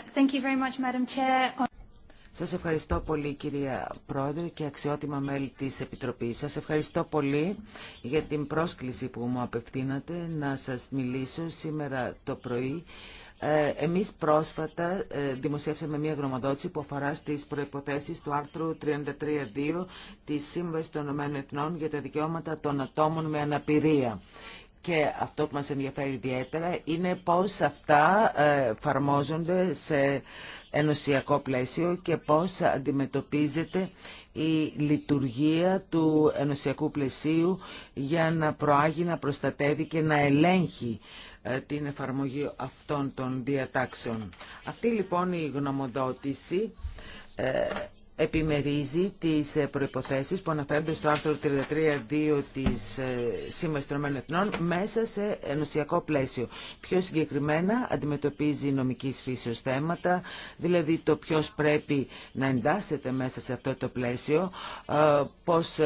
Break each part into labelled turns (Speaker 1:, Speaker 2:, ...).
Speaker 1: Thank Σας ευχαριστώ πολύ κυρία Πρόεδρε και αξιότιμα μέλη της Επιτροπής. Σας ευχαριστώ πολύ για την πρόσκληση που μου απευθύνατε να σας μιλήσω σήμερα το πρωί. Ε, εμείς πρόσφατα ε, δημοσιεύσαμε μια γνωμοδότηση που αφορά στις προϋποθέσεις του άρθρου 33.2 της Σύμβασης των Ηνωμένων Εθνών για τα δικαιώματα των ατόμων με αναπηρία. Και αυτό που μας ενδιαφέρει ιδιαίτερα είναι πώς αυτά ε, εφαρμόζονται σε ενωσιακό πλαίσιο και πώς αντιμετωπίζεται η λειτουργία του ενωσιακού πλαισίου για να προάγει, να προστατεύει και να ελέγχει ε, την εφαρμογή αυτών των διατάξεων. Αυτή λοιπόν η γνωμοδότηση ε, επιμερίζει τις ε, προϋποθέσεις που αναφέρονται στο άρθρο 33.2 της ε, Σύμβασης των Εθνών μέσα σε ενωσιακό πλαίσιο. Πιο συγκεκριμένα αντιμετωπίζει νομικής φύσεως θέματα, δηλαδή το ποιος πρέπει να εντάσσεται μέσα σε αυτό το πλαίσιο, ε, πώς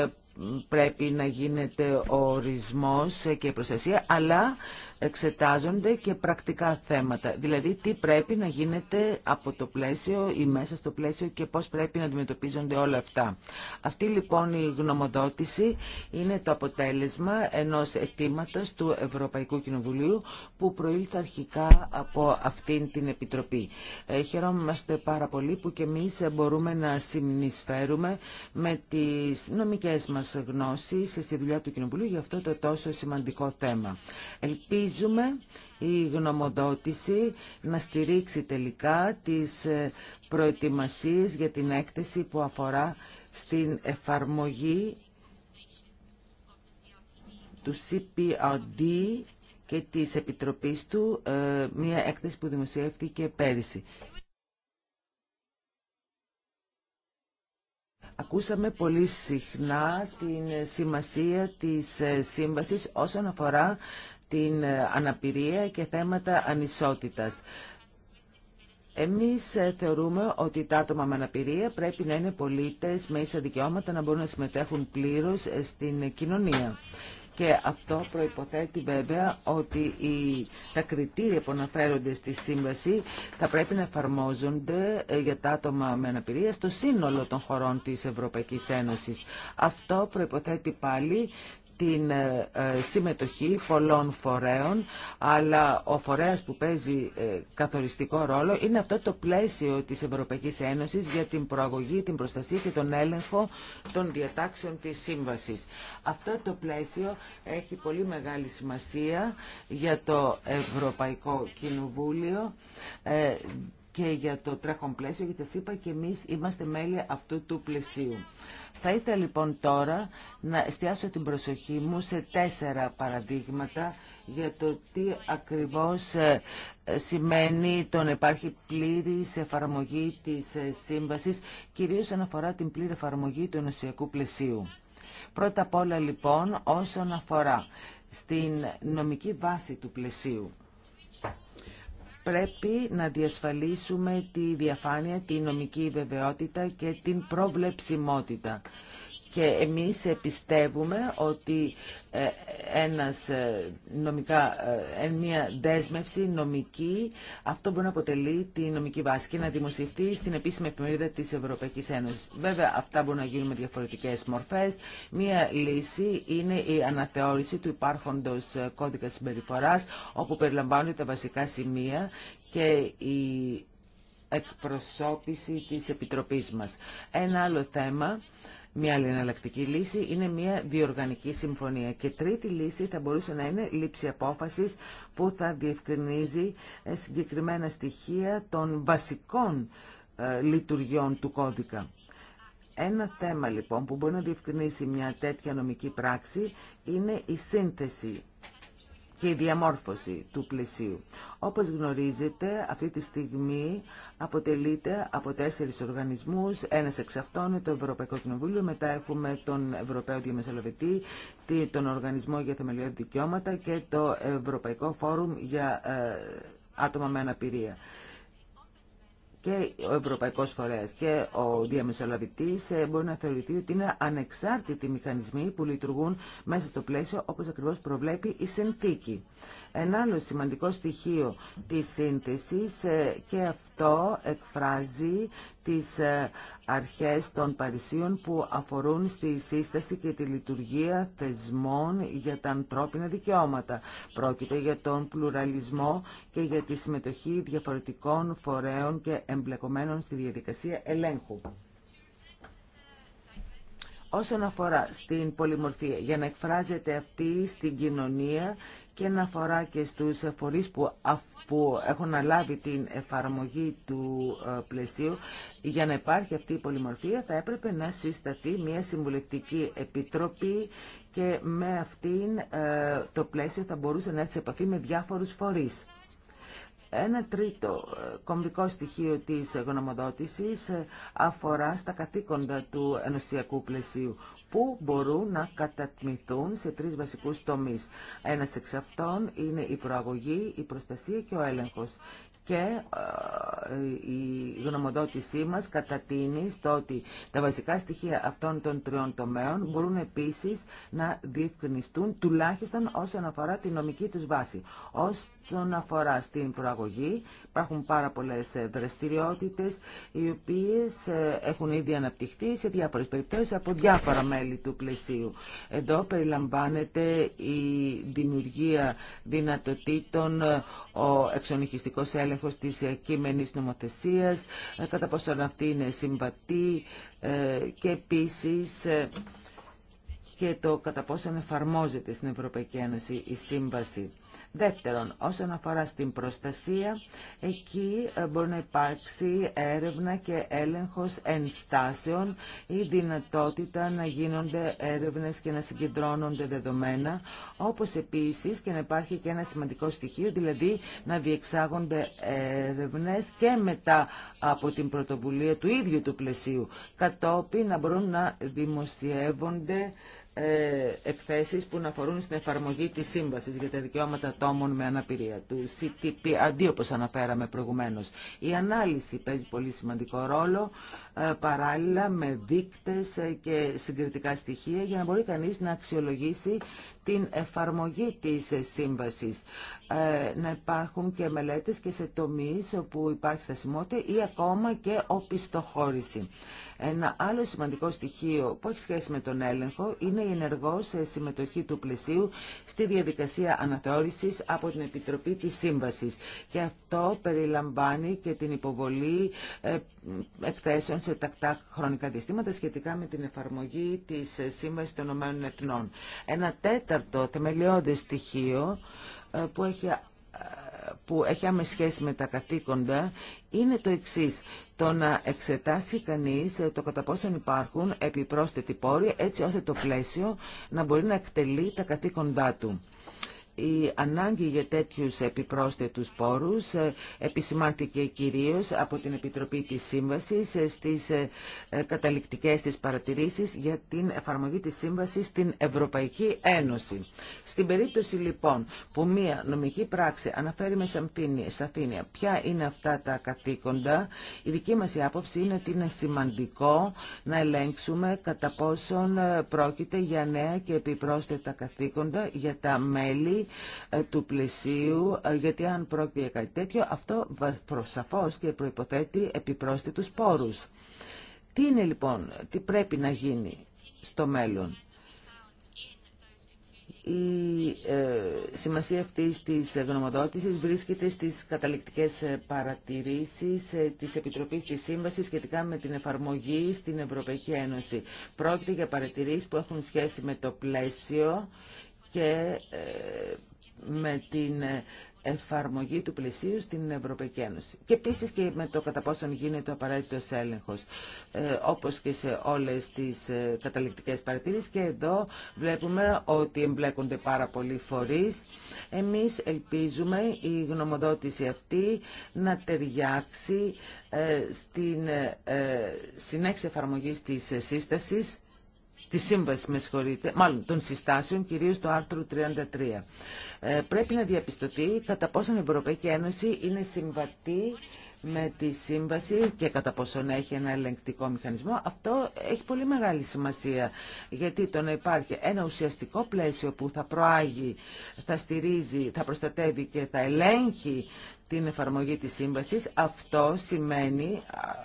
Speaker 1: πρέπει να γίνεται ο ορισμός και η προστασία, αλλά εξετάζονται και πρακτικά θέματα. Δηλαδή τι πρέπει να γίνεται από το πλαίσιο ή μέσα στο πλαίσιο και πώς πρέπει να αντιμετωπίζονται όλα αυτά. Αυτή λοιπόν η γνωμοδότηση είναι το αποτέλεσμα ενός αιτήματο του Ευρωπαϊκού Κοινοβουλίου που προήλθε αρχικά από αυτήν την Επιτροπή. Ε, χαιρόμαστε πάρα πολύ που και εμείς μπορούμε να συνεισφέρουμε με τις νομικές μας γνώσεις στη δουλειά του Κοινοβουλίου για αυτό το τόσο σημαντικό θέμα. Ελπίζουμε η γνωμοδότηση να στηρίξει τελικά τις ε, προετοιμασίες για την έκθεση που αφορά στην εφαρμογή του CPRD και της Επιτροπής του, ε, μια έκθεση που δημοσιεύτηκε πέρυσι. Ακούσαμε πολύ συχνά την σημασία της ε, σύμβασης όσον αφορά την ε, αναπηρία και θέματα ανισότητας. Εμείς ε, θεωρούμε ότι τα άτομα με αναπηρία πρέπει να είναι πολίτες με ίσα δικαιώματα να μπορούν να συμμετέχουν πλήρως ε, στην κοινωνία. Και αυτό προϋποθέτει βέβαια ότι οι, τα κριτήρια που αναφέρονται στη σύμβαση θα πρέπει να εφαρμόζονται για τα άτομα με αναπηρία στο σύνολο των χωρών της Ευρωπαϊκής Ένωσης. Αυτό προϋποθέτει πάλι την ε, ε, συμμετοχή πολλών φορέων, αλλά ο φορέας που παίζει ε, καθοριστικό ρόλο είναι αυτό το πλαίσιο της Ευρωπαϊκής Ένωσης για την προαγωγή, την προστασία και τον έλεγχο των διατάξεων της Σύμβασης. Αυτό το πλαίσιο έχει πολύ μεγάλη σημασία για το Ευρωπαϊκό Κοινοβούλιο και για το τρέχον πλαίσιο, γιατί σας είπα και εμείς είμαστε μέλη αυτού του πλαισίου. Θα ήθελα λοιπόν τώρα να εστιάσω την προσοχή μου σε τέσσερα παραδείγματα για το τι ακριβώς ε, σημαίνει το να υπάρχει πλήρης εφαρμογή της ε, σύμβασης, κυρίως αναφορά την πλήρη εφαρμογή του ενωσιακού πλαισίου. Πρώτα απ' όλα λοιπόν όσον αφορά στην νομική βάση του πλαισίου πρέπει να διασφαλίσουμε τη διαφάνεια, τη νομική βεβαιότητα και την προβλεψιμότητα. Και εμείς πιστεύουμε ότι ε, ένας ε, νομικά, ε, μια δέσμευση νομική, αυτό μπορεί να αποτελεί τη νομική βάση και να δημοσιευτεί στην επίσημη εφημερίδα της Ευρωπαϊκής Ένωσης. Βέβαια, αυτά μπορούν να γίνουν με διαφορετικές μορφές. Μία λύση είναι η αναθεώρηση του υπάρχοντος κώδικα συμπεριφοράς, όπου περιλαμβάνονται τα βασικά σημεία και η εκπροσώπηση της Επιτροπής μας. Ένα άλλο θέμα μια άλλη εναλλακτική λύση είναι μια διοργανική συμφωνία. Και τρίτη λύση θα μπορούσε να είναι λήψη απόφασης που θα διευκρινίζει ε, συγκεκριμένα στοιχεία των βασικών ε, λειτουργιών του κώδικα. Ένα θέμα λοιπόν που μπορεί να διευκρινίσει μια τέτοια νομική πράξη είναι η σύνθεση και η διαμόρφωση του πλαισίου. Όπως γνωρίζετε, αυτή τη στιγμή αποτελείται από τέσσερις οργανισμούς. Ένας εξ αυτών είναι το Ευρωπαϊκό Κοινοβούλιο, μετά έχουμε τον Ευρωπαίο Διαμεσολαβητή, τον Οργανισμό για Θεμελιώδη Δικαιώματα και το Ευρωπαϊκό Φόρουμ για ε, άτομα με αναπηρία και ο Ευρωπαϊκός Φορέας και ο Διαμεσολαβητής ε, μπορεί να θεωρηθεί ότι είναι ανεξάρτητοι μηχανισμοί που λειτουργούν μέσα στο πλαίσιο όπως ακριβώς προβλέπει η συνθήκη. Ένα άλλο σημαντικό στοιχείο της σύνθεσης ε, και αυτό εκφράζει τις ε, αρχές των Παρισίων που αφορούν στη σύσταση και τη λειτουργία θεσμών για τα ανθρώπινα δικαιώματα. Πρόκειται για τον πλουραλισμό και για τη συμμετοχή διαφορετικών φορέων και εμπλεκομένων στη διαδικασία ελέγχου. Όσον αφορά στην πολυμορφία, για να εκφράζεται αυτή στην κοινωνία και να αφορά και στους φορείς που, που έχουν αναλάβει την εφαρμογή του ε, πλαισίου. Για να υπάρχει αυτή η πολυμορφία θα έπρεπε να συσταθεί μια συμβουλευτική επιτροπή και με αυτήν ε, το πλαίσιο θα μπορούσε να έρθει σε επαφή με διάφορους φορείς. Ένα τρίτο ε, κομβικό στοιχείο της γνωμοδότησης αφορά στα καθήκοντα του ενωσιακού πλαισίου που μπορούν να κατατμηθούν σε τρεις βασικούς τομείς. Ένας εξ αυτών είναι η προαγωγή, η προστασία και ο έλεγχος και ε, η γνωμοδότησή μας κατατείνει στο ότι τα βασικά στοιχεία αυτών των τριών τομέων μπορούν επίσης να διευκρινιστούν τουλάχιστον όσον αφορά τη νομική τους βάση. Όσον αφορά στην προαγωγή Υπάρχουν πάρα πολλές ε, δραστηριότητες οι οποίες ε, έχουν ήδη αναπτυχθεί σε διάφορες περιπτώσεις από διάφορα μέλη του πλαισίου. Εδώ περιλαμβάνεται η δημιουργία δυνατοτήτων, ε, ο εξονυχιστικός έλεγχος της κείμενη νομοθεσίας, κατά πόσον αυτή είναι συμβατή και επίσης και το κατά πόσον εφαρμόζεται στην Ευρωπαϊκή Ένωση η σύμβαση. Δεύτερον, όσον αφορά στην προστασία, εκεί ε, μπορεί να υπάρξει έρευνα και έλεγχος ενστάσεων ή δυνατότητα να γίνονται έρευνες και να συγκεντρώνονται δεδομένα, όπως επίσης και να υπάρχει και ένα σημαντικό στοιχείο, δηλαδή να διεξάγονται έρευνες και μετά από την πρωτοβουλία του ίδιου του πλαισίου, κατόπιν να μπορούν να δημοσιεύονται ε, εκθέσεις που να αφορούν στην εφαρμογή της Σύμβασης για τα Δικαιώματα Ατόμων με Αναπηρία, του CTP, αντί όπως αναφέραμε προηγουμένως. Η ανάλυση παίζει πολύ σημαντικό ρόλο ε, παράλληλα με δείκτες ε, και συγκριτικά στοιχεία για να μπορεί κανείς να αξιολογήσει την εφαρμογή της ε, σύμβασης. Να υπάρχουν και μελέτες και σε τομείς όπου υπάρχει στασιμότητα ή ακόμα και οπισθοχώρηση. Ένα άλλο σημαντικό στοιχείο που έχει σχέση με τον έλεγχο είναι η ενεργός συμμετοχή του πλαισίου στη διαδικασία αναθεώρησης από την Επιτροπή της Σύμβασης. Και αυτό περιλαμβάνει και την υποβολή εκθέσεων σε τακτά χρονικά διαστήματα σχετικά με την εφαρμογή της Σύμβασης των Ηνωμένων Εθνών. Ένα τέταρτο θεμελιώδες στοιχείο ε, που έχει ε, που έχει άμεση σχέση με τα καθήκοντα είναι το εξή. Το να εξετάσει κανεί ε, το κατά πόσον υπάρχουν επιπρόσθετοι πόροι έτσι ώστε το πλαίσιο να μπορεί να εκτελεί τα καθήκοντά του η ανάγκη για τέτοιους επιπρόσθετους πόρους ε, επισημάνθηκε κυρίως από την Επιτροπή της Σύμβασης ε, στις ε, καταληκτικές της παρατηρήσεις για την εφαρμογή της Σύμβασης στην Ευρωπαϊκή Ένωση. Στην περίπτωση λοιπόν που μία νομική πράξη αναφέρει με σαφήνεια ποια είναι αυτά τα καθήκοντα, η δική μας άποψη είναι ότι είναι σημαντικό να ελέγξουμε κατά πόσον πρόκειται για νέα και επιπρόσθετα καθήκοντα για τα μέλη ε, του πλαισίου, ε, γιατί αν πρόκειται κάτι τέτοιο, αυτό προσαφώς και προϋποθέτει επιπρόσθετους πόρους. Τι είναι λοιπόν, τι πρέπει να γίνει στο μέλλον. Η ε, σημασία αυτής της γνωμοδότησης βρίσκεται στις καταληκτικές παρατηρήσεις ε, της Επιτροπής της Σύμβασης σχετικά με την εφαρμογή στην Ευρωπαϊκή Ένωση. Πρόκειται για παρατηρήσεις που έχουν σχέση με το πλαίσιο και ε, με την εφαρμογή του πλαισίου στην Ευρωπαϊκή Ένωση. Και επίσης και με το κατά πόσον γίνεται ο απαραίτητος έλεγχος, ε, όπως και σε όλες τις ε, καταληκτικές Και εδώ βλέπουμε ότι εμπλέκονται πάρα πολλοί φορείς. Εμείς ελπίζουμε η γνωμοδότηση αυτή να ταιριάξει στην συνέχιση εφαρμογής της σύστασης τη σύμβαση με συγχωρείτε, μάλλον των συστάσεων, κυρίως το άρθρο 33. Ε, πρέπει να διαπιστωθεί κατά πόσον η Ευρωπαϊκή Ένωση είναι συμβατή με τη σύμβαση και κατά πόσον έχει ένα ελεγκτικό μηχανισμό, αυτό έχει πολύ μεγάλη σημασία. Γιατί το να υπάρχει ένα ουσιαστικό πλαίσιο που θα προάγει, θα στηρίζει, θα προστατεύει και θα ελέγχει την εφαρμογή της σύμβασης. Αυτό σημαίνει,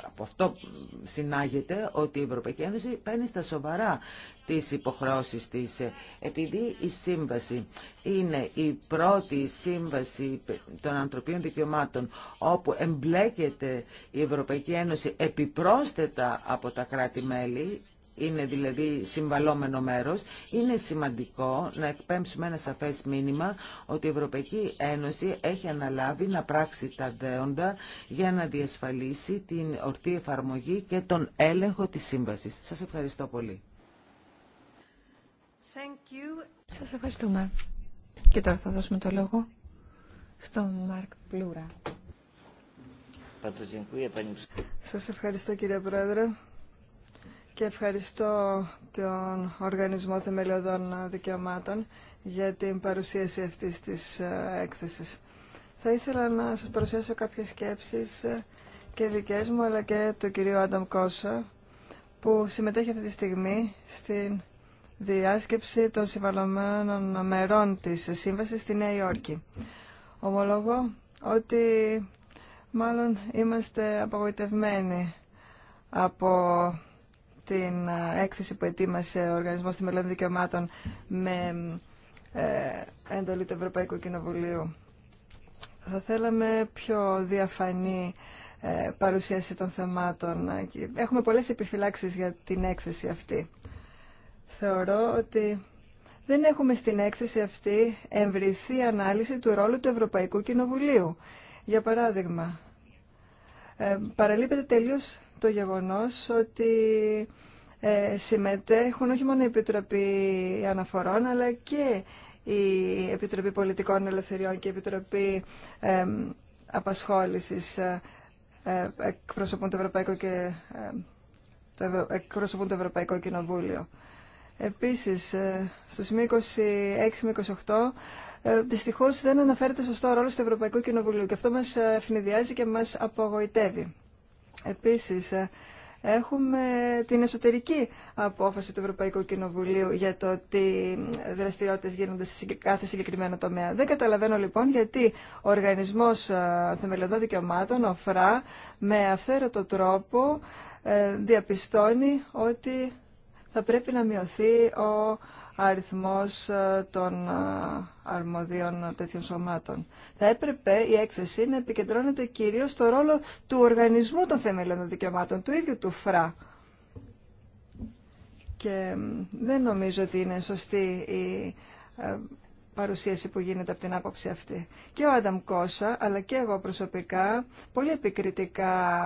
Speaker 1: από αυτό συνάγεται, ότι η Ευρωπαϊκή Ένωση παίρνει στα σοβαρά τις υποχρώσεις της. Επειδή η σύμβαση είναι η πρώτη σύμβαση των ανθρωπίνων δικαιωμάτων όπου εμπλέκεται η Ευρωπαϊκή Ένωση επιπρόσθετα από τα κράτη-μέλη, είναι δηλαδή συμβαλόμενο μέρος, είναι σημαντικό να εκπέμψουμε ένα σαφές μήνυμα ότι η Ευρωπαϊκή Ένωση έχει αναλάβει να πράξει τα δέοντα για να διασφαλίσει την ορθή εφαρμογή και τον έλεγχο της σύμβασης. Σας ευχαριστώ πολύ.
Speaker 2: Σας ευχαριστούμε. Και τώρα θα δώσουμε το λόγο στον Μάρκ Πλούρα.
Speaker 3: Σας ευχαριστώ κύριε Πρόεδρε και ευχαριστώ τον Οργανισμό Θεμελιωδών Δικαιωμάτων για την παρουσίαση αυτής της ε, έκθεσης. Θα ήθελα να σας παρουσιάσω κάποιες σκέψεις ε, και δικές μου αλλά και του κυρίου Άνταμ Κόσα που συμμετέχει αυτή τη στιγμή στην διάσκεψη των συμβαλωμένων μερών της σύμβασης στη Νέα Υόρκη. Ομολογώ ότι μάλλον είμαστε απογοητευμένοι από την ε, έκθεση που ετοίμασε ο Οργανισμός Θεμελών Δικαιωμάτων με εντολή του Ευρωπαϊκού Κοινοβουλίου. Θα θέλαμε πιο διαφανή ε, παρουσίαση των θεμάτων. Έχουμε πολλές επιφυλάξεις για την έκθεση αυτή θεωρώ ότι δεν έχουμε στην έκθεση αυτή εμβριθεί ανάλυση του ρόλου του Ευρωπαϊκού Κοινοβουλίου. Για παράδειγμα, ε, παραλείπεται τελείως το γεγονός ότι ε, συμμετέχουν όχι μόνο η Επιτροπή Αναφορών, αλλά και η Επιτροπή Πολιτικών Ελευθεριών και η Επιτροπή ε, Απασχόλησης εκπροσωπούν το Ευρωπαϊκό, και, εκπροσωπούν το Ευρωπαϊκό Κοινοβούλιο. Επίσης, ε, στο σημείο 26 με 28, δυστυχώς δεν αναφέρεται σωστό ρόλο ρόλος του Ευρωπαϊκού και αυτό μας ε, ευνηδιάζει και μας απογοητεύει. Επίσης, ε, έχουμε την εσωτερική απόφαση του Ευρωπαϊκού Κοινοβουλίου για το ότι δραστηριότητες γίνονται σε κάθε συγκεκριμένο τομέα. Δεν καταλαβαίνω λοιπόν γιατί ο Οργανισμός Θεμελιωδών Δικαιωμάτων, ο ΦΡΑ, με αυθαίρετο τρόπο διαπιστώνει ότι θα πρέπει να μειωθεί ο αριθμός ε, των ε, αρμοδίων τέτοιων σωμάτων. Θα έπρεπε η έκθεση να επικεντρώνεται κυρίως στο ρόλο του οργανισμού των θεμελιών δικαιωμάτων, του ίδιου του ΦΡΑ. Και δεν νομίζω ότι είναι σωστή η ε, παρουσίαση που γίνεται από την άποψη αυτή. Και ο Άνταμ Κόσα, αλλά και εγώ προσωπικά, πολύ επικριτικά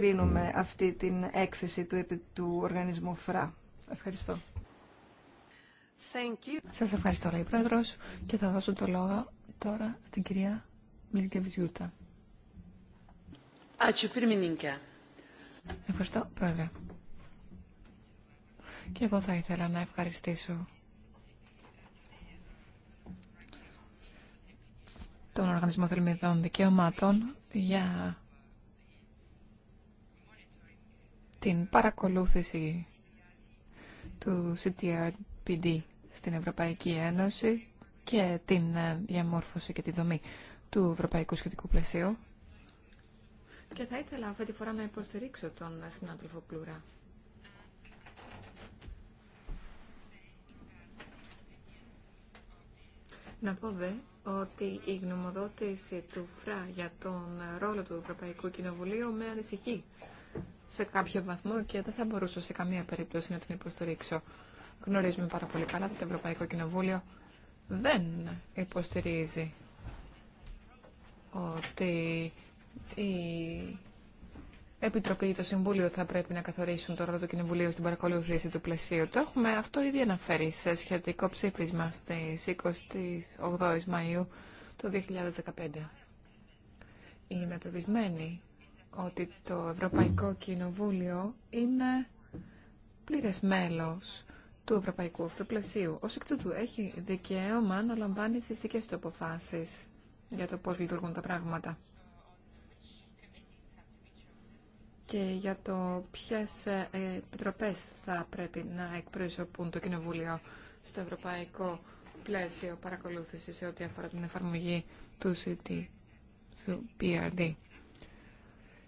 Speaker 3: κρίνουμε αυτή την έκθεση του, του οργανισμού ΦΡΑ. Ευχαριστώ. Thank you. Σας ευχαριστώ, λοιπόν Πρόεδρος, και θα δώσω το λόγο τώρα στην κυρία
Speaker 2: Μιλκεβιζιούτα. Ευχαριστώ, Πρόεδρε. Και εγώ θα ήθελα να ευχαριστήσω τον Οργανισμό Θερμιδών Δικαιωμάτων για την παρακολούθηση του CTRPD στην Ευρωπαϊκή Ένωση και την ε, διαμόρφωση και τη δομή του Ευρωπαϊκού Σχετικού Πλαισίου. Και θα ήθελα αυτή τη φορά να υποστηρίξω τον συνάδελφο Πλουρά. Να πω δε ότι η γνωμοδότηση του ΦΡΑ για τον ρόλο του Ευρωπαϊκού Κοινοβουλίου με ανησυχεί σε κάποιο βαθμό και δεν θα μπορούσα σε καμία περίπτωση να την υποστηρίξω. Γνωρίζουμε πάρα πολύ καλά ότι το Ευρωπαϊκό Κοινοβούλιο δεν υποστηρίζει ότι η Επιτροπή ή το Συμβούλιο θα πρέπει να καθορίσουν το ρόλο του Κοινοβουλίου στην παρακολούθηση του πλαισίου. Το έχουμε αυτό ήδη αναφέρει σε σχετικό ψήφισμα στις 28 Μαΐου του 2015. Είμαι πεπισμένη ότι το Ευρωπαϊκό Κοινοβούλιο είναι πλήρες μέλος του Ευρωπαϊκού Αυτοπλασίου. Ως εκ τούτου έχει δικαίωμα να λαμβάνει τις του αποφάσεις για το πώς λειτουργούν τα πράγματα. Και για το ποιες ε, επιτροπές θα πρέπει να εκπροσωπούν το Κοινοβούλιο στο Ευρωπαϊκό πλαίσιο παρακολούθηση σε ό,τι αφορά την εφαρμογή του CT, του PRD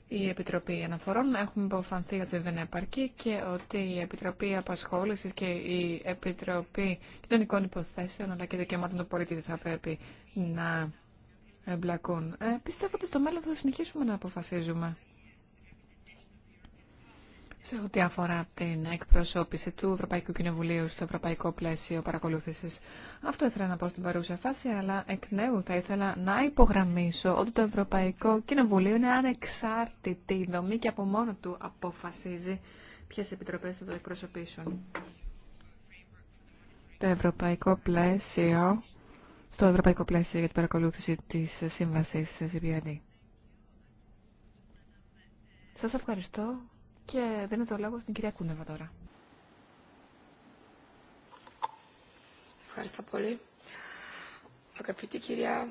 Speaker 2: η Επιτροπή Αναφορών. Έχουμε υποφανθεί ότι δεν επαρκεί και ότι η Επιτροπή Απασχόλησης και η Επιτροπή Κοινωνικών Υποθέσεων αλλά και Δικαιωμάτων του Πολίτη θα πρέπει να εμπλακούν. Ε, πιστεύω ότι στο μέλλον θα συνεχίσουμε να αποφασίζουμε σε ό,τι αφορά την εκπροσώπηση του Ευρωπαϊκού Κοινοβουλίου στο ευρωπαϊκό πλαίσιο παρακολούθηση. Αυτό ήθελα να πω στην παρούσα φάση, αλλά εκ νέου θα ήθελα να υπογραμμίσω ότι το Ευρωπαϊκό Κοινοβουλίο είναι ανεξάρτητη δομή και από μόνο του αποφασίζει ποιε επιτροπέ θα το εκπροσωπήσουν. Το ευρωπαϊκό πλαίσιο, στο ευρωπαϊκό πλαίσιο για την παρακολούθηση της σύμβασης CBRD. Σα ευχαριστώ. Και δίνω το λόγο στην κυρία Κούνεβα τώρα.
Speaker 4: Ευχαριστώ πολύ. Αγαπητή κυρία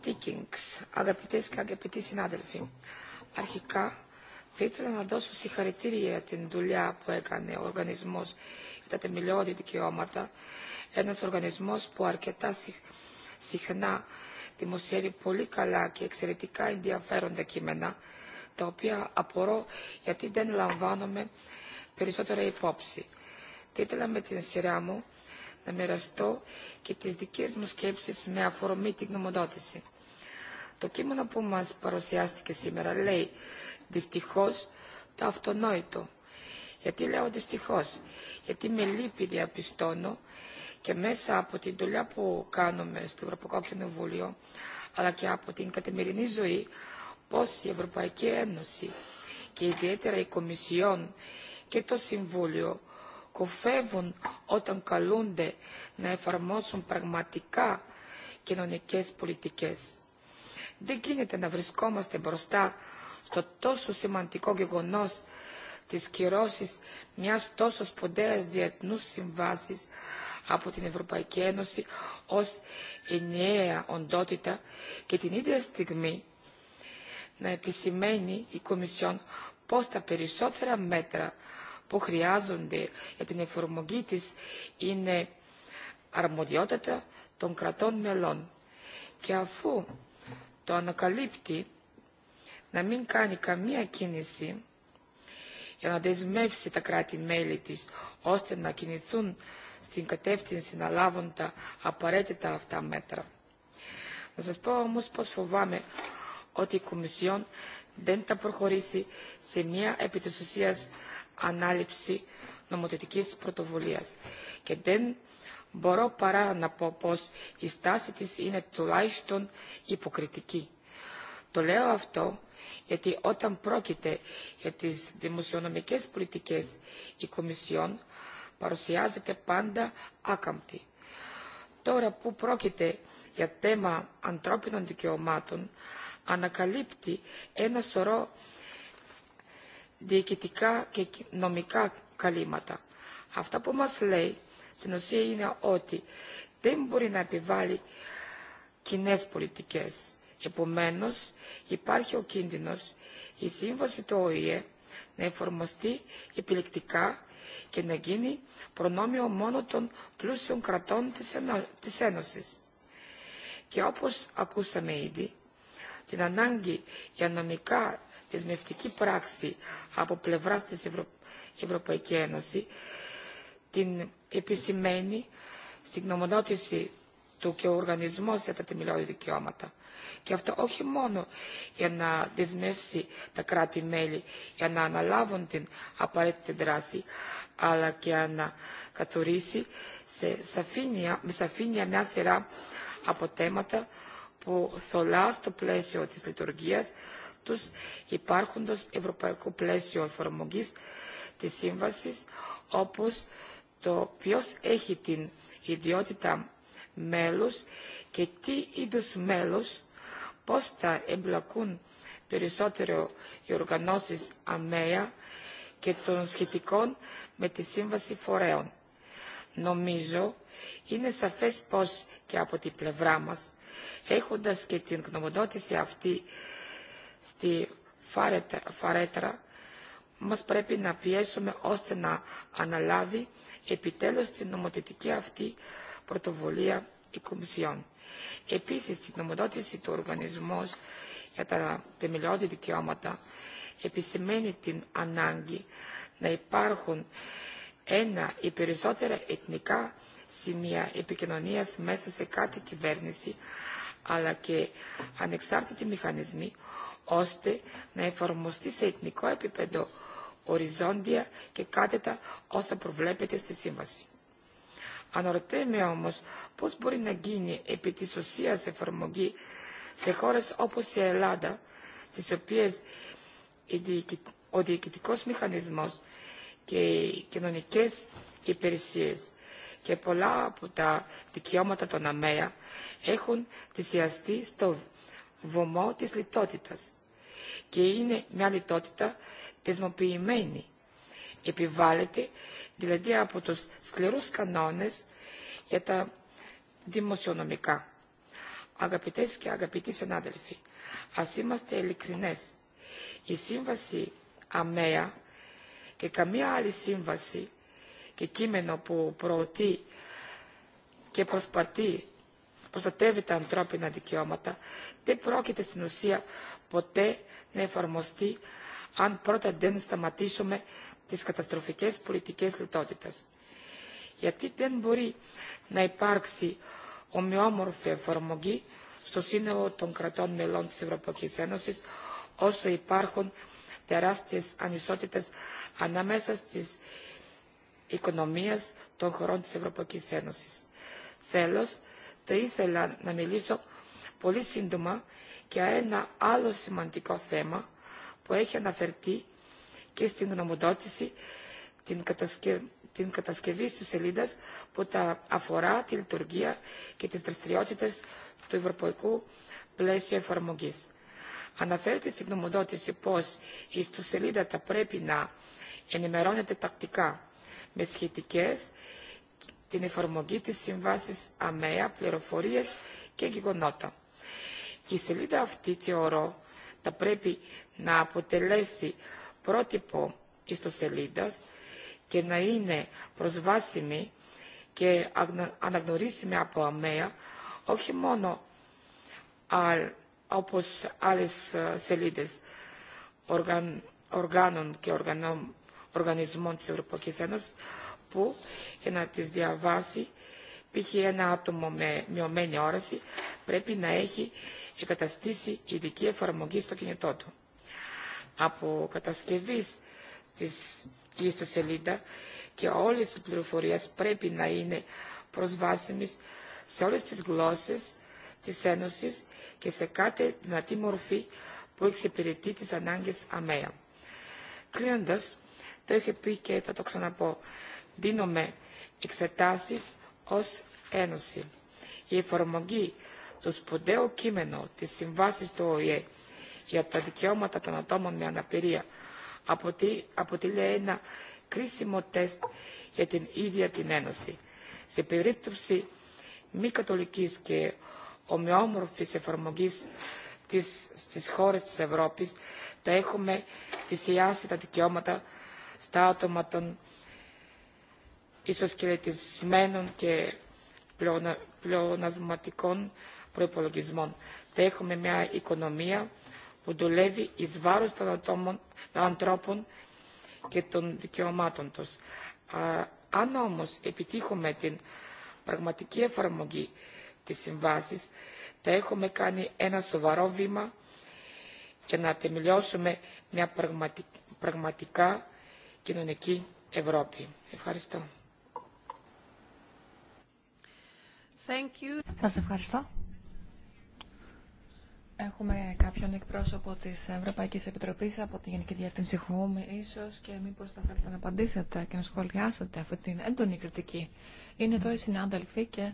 Speaker 4: Στίκινγκς, αγαπητές και αγαπητοί συνάδελφοι, αρχικά θα ήθελα να δώσω συγχαρητήρια για την δουλειά που έκανε ο οργανισμός για τα θεμελιώδη δικαιώματα, ένας οργανισμός που αρκετά συχνά δημοσιεύει πολύ καλά και εξαιρετικά ενδιαφέροντα κείμενα τα οποία απορώ γιατί δεν λαμβάνομαι περισσότερα υπόψη. Θα ήθελα με την σειρά μου να μοιραστώ και τις δικές μου σκέψεις με αφορμή την γνωμοδότηση. Το κείμενο που μας παρουσιάστηκε σήμερα λέει δυστυχώς το αυτονόητο. Γιατί λέω δυστυχώς, γιατί με λύπη διαπιστώνω και μέσα από την δουλειά που κάνουμε στο Ευρωπαϊκό Κοινοβούλιο, αλλά και από την καθημερινή ζωή, πως η Ευρωπαϊκή Ένωση και ιδιαίτερα η Κομισιόν και το Συμβούλιο κοφεύουν όταν καλούνται να εφαρμόσουν πραγματικά κοινωνικές πολιτικές. Δεν γίνεται να βρισκόμαστε μπροστά στο τόσο σημαντικό γεγονός της κυρώσης μιας τόσο σπουδαίας διεθνούς συμβάσης από την Ευρωπαϊκή Ένωση ως ενιαία οντότητα και την ίδια στιγμή να επισημαίνει η Κομισιόν πώς τα περισσότερα μέτρα που χρειάζονται για την εφαρμογή της είναι αρμοδιότητα των κρατών μελών και αφού το ανακαλύπτει να μην κάνει καμία κίνηση για να δεσμεύσει τα κράτη-μέλη της ώστε να κινηθούν στην κατεύθυνση να λάβουν τα απαραίτητα αυτά μέτρα. Να σας πω όμως πως φοβάμαι ότι η Κομισιόν δεν θα προχωρήσει σε μια επί της ουσίας ανάληψη νομοθετικής πρωτοβουλίας. Και δεν μπορώ παρά να πω πως η στάση της είναι τουλάχιστον υποκριτική. Το λέω αυτό γιατί όταν πρόκειται για τις δημοσιονομικές πολιτικές η Κομισιόν παρουσιάζεται πάντα άκαμπτη. Τώρα που πρόκειται για θέμα ανθρώπινων δικαιωμάτων ανακαλύπτει ένα σωρό διοικητικά και νομικά καλύματα. Αυτά που μας λέει στην ουσία είναι ότι δεν μπορεί να επιβάλλει κοινέ πολιτικές. Επομένως, υπάρχει ο κίνδυνος η σύμβαση του ΟΗΕ να εφαρμοστεί επιλεκτικά και να γίνει προνόμιο μόνο των πλούσιων κρατών της Ένωσης. Και όπως ακούσαμε ήδη, την ανάγκη για νομικά δεσμευτική πράξη από πλευρά της Ευρω... Ευρωπαϊκή Ένωση, την επισημαίνει στην γνωμοδότηση του και ο οργανισμό για τα τεμιλιώδη δικαιώματα. Και αυτό όχι μόνο για να δεσμεύσει τα κράτη-μέλη για να αναλάβουν την απαραίτητη δράση, αλλά και να καθορίσει σε σαφήνεια, με σαφήνεια μια σειρά από θέματα που θολά στο πλαίσιο της λειτουργίας τους υπάρχοντος ευρωπαϊκού πλαίσιο εφαρμογής της σύμβασης, όπως το ποιος έχει την ιδιότητα μέλους και τι είδους μέλους, πώς θα εμπλακούν περισσότερο οι οργανώσεις ΑΜΕΑ και των σχετικών με τη Σύμβαση Φορέων. Νομίζω είναι σαφές πως και από την πλευρά μας έχοντας και την γνωμοδότηση αυτή στη φαρέτρα, μας πρέπει να πιέσουμε ώστε να αναλάβει επιτέλους την νομοθετική αυτή πρωτοβουλία η Κομισιόν. Επίσης, την νομοδότηση του οργανισμού για τα θεμελιώδη δικαιώματα επισημαίνει την ανάγκη να υπάρχουν ένα ή περισσότερα εθνικά σημεία επικοινωνίας μέσα σε κάθε κυβέρνηση, αλλά και ανεξάρτητοι μηχανισμοί, ώστε να εφαρμοστεί σε εθνικό επίπεδο οριζόντια και κάθετα όσα προβλέπεται στη σύμβαση. Αναρωτέμαι όμως πώς μπορεί να γίνει επί της ουσίας εφαρμογή σε χώρες όπως η Ελλάδα, στις οποίες ο διοικητικός μηχανισμός και οι κοινωνικές υπηρεσίες και πολλά από τα δικαιώματα των ΑΜΕΑ έχουν θυσιαστεί στο βωμό της λιτότητας και είναι μια λιτότητα δεσμοποιημένη. Επιβάλλεται δηλαδή από τους σκληρούς κανόνες για τα δημοσιονομικά. Αγαπητές και αγαπητοί συνάδελφοι, ας είμαστε ειλικρινές. Η σύμβαση ΑΜΕΑ και καμία άλλη σύμβαση και κείμενο που προωθεί και προσπαθεί, προστατεύει τα ανθρώπινα δικαιώματα, δεν πρόκειται στην ουσία ποτέ να εφαρμοστεί αν πρώτα δεν σταματήσουμε τις καταστροφικές πολιτικές λιτότητας. Γιατί δεν μπορεί να υπάρξει ομοιόμορφη εφαρμογή στο σύνολο των κρατών μελών της Ευρωπαϊκής Ένωσης, όσο υπάρχουν τεράστιες ανισότητες ανάμεσα στις οικονομίας των χωρών της Ευρωπαϊκής Ένωσης. Τέλος, θα ήθελα να μιλήσω πολύ σύντομα για ένα άλλο σημαντικό θέμα που έχει αναφερθεί και στην γνωμοδότηση την, κατασκευή του σελίδα που τα αφορά τη λειτουργία και τις δραστηριότητε του Ευρωπαϊκού πλαίσιο Εφαρμογή. Αναφέρεται στην γνωμοδότηση πω η ιστοσελίδα θα πρέπει να ενημερώνεται τακτικά με σχετικές την εφαρμογή της Συμβάσης ΑΜΕΑ, πληροφορίες και γεγονότα. Η σελίδα αυτή θεωρώ θα πρέπει να αποτελέσει πρότυπο ιστοσελίδας και να είναι προσβάσιμη και αναγνωρίσιμη από ΑΜΕΑ, όχι μόνο όπως άλλες ε, σελίδες οργάνων και οργανών οργανισμών της Ευρωπαϊκής Ένωσης που για να τις διαβάσει π.χ. ένα άτομο με μειωμένη όραση πρέπει να έχει εγκαταστήσει ειδική εφαρμογή στο κινητό του. Από κατασκευή της ιστοσελίδα και όλες οι πληροφορίες πρέπει να είναι προσβάσιμες σε όλες τις γλώσσες της Ένωσης και σε κάθε δυνατή μορφή που εξυπηρετεί τις ανάγκες αμαία. Κλείνοντας, το είχε πει και θα το ξαναπώ. Δίνουμε εξετάσεις ως Ένωση. Η εφαρμογή του σπουδαίου κείμενου της Συμβάσης του ΟΗΕ για τα δικαιώματα των ατόμων με αναπηρία αποτελεί ένα κρίσιμο τεστ για την ίδια την Ένωση. Σε περίπτωση μη κατολικής και ομοιόμορφης εφαρμογής της, στις χώρες της Ευρώπης θα έχουμε θυσιάσει τα δικαιώματα στα άτομα των ισοσκελετισμένων και πλεονασματικών προϋπολογισμών. Θα έχουμε μια οικονομία που δουλεύει εις βάρος των ανθρώπων και των δικαιωμάτων τους. Αν όμως επιτύχουμε την πραγματική εφαρμογή της συμβάσης, θα έχουμε κάνει ένα σοβαρό βήμα για να τεμιλιώσουμε μια πραγματικά κοινωνική Ευρώπη. Ευχαριστώ. Thank you.
Speaker 2: Σας ευχαριστώ. Έχουμε κάποιον εκπρόσωπο της Ευρωπαϊκής Επιτροπής από τη Γενική Διεύθυνση ΧΟΜ ίσως και μήπως θα θέλετε να απαντήσετε και να σχολιάσετε αυτή την έντονη κριτική. Είναι εδώ οι συνάδελφοι και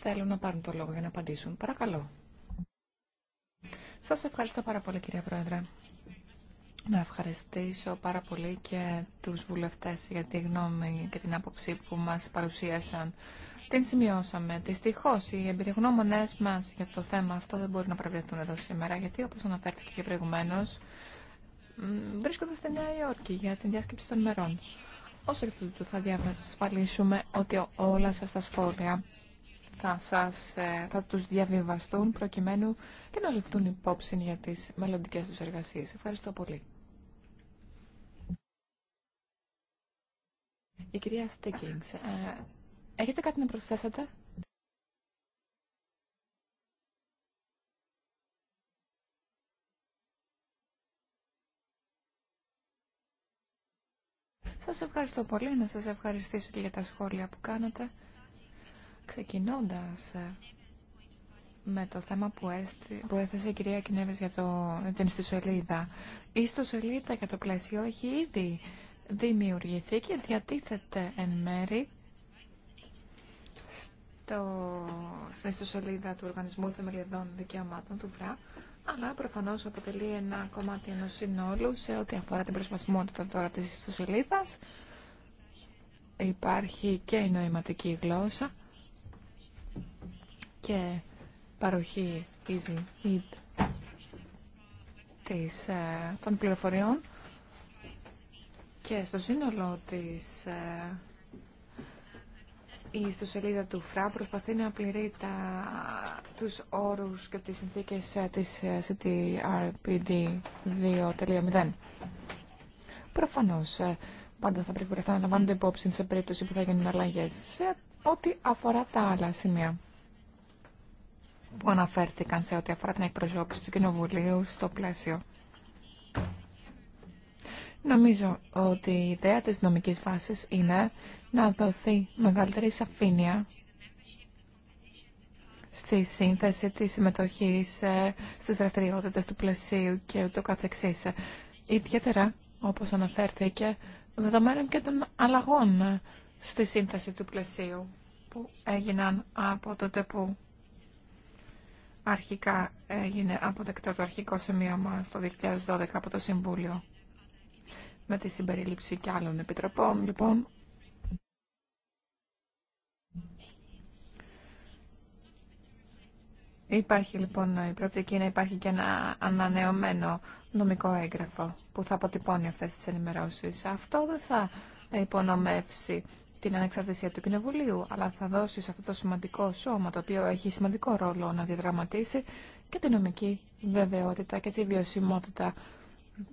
Speaker 2: θέλουν να πάρουν το λόγο για να απαντήσουν. Παρακαλώ. Σας ευχαριστώ πάρα πολύ κυρία Πρόεδρε. Να ευχαριστήσω πάρα πολύ και τους βουλευτές για τη γνώμη και την άποψη που μας παρουσίασαν. Την σημειώσαμε. Δυστυχώ οι εμπειρογνώμονε μα για το θέμα αυτό δεν μπορεί να παρευρεθούν εδώ σήμερα, γιατί όπω αναφέρθηκε και προηγουμένω, βρίσκονται στη Νέα Υόρκη για την διάσκεψη των ημερών. Ω εκ τούτου, θα διαβασφαλίσουμε ότι όλα σα τα σχόλια θα, σας, ε, θα τους διαβιβαστούν προκειμένου και να ληφθούν υπόψη για τις μελλοντικές τους εργασίες. Ευχαριστώ πολύ. Η κυρία Στίκινγκς, ε, έχετε κάτι να προσθέσετε? Σας ευχαριστώ πολύ, να σας ευχαριστήσω και για τα σχόλια που κάνατε. Ξεκινώντας ε, με το θέμα που, έστει, που έθεσε η κυρία Κινέβης για το, την ιστοσελίδα. Η ιστοσελίδα για το πλαίσιο έχει ήδη δημιουργηθεί και διατίθεται εν μέρη στο, στην ιστοσελίδα του Οργανισμού Θεμελιωδών Δικαιωμάτων του ΒΡΑ, αλλά προφανώς αποτελεί ένα κομμάτι ενός συνόλου σε ό,τι αφορά την προσπαθμότητα τώρα της ιστοσελίδας. Υπάρχει και η νοηματική γλώσσα και παροχή easy της, ε, των πληροφοριών και στο σύνολο της ε, η ιστοσελίδα του ΦΡΑ προσπαθεί να πληρεί τα, τους όρους και τις συνθήκες ε, της CTRPD 2.0. Προφανώς, πάντα θα πρέπει να λαμβάνονται υπόψη σε περίπτωση που θα γίνουν αλλαγές σε ό,τι αφορά τα άλλα σημεία που αναφέρθηκαν σε ό,τι αφορά την εκπροσώπηση του Κοινοβουλίου στο πλαίσιο. Νομίζω ότι η ιδέα της νομικής βάσης είναι να δοθεί μεγαλύτερη σαφήνεια στη σύνθεση της συμμετοχής ε, στις δραστηριότητες του πλαισίου και ούτω καθεξής. Ιδιαίτερα, όπως αναφέρθηκε, δεδομένων και των αλλαγών ε, στη σύνθεση του πλαισίου που έγιναν από τότε που αρχικά έγινε αποδεκτό το αρχικό σημείωμα στο 2012 από το Συμβούλιο με τη συμπερίληψη και άλλων επιτροπών. Λοιπόν, Υπάρχει λοιπόν η προοπτική να υπάρχει και ένα ανανεωμένο νομικό έγγραφο που θα αποτυπώνει αυτές τις ενημερώσεις. Αυτό δεν θα υπονομεύσει την ανεξαρτησία του Κοινοβουλίου, αλλά θα δώσει σε αυτό το σημαντικό σώμα, το οποίο έχει σημαντικό ρόλο να διαδραματίσει, και την νομική βεβαιότητα και τη βιωσιμότητα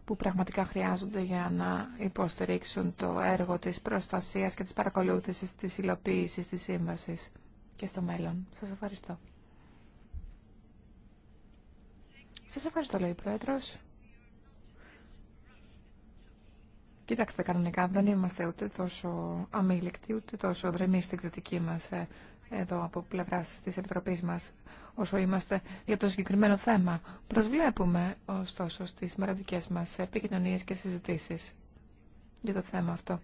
Speaker 2: που πραγματικά χρειάζονται για να υποστηρίξουν το έργο της προστασίας και της παρακολούθησης της υλοποίησης της σύμβασης και στο μέλλον. Σας ευχαριστώ. Σας ευχαριστώ, λέει η Πρόεδρος. Κοιτάξτε, κανονικά δεν είμαστε ούτε τόσο αμήλικτοι, ούτε τόσο δρεμοί στην κριτική μας ε, εδώ από πλευρά της Επιτροπής μας όσο είμαστε για το συγκεκριμένο θέμα. Προσβλέπουμε ωστόσο στις μεραδικέ μας επικοινωνίε και συζητήσει για το θέμα αυτό.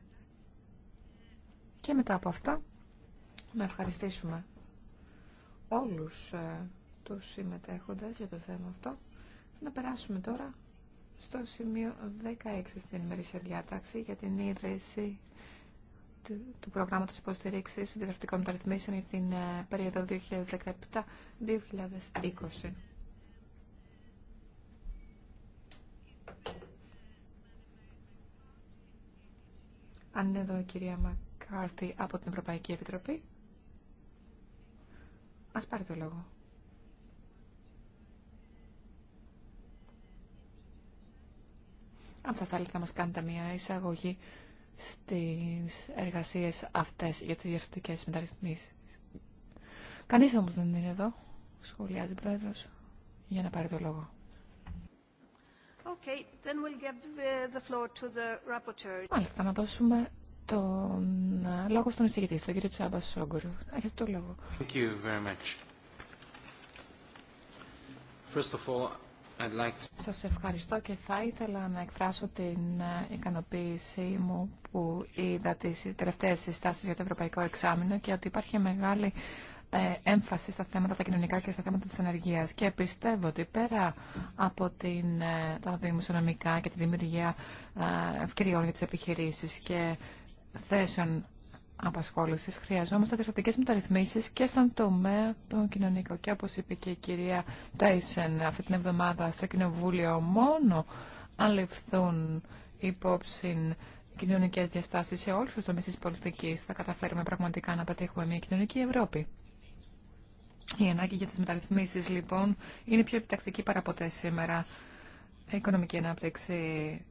Speaker 2: Και μετά από αυτά, να ευχαριστήσουμε όλους ε, τους συμμετέχοντες για το θέμα αυτό. Να περάσουμε τώρα στο σημείο 16 στην ημερήσια διάταξη για την ίδρυση του, προγράμματος υποστηρίξης συντηρητικών μεταρρυθμίσεων για την ε, περίοδο 2017-2020. Αν είναι εδώ η κυρία Μακάρθη από την Ευρωπαϊκή Επιτροπή, ας πάρει το λόγο. Αν θα θέλετε να μας κάνετε μια εισαγωγή στις εργασίες αυτές για τις διαστατικές μεταρρυθμίσεις. Κανείς όμως δεν είναι εδώ, σχολιάζει ο Πρόεδρος, για να πάρει το λόγο.
Speaker 3: Okay, then Μάλιστα,
Speaker 2: να δώσουμε τον ε, λόγο στον εισηγητή, στον κύριο Τσάμπα Σόγκουρου. Έχετε το λόγο. Σας ευχαριστώ και θα ήθελα να εκφράσω την ε, ικανοποίησή μου που είδα τις τελευταίες συστάσεις για το Ευρωπαϊκό Εξάμεινο και ότι υπάρχει μεγάλη ε, έμφαση στα θέματα τα κοινωνικά και στα θέματα της ενεργείας. Και πιστεύω ότι πέρα από την, ε, τα δημοσιονομικά και τη δημιουργία ευκαιριών για τις επιχειρήσεις και θέσεων Απασχόληση χρειαζόμαστε διαφορετικέ μεταρρυθμίσει και στον τομέα των κοινωνικών. Και όπω είπε και η κυρία Τάισεν αυτή την εβδομάδα στο Κοινοβούλιο, μόνο αν ληφθούν υπόψη κοινωνικέ διαστάσει σε όλου του τομεί τη πολιτική θα καταφέρουμε πραγματικά να πετύχουμε μια κοινωνική Ευρώπη. Η ανάγκη για τι μεταρρυθμίσει λοιπόν είναι πιο επιτακτική παραποτέ σήμερα. Η οικονομική ανάπτυξη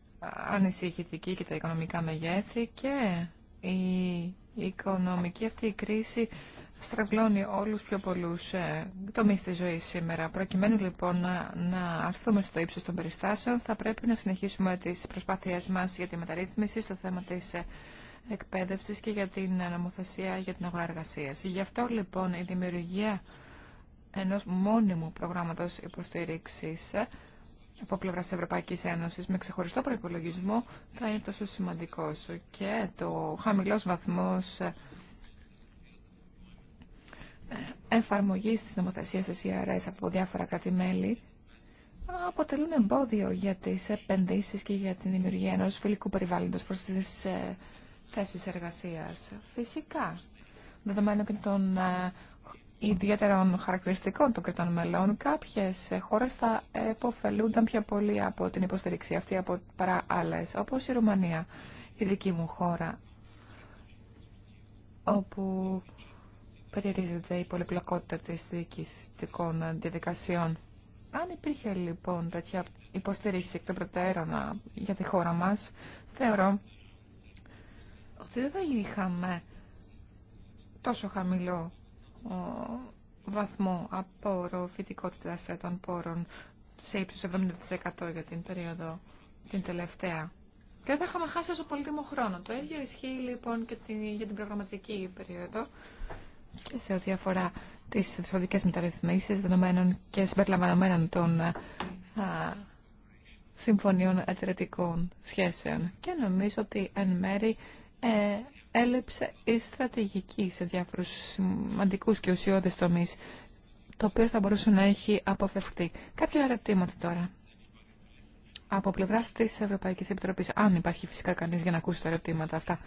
Speaker 2: ανησυχητική και τα οικονομικά μεγέθη και η οικονομική αυτή η κρίση στραβλώνει όλους πιο πολλούς ε, τομείς της ζωής σήμερα. Προκειμένου λοιπόν να, να αρθούμε στο ύψος των περιστάσεων, θα πρέπει να συνεχίσουμε τις προσπάθειές μας για τη μεταρρύθμιση στο θέμα της ε, εκπαίδευσης και για την νομοθεσία για την αγορά εργασίας. Γι' αυτό λοιπόν η δημιουργία ενός μόνιμου προγράμματος υποστήριξης ε, από πλευρά της Ευρωπαϊκής Ένωσης με ξεχωριστό προϋπολογισμό θα είναι τόσο σημαντικός και το χαμηλός βαθμός ε, εφαρμογής της νομοθεσίας της ERS από διάφορα κράτη-μέλη αποτελούν εμπόδιο για τις επενδύσεις και για την δημιουργία ενό φιλικού περιβάλλοντος προς τις ε, θέσεις εργασίας. Φυσικά, δεδομένου και των ε, ιδιαίτερων χαρακτηριστικών των κρατών μελών, κάποιες χώρε θα επωφελούνταν πιο πολύ από την υποστήριξη αυτή από παρά άλλε. όπως η Ρουμανία, η δική μου χώρα, όπου περιορίζεται η πολυπλοκότητα τη διοικητικών διαδικασιών. Αν υπήρχε λοιπόν τέτοια υποστήριξη εκ των προτέρων για τη χώρα μας, θεωρώ ότι δεν θα είχαμε τόσο χαμηλό βαθμό φυτικότητα των πόρων σε ύψους 70% για την περίοδο την τελευταία. Και θα είχαμε χάσει τόσο πολύτιμο χρόνο. Το ίδιο ισχύει λοιπόν και για την προγραμματική περίοδο και σε ό,τι αφορά τι θεσοδικές μεταρρυθμίσει δεδομένων και συμπεριλαμβανομένων των ε, α, συμφωνιών εταιρετικών σχέσεων. Και νομίζω ότι εν μέρη ε, Έλεψε η στρατηγική σε διάφορους σημαντικούς και ουσιώδες τομείς, το οποίο θα μπορούσε να έχει αποφευχθεί. Κάποια ερωτήματα τώρα. Από πλευρά τη Ευρωπαϊκή Επιτροπή, αν υπάρχει φυσικά κανεί για να ακούσει τα ερωτήματα αυτά.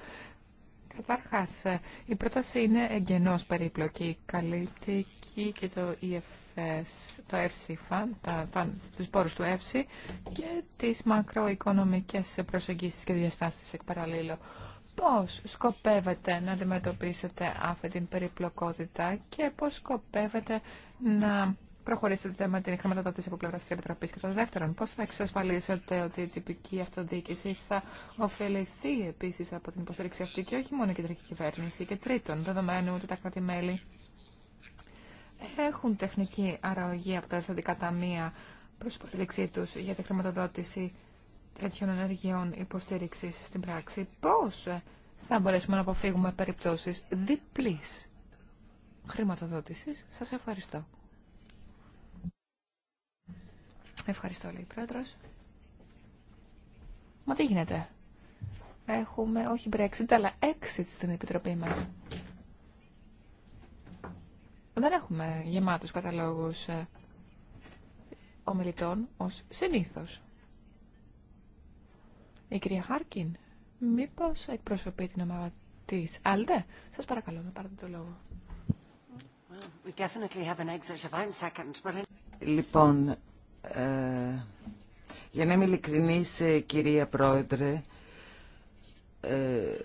Speaker 2: Καταρχά, ε, η πρόταση είναι εγγενώ περίπλοκη. Καλύπτει και το EFS, το EFSI, του EFSI και τι μακροοικονομικέ προσεγγίσεις και διαστάσει εκ Πώς σκοπεύετε να αντιμετωπίσετε αυτή την περιπλοκότητα και πώς σκοπεύετε να προχωρήσετε με την χρηματοδότηση από πλευρά τη Επιτροπή. Και των δεύτερον, πώ θα εξασφαλίσετε ότι η τυπική αυτοδιοίκηση θα ωφεληθεί επίση από την υποστήριξη αυτή και όχι μόνο η κεντρική κυβέρνηση. Και τρίτον, δεδομένου ότι τα κράτη-μέλη έχουν τεχνική αρρωγή από τα εθνικά ταμεία προ υποστήριξή του για τη χρηματοδότηση τέτοιων ενεργειών υποστήριξη στην πράξη, πώς θα μπορέσουμε να αποφύγουμε περιπτώσεις διπλής χρηματοδότησης. Σας ευχαριστώ. Ευχαριστώ, λέει η Πρόεδρος. Μα τι γίνεται. Έχουμε όχι Brexit, αλλά exit στην Επιτροπή μας. Δεν έχουμε γεμάτους καταλόγους ε, ομιλητών ως συνήθως. Η κυρία Χάρκιν, μήπως εκπροσωπεί την ομάδα τη. Αλλά, Σας παρακαλώ να πάρετε το
Speaker 1: λόγο. Λοιπόν, ε, για να είμαι ειλικρινής, ε, κυρία Πρόεδρε, ε,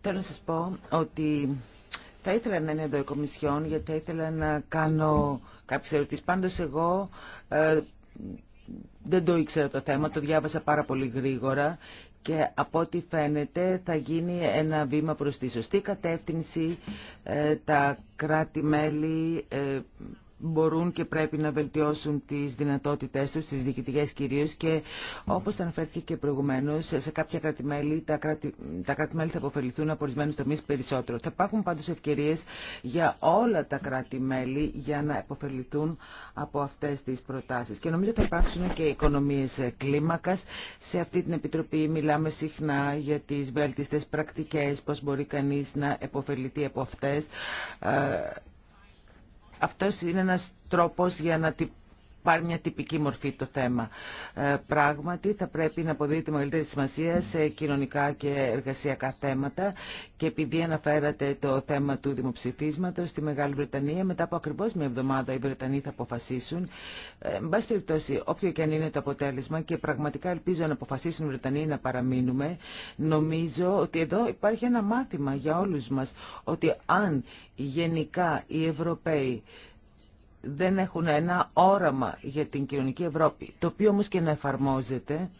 Speaker 1: θέλω να σα πω ότι θα ήθελα να είναι εδώ η Κομισιόν, γιατί θα ήθελα να κάνω κάποιες ερωτήσει. Πάντω, εγώ ε, δεν το ήξερα το θέμα, το διάβασα πάρα πολύ γρήγορα και από ό,τι φαίνεται θα γίνει ένα βήμα προς τη σωστή κατεύθυνση. Ε, τα κράτη-μέλη ε, μπορούν και πρέπει να βελτιώσουν τις δυνατότητές τους, τι διοικητικές κυρίω. και όπως αναφέρθηκε και προηγουμένως σε κάποια κρατημέλη τα, κρατη, τα κρατημέλη θα αποφεληθούν από ορισμένους τομείς περισσότερο. Θα υπάρχουν πάντως ευκαιρίες για όλα τα κρατημέλη για να αποφεληθούν από αυτές τις προτάσεις. Και νομίζω θα υπάρξουν και οικονομίες κλίμακας. Σε αυτή την Επιτροπή μιλάμε συχνά για τις βέλτιστες πρακτικές, πώς μπορεί κανείς να επωφεληθεί από αυτές ε, αυτός είναι ένας τρόπος για να πάρει μια τυπική μορφή το θέμα. Ε, πράγματι, θα πρέπει να αποδίδεται μεγαλύτερη σημασία σε κοινωνικά και εργασιακά θέματα και επειδή αναφέρατε το θέμα του δημοψηφίσματος στη Μεγάλη Βρετανία, μετά από ακριβώς μια εβδομάδα οι Βρετανοί θα αποφασίσουν. Με εν πάση περιπτώσει, όποιο και αν είναι το αποτέλεσμα και πραγματικά ελπίζω να αποφασίσουν οι Βρετανοί να παραμείνουμε, νομίζω ότι εδώ υπάρχει ένα μάθημα για όλους μας ότι αν γενικά οι Ευρωπαίοι δεν έχουν ένα όραμα για την κοινωνική Ευρώπη, το οποίο όμως και να εφαρμόζεται,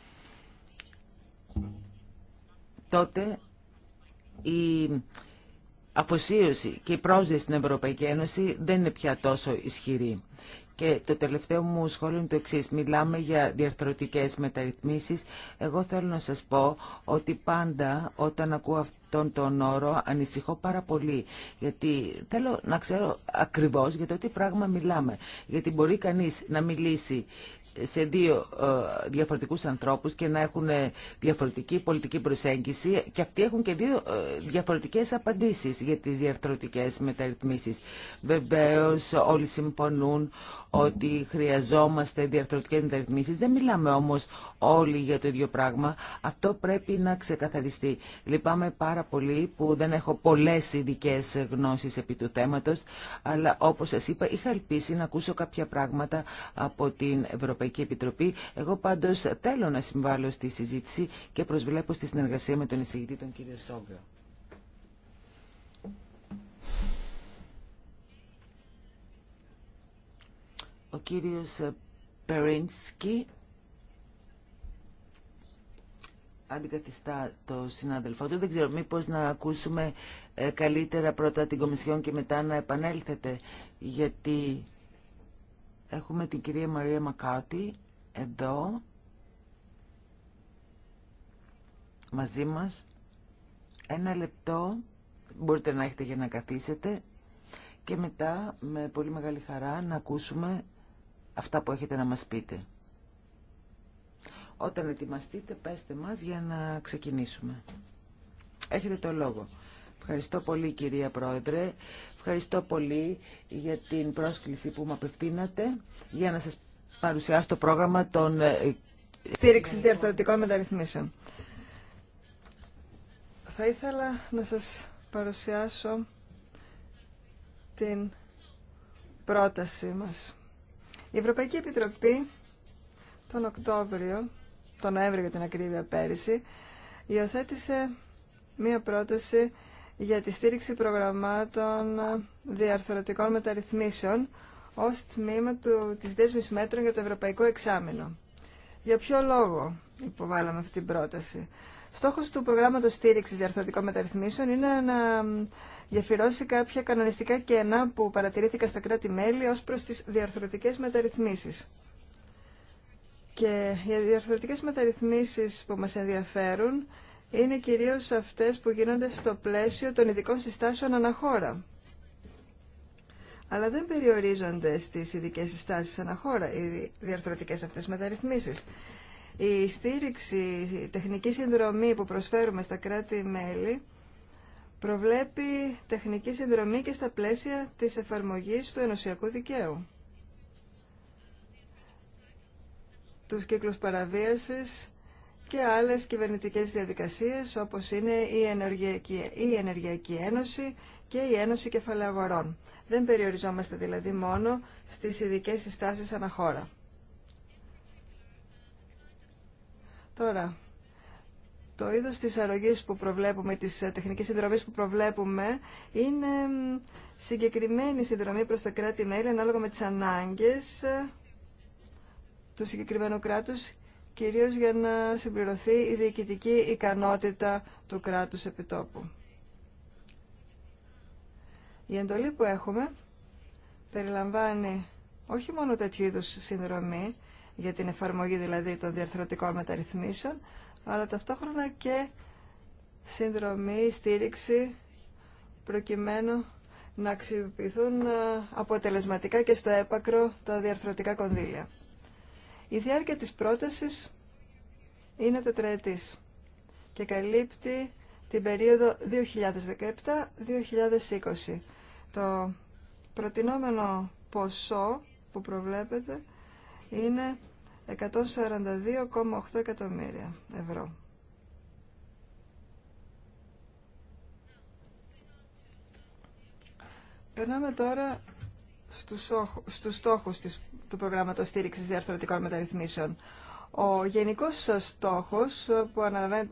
Speaker 1: τότε η αφοσίωση και η πρόσδεση στην Ευρωπαϊκή Ένωση δεν είναι πια τόσο ισχυρή. Και το τελευταίο μου σχόλιο είναι το εξή. Μιλάμε για διαρθρωτικές μεταρρυθμίσεις. Εγώ θέλω να σας πω ότι πάντα όταν ακούω αυτόν τον όρο ανησυχώ πάρα πολύ. Γιατί θέλω να ξέρω ακριβώς για το τι πράγμα μιλάμε. Γιατί μπορεί κανείς να μιλήσει σε δύο ε, διαφορετικούς ανθρώπους και να έχουν ε, διαφορετική πολιτική προσέγγιση και αυτοί έχουν και δύο ε, διαφορετικές απαντήσεις για τις διαρθρωτικές μεταρρυθμίσεις. Βεβαίως όλοι συμφωνούν ότι χρειαζόμαστε διαρθρωτικές μεταρρυθμίσεις. Δεν μιλάμε όμως όλοι για το ίδιο πράγμα. Αυτό πρέπει να ξεκαθαριστεί. Λυπάμαι πάρα πολύ που δεν έχω πολλές ειδικέ γνώσεις επί του θέματος, αλλά όπως σας είπα είχα ελπίσει να ακούσω κάποια πράγματα από την Ευρωπαϊκή Ευρωπαϊκή Επιτροπή. Εγώ πάντως θέλω να συμβάλλω στη συζήτηση και προσβλέπω στη συνεργασία με τον εισηγητή τον κύριο Σόγκα. Ο κύριος Περίνσκι αντικαθιστά το συνάδελφό του. Δεν ξέρω, μήπως να ακούσουμε ε, καλύτερα πρώτα την Κομισιόν και μετά να επανέλθετε, γιατί Έχουμε την κυρία Μαρία Μακάτι εδώ μαζί μας. Ένα λεπτό μπορείτε να έχετε για να καθίσετε και μετά με πολύ μεγάλη χαρά να ακούσουμε αυτά που έχετε να μας πείτε. Όταν ετοιμαστείτε πέστε μας για να ξεκινήσουμε. Έχετε το λόγο. Ευχαριστώ πολύ κυρία Πρόεδρε. Ευχαριστώ πολύ για την πρόσκληση που μου απευθύνατε για να σας παρουσιάσω το πρόγραμμα των... Ε, στήριξης διαρθρωτικών μεταρρυθμίσεων.
Speaker 3: Θα ήθελα να σας παρουσιάσω την πρόταση μας. Η Ευρωπαϊκή Επιτροπή τον Οκτώβριο, τον Νοέμβριο για την ακρίβεια πέρυσι, υιοθέτησε μία πρόταση για τη στήριξη προγραμμάτων διαρθρωτικών μεταρρυθμίσεων ως τμήμα του, της δέσμης μέτρων για το Ευρωπαϊκό Εξάμεινο. Για ποιο λόγο υποβάλαμε αυτή την πρόταση. Στόχος του προγράμματος στήριξης διαρθρωτικών μεταρρυθμίσεων είναι να διαφυρώσει κάποια κανονιστικά κενά που παρατηρήθηκαν στα κράτη-μέλη ως προς τις διαρθρωτικές μεταρρυθμίσεις. Και οι διαρθρωτικές μεταρρυθμίσεις που μας ενδιαφέρουν είναι κυρίως αυτές που γίνονται στο πλαίσιο των ειδικών συστάσεων αναχώρα. Αλλά δεν περιορίζονται στις ειδικές συστάσεις αναχώρα οι διαρθρωτικές αυτές μεταρρυθμίσεις. Η στήριξη, η τεχνική συνδρομή που προσφέρουμε στα κράτη-μέλη προβλέπει τεχνική συνδρομή και στα πλαίσια της εφαρμογής του ενωσιακού δικαίου. Τους κύκλους παραβίασης και άλλες κυβερνητικές διαδικασίες όπως είναι η Ενεργειακή, η Ενεργειακή Ένωση και η Ένωση Κεφαλαγορών. Δεν περιοριζόμαστε δηλαδή μόνο στις ειδικές συστάσεις αναχώρα. Τώρα, το είδος της αρρωγής που προβλέπουμε, της τεχνικής συνδρομής που προβλέπουμε, είναι συγκεκριμένη συνδρομή προς τα κράτη-μέλη ανάλογα με τις ανάγκες ε, του συγκεκριμένου κράτους κυρίως για να συμπληρωθεί η διοικητική ικανότητα του κράτους επιτόπου. Η εντολή που έχουμε περιλαμβάνει όχι μόνο τέτοιου είδους συνδρομή, για την εφαρμογή δηλαδή των διαρθρωτικών μεταρρυθμίσεων, αλλά ταυτόχρονα και συνδρομή, στήριξη, προκειμένου να αξιοποιηθούν ε, αποτελεσματικά και στο έπακρο τα διαρθρωτικά κονδύλια. Η διάρκεια της πρότασης είναι τετραετής και καλύπτει την περίοδο 2017-2020. Το προτινόμενο ποσό που προβλέπετε είναι 142,8 εκατομμύρια ευρώ. Περνάμε τώρα στους στόχους της του προγράμματος στήριξης διαρθρωτικών μεταρρυθμίσεων. Ο γενικός στόχος που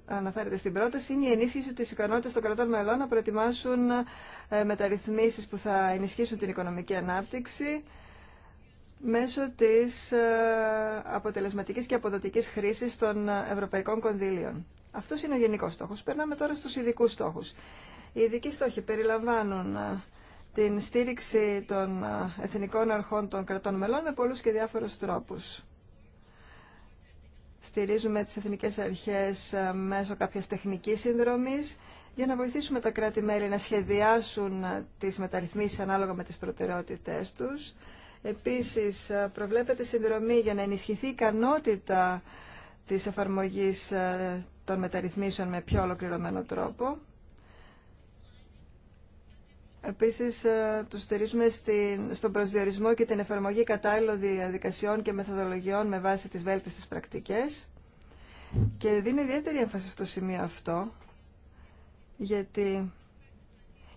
Speaker 3: αναφέρεται στην πρόταση είναι η ενίσχυση της ικανότητας των κρατών μελών να προετοιμάσουν ε, μεταρρυθμίσεις που θα ενισχύσουν την οικονομική ανάπτυξη μέσω της ε, αποτελεσματικής και αποδοτικής χρήσης των ευρωπαϊκών κονδύλιων. Αυτός είναι ο γενικός στόχος. Περνάμε τώρα στους ειδικούς στόχους. Οι ειδικοί στόχοι περιλαμβάνουν ε, την στήριξη των εθνικών αρχών των κρατών μελών με πολλούς και διάφορους τρόπους. Στηρίζουμε τις εθνικές αρχές μέσω κάποιας τεχνικής συνδρομής για να βοηθήσουμε τα κράτη-μέλη να σχεδιάσουν τις μεταρρυθμίσεις ανάλογα με τις προτεραιότητές τους. Επίσης, προβλέπεται συνδρομή για να ενισχυθεί η ικανότητα της εφαρμογής των μεταρρυθμίσεων με πιο ολοκληρωμένο τρόπο. Επίσης, ε, τους στηρίζουμε στον προσδιορισμό και την εφαρμογή κατάλληλων διαδικασιών και μεθοδολογιών με βάση τις βέλτιστες πρακτικές. Και δίνει ιδιαίτερη έμφαση στο σημείο αυτό, γιατί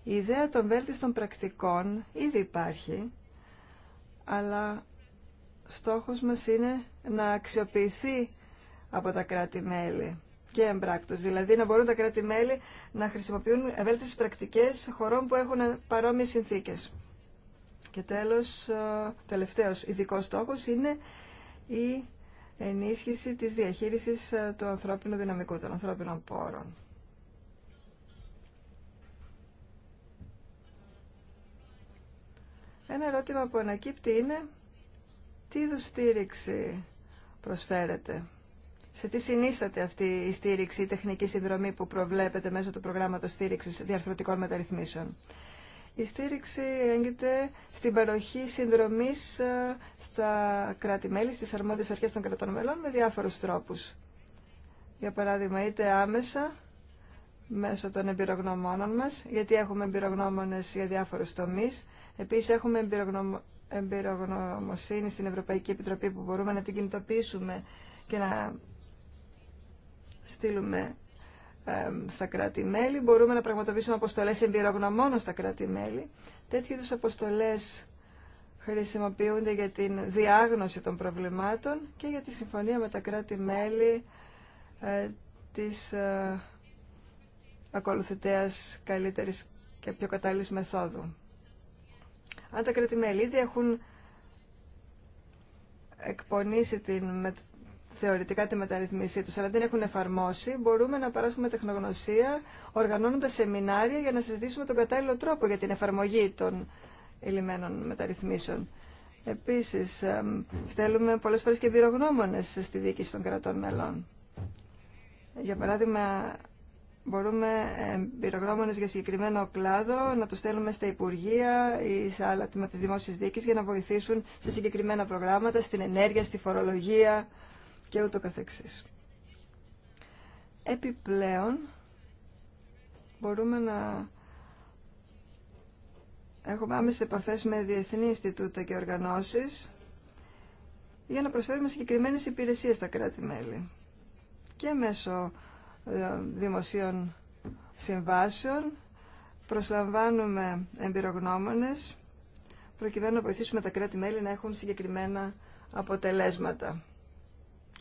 Speaker 3: η ιδέα των βέλτιστων πρακτικών ήδη υπάρχει, αλλά στόχος μας είναι να αξιοποιηθεί από τα κράτη-μέλη και Δηλαδή να μπορούν τα κράτη-μέλη να χρησιμοποιούν ευέλτιστες πρακτικές χωρών που έχουν παρόμοιες συνθήκες. Και τέλος, ε, τελευταίος ειδικό στόχος είναι η ενίσχυση της διαχείρισης ε, του ανθρώπινου δυναμικού, των ανθρώπινων πόρων. Ένα ερώτημα που ανακύπτει είναι τι είδου στήριξη προσφέρεται σε τι συνίσταται αυτή η στήριξη, η τεχνική συνδρομή που προβλέπεται μέσω του προγράμματος στήριξης διαρθρωτικών μεταρρυθμίσεων. Η στήριξη έγκυται στην παροχή συνδρομής ε, στα κράτη-μέλη, στις αρμόδιες αρχές των κρατών μελών με διάφορους τρόπους. Για παράδειγμα, είτε άμεσα μέσω των εμπειρογνωμόνων μας, γιατί έχουμε εμπειρογνώμονες για διάφορους τομείς. Επίσης έχουμε εμπειρογνωμο... εμπειρογνωμοσύνη στην Ευρωπαϊκή Επιτροπή που μπορούμε να την κινητοποιήσουμε και να στείλουμε στα κράτη-μέλη, μπορούμε να πραγματοποιήσουμε αποστολές εμπειρογνωμόνων στα κράτη-μέλη. Τέτοιου αποστολές χρησιμοποιούνται για τη διάγνωση των προβλημάτων και για τη συμφωνία με τα κράτη-μέλη ε, της ε, ακολουθητέας καλύτερης και πιο κατάλληλης μεθόδου. Αν τα κράτη-μέλη ήδη έχουν εκπονήσει την θεωρητικά τη μεταρρυθμίσή του, αλλά δεν έχουν εφαρμόσει, μπορούμε να παράσχουμε τεχνογνωσία οργανώνοντα σεμινάρια για να συζητήσουμε τον κατάλληλο τρόπο για την εφαρμογή των ελλημένων μεταρρυθμίσεων. Επίση, στέλνουμε πολλέ φορέ και εμπειρογνώμονες στη διοίκηση των κρατών μελών. Για παράδειγμα, μπορούμε πυρογνώμονε για συγκεκριμένο κλάδο να του στέλνουμε στα Υπουργεία ή σε άλλα τμήματα τη Δημόσια Διοίκηση για να βοηθήσουν σε συγκεκριμένα προγράμματα, στην ενέργεια, στη φορολογία, και ούτω καθεξής. Επιπλέον, μπορούμε να έχουμε άμεσε επαφές με διεθνή Ινστιτούτα και οργανώσεις για να προσφέρουμε συγκεκριμένες υπηρεσίες στα κράτη-μέλη και μέσω ε, δημοσίων συμβάσεων προσλαμβάνουμε εμπειρογνώμονες προκειμένου να βοηθήσουμε τα κράτη-μέλη να έχουν συγκεκριμένα αποτελέσματα.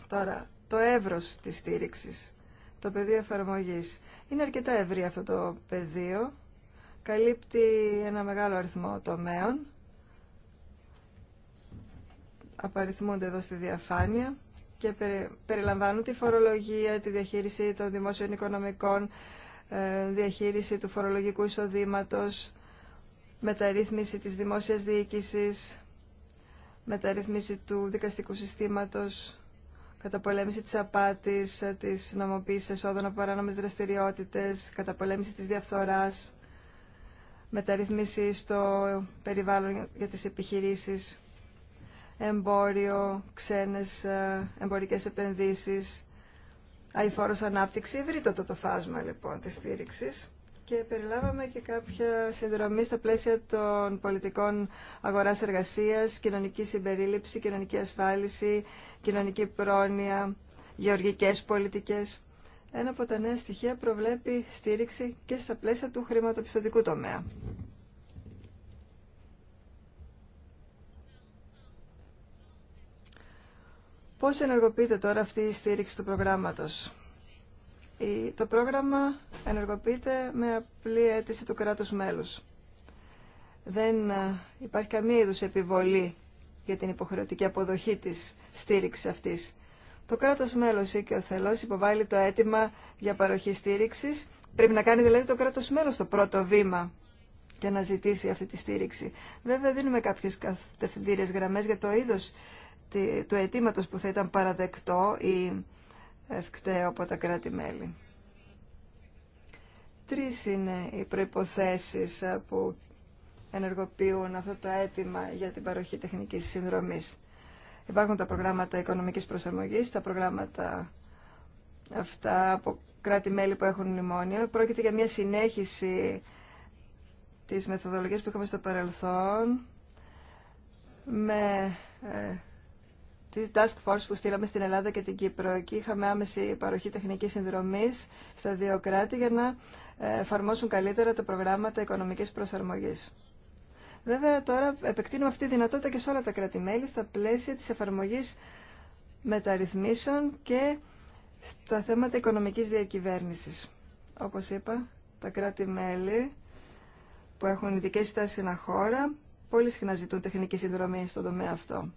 Speaker 3: Τώρα, το εύρος της στήριξης, το πεδίο εφαρμογής. Είναι αρκετά ευρύ αυτό το πεδίο. Καλύπτει ένα μεγάλο αριθμό τομέων. Απαριθμούνται εδώ στη διαφάνεια και περιλαμβάνουν τη φορολογία, τη διαχείριση των δημόσιων οικονομικών, ε, διαχείριση του φορολογικού εισοδήματος, μεταρρύθμιση της δημόσιας διοίκησης, μεταρρύθμιση του δικαστικού συστήματος, καταπολέμηση της απάτης, της νομοποίησης εσόδων από παράνομες δραστηριότητες, καταπολέμηση της διαφθοράς, μεταρρυθμίση στο περιβάλλον για τις επιχειρήσεις, εμπόριο, ξένες ε, εμπορικές επενδύσεις, αηφόρος ανάπτυξη, Βρείτε το φάσμα λοιπόν της στήριξης και περιλάβαμε και κάποια συνδρομή στα πλαίσια των πολιτικών αγοράς εργασίας, κοινωνική συμπερίληψη, κοινωνική ασφάλιση, κοινωνική πρόνοια, γεωργικές πολιτικές. Ένα από τα νέα στοιχεία προβλέπει στήριξη και στα πλαίσια του χρηματοπιστωτικού τομέα. Πώς ενεργοποιείται τώρα αυτή η στήριξη του προγράμματος το πρόγραμμα ενεργοποιείται με απλή αίτηση του κράτους μέλους. Δεν ε, υπάρχει καμία είδους επιβολή για την υποχρεωτική αποδοχή της στήριξης αυτής. Το κράτος μέλος ή και ο θελός υποβάλλει το αίτημα για παροχή στήριξης. Πρέπει να κάνει δηλαδή το κράτος μέλος το πρώτο βήμα και να ζητήσει αυτή τη στήριξη. Βέβαια δίνουμε κάποιες καθευθυντήριες γραμμές για το είδος του αιτήματο που θα ήταν παραδεκτό ή ευκταίο από τα κράτη-μέλη. Τρεις είναι οι προϋποθέσεις ε, που ενεργοποιούν αυτό το αίτημα για την παροχή τεχνικής συνδρομής. Υπάρχουν τα προγράμματα οικονομικής προσαρμογής, τα προγράμματα αυτά από κράτη-μέλη που έχουν μνημόνιο. Πρόκειται για μια συνέχιση της μεθοδολογίας που είχαμε στο παρελθόν με ε, τη Task Force που στείλαμε στην Ελλάδα και την Κύπρο. Εκεί είχαμε άμεση παροχή τεχνική συνδρομή στα δύο κράτη για να ε, εφαρμόσουν καλύτερα τα προγράμματα οικονομική προσαρμογή. Βέβαια τώρα επεκτείνουμε αυτή τη δυνατότητα και σε όλα τα κράτη-μέλη στα πλαίσια τη εφαρμογή μεταρρυθμίσεων και στα θέματα οικονομικής διακυβέρνησης. Όπως είπα, τα κράτη-μέλη που έχουν ειδικέ στάσει σε ένα χώρα πολύ συχνά ζητούν τεχνική συνδρομή στον τομέα αυτό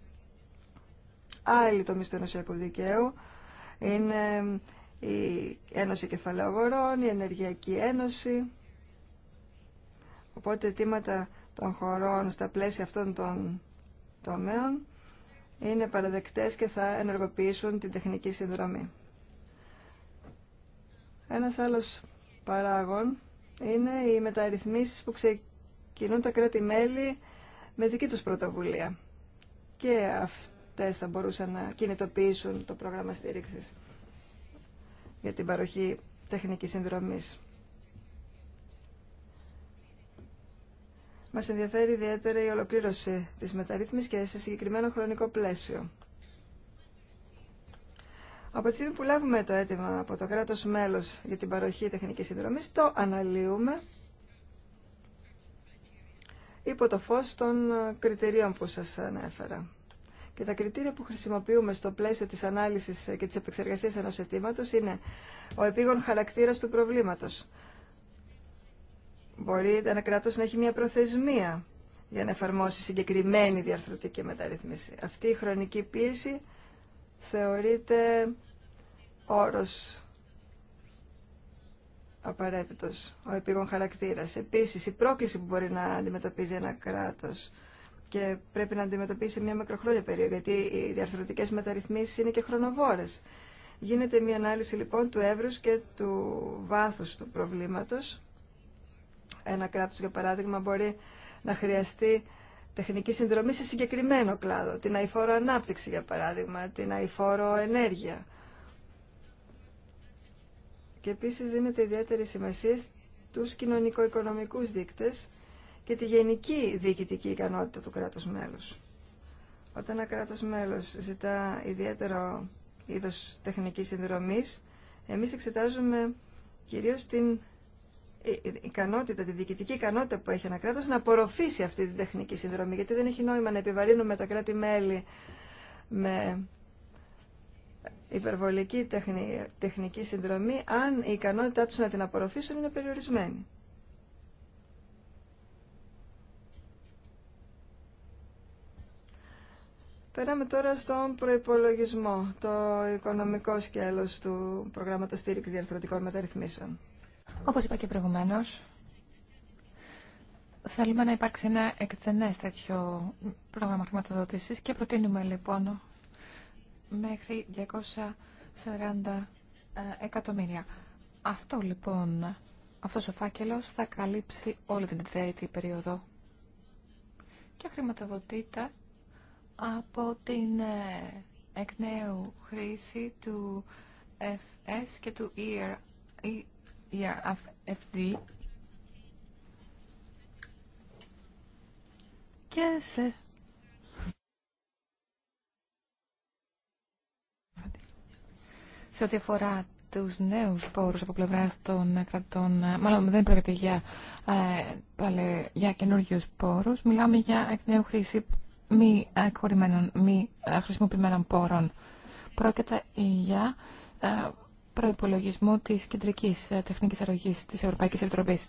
Speaker 3: άλλη το του ενωσιακού δικαίου. Είναι η Ένωση Κεφαλαιογορών, η Ενεργειακή Ένωση. Οπότε αιτήματα των χωρών στα πλαίσια αυτών των τομέων είναι παραδεκτές και θα ενεργοποιήσουν την τεχνική συνδρομή. Ένας άλλος παράγων είναι οι μεταρρυθμίσεις που ξεκινούν τα κράτη-μέλη με δική τους πρωτοβουλία. Και αυτό θα μπορούσαν να κινητοποιήσουν το πρόγραμμα στήριξης για την παροχή τεχνικής συνδρομής. Μας ενδιαφέρει ιδιαίτερα η ολοκλήρωση της μεταρρύθμισης και σε συγκεκριμένο χρονικό πλαίσιο. Από τη στιγμή που λάβουμε το αίτημα από το κράτος μέλος για την παροχή τεχνικής συνδρομής, το αναλύουμε υπό το φως των κριτηρίων που σας ανέφερα. Και τα κριτήρια που χρησιμοποιούμε στο πλαίσιο της ανάλυσης και της επεξεργασίας ενός αιτήματο είναι ο επίγον χαρακτήρας του προβλήματος. Μπορεί ένα κράτος να έχει μια προθεσμία για να εφαρμόσει συγκεκριμένη διαρθρωτική μεταρρύθμιση. Αυτή η χρονική πίεση θεωρείται όρος απαραίτητος, ο επίγον χαρακτήρας. Επίσης, η πρόκληση που μπορεί να αντιμετωπίζει ένα κράτος και πρέπει να αντιμετωπίσει μια μακροχρόνια περίοδο, γιατί οι διαρθρωτικέ μεταρρυθμίσει είναι και χρονοβόρε. Γίνεται μια ανάλυση λοιπόν του Εύρου και του βάθους του προβλήματος. Ένα κράτος, για παράδειγμα, μπορεί να χρειαστεί τεχνική συνδρομή σε συγκεκριμένο κλάδο, την αηφόρο ανάπτυξη, για παράδειγμα, την αηφόρο ενέργεια. Και επίση δίνεται ιδιαίτερη σημασία στου κοινωνικο οικονομικού δείκτες, και τη γενική διοικητική ικανότητα του κράτους μέλους. Όταν ένα κράτος μέλος ζητά ιδιαίτερο είδος τεχνικής συνδρομής, εμείς εξετάζουμε κυρίως την ε, ε, ικανότητα, τη διοικητική ικανότητα που έχει ένα κράτος να απορροφήσει αυτή την τεχνική συνδρομή, γιατί δεν έχει νόημα να επιβαρύνουμε τα κράτη-μέλη με υπερβολική τεχνική συνδρομή, αν η ικανότητά τους να την απορροφήσουν είναι περιορισμένη. Περάμε τώρα στον προϋπολογισμό, το οικονομικό σκέλος του προγράμματος στήριξης διαφορετικών μεταρρυθμίσεων.
Speaker 2: Όπως είπα και προηγουμένως, θέλουμε να υπάρξει ένα εκτενές τέτοιο πρόγραμμα χρηματοδότησης και προτείνουμε λοιπόν μέχρι 240 ε, εκατομμύρια. Αυτό λοιπόν, αυτός ο φάκελος θα καλύψει όλη την τετραετή περίοδο και χρηματοδοτείται από την ε, εκ νέου χρήση του FS και του ERFD e, e και σε σε ό,τι αφορά τους νέους πόρους από πλευράς των κρατών, ε, μάλλον δεν πρόκειται για, ε, για καινούργιους πόρους, μιλάμε για εκ νέου χρήση μη ε, μη ε, χρησιμοποιημένων πόρων. Πρόκειται για ε, προϋπολογισμό της κεντρικής τεχνικής αρρωγής της Ευρωπαϊκής Επιτροπής.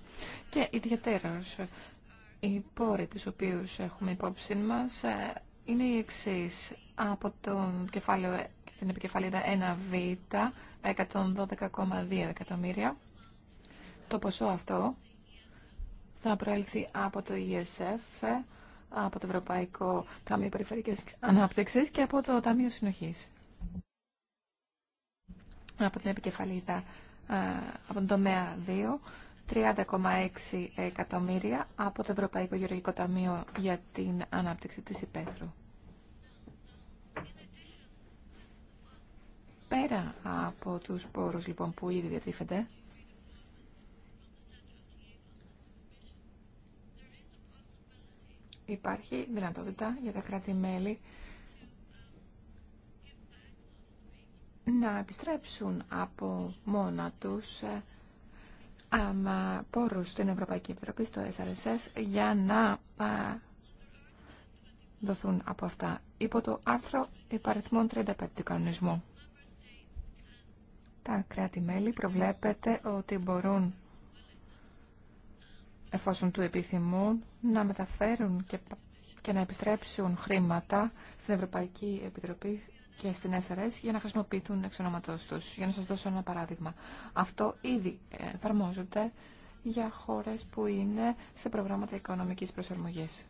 Speaker 2: Και ιδιαίτερος, οι πόροι τους οποίους έχουμε υπόψη μας είναι οι εξή από τον κεφάλαιο, την επικεφαλίδα 1β, 112,2 εκατομμύρια. Το ποσό αυτό θα προέλθει από το ESF, από το Ευρωπαϊκό Ταμείο Περιφερειακής Ανάπτυξης και από το Ταμείο Συνοχής. Από την επικεφαλίδα, ε, από τον τομέα 2, 30,6 εκατομμύρια από το Ευρωπαϊκό Γεωργικό Ταμείο για την ανάπτυξη της Υπέθρου. Πέρα από τους πόρους λοιπόν που ήδη διατίθενται, υπάρχει δυνατότητα για τα κράτη-μέλη να επιστρέψουν από μόνα τους ε, αμα, πόρους στην Ευρωπαϊκή Επιτροπή, στο SRSS, για να ε, δοθούν από αυτά. Υπό το άρθρο υπαριθμών 35 του κανονισμού. Τα κράτη-μέλη προβλέπεται ότι μπορούν εφόσον του επιθυμούν, να μεταφέρουν και, να επιστρέψουν χρήματα στην Ευρωπαϊκή Επιτροπή και στην ΕΣΡΕΣ για να χρησιμοποιηθούν εξ ονόματός τους. Για να σας δώσω ένα παράδειγμα. Αυτό ήδη εφαρμόζεται για χώρες που είναι σε προγράμματα οικονομικής προσαρμογής.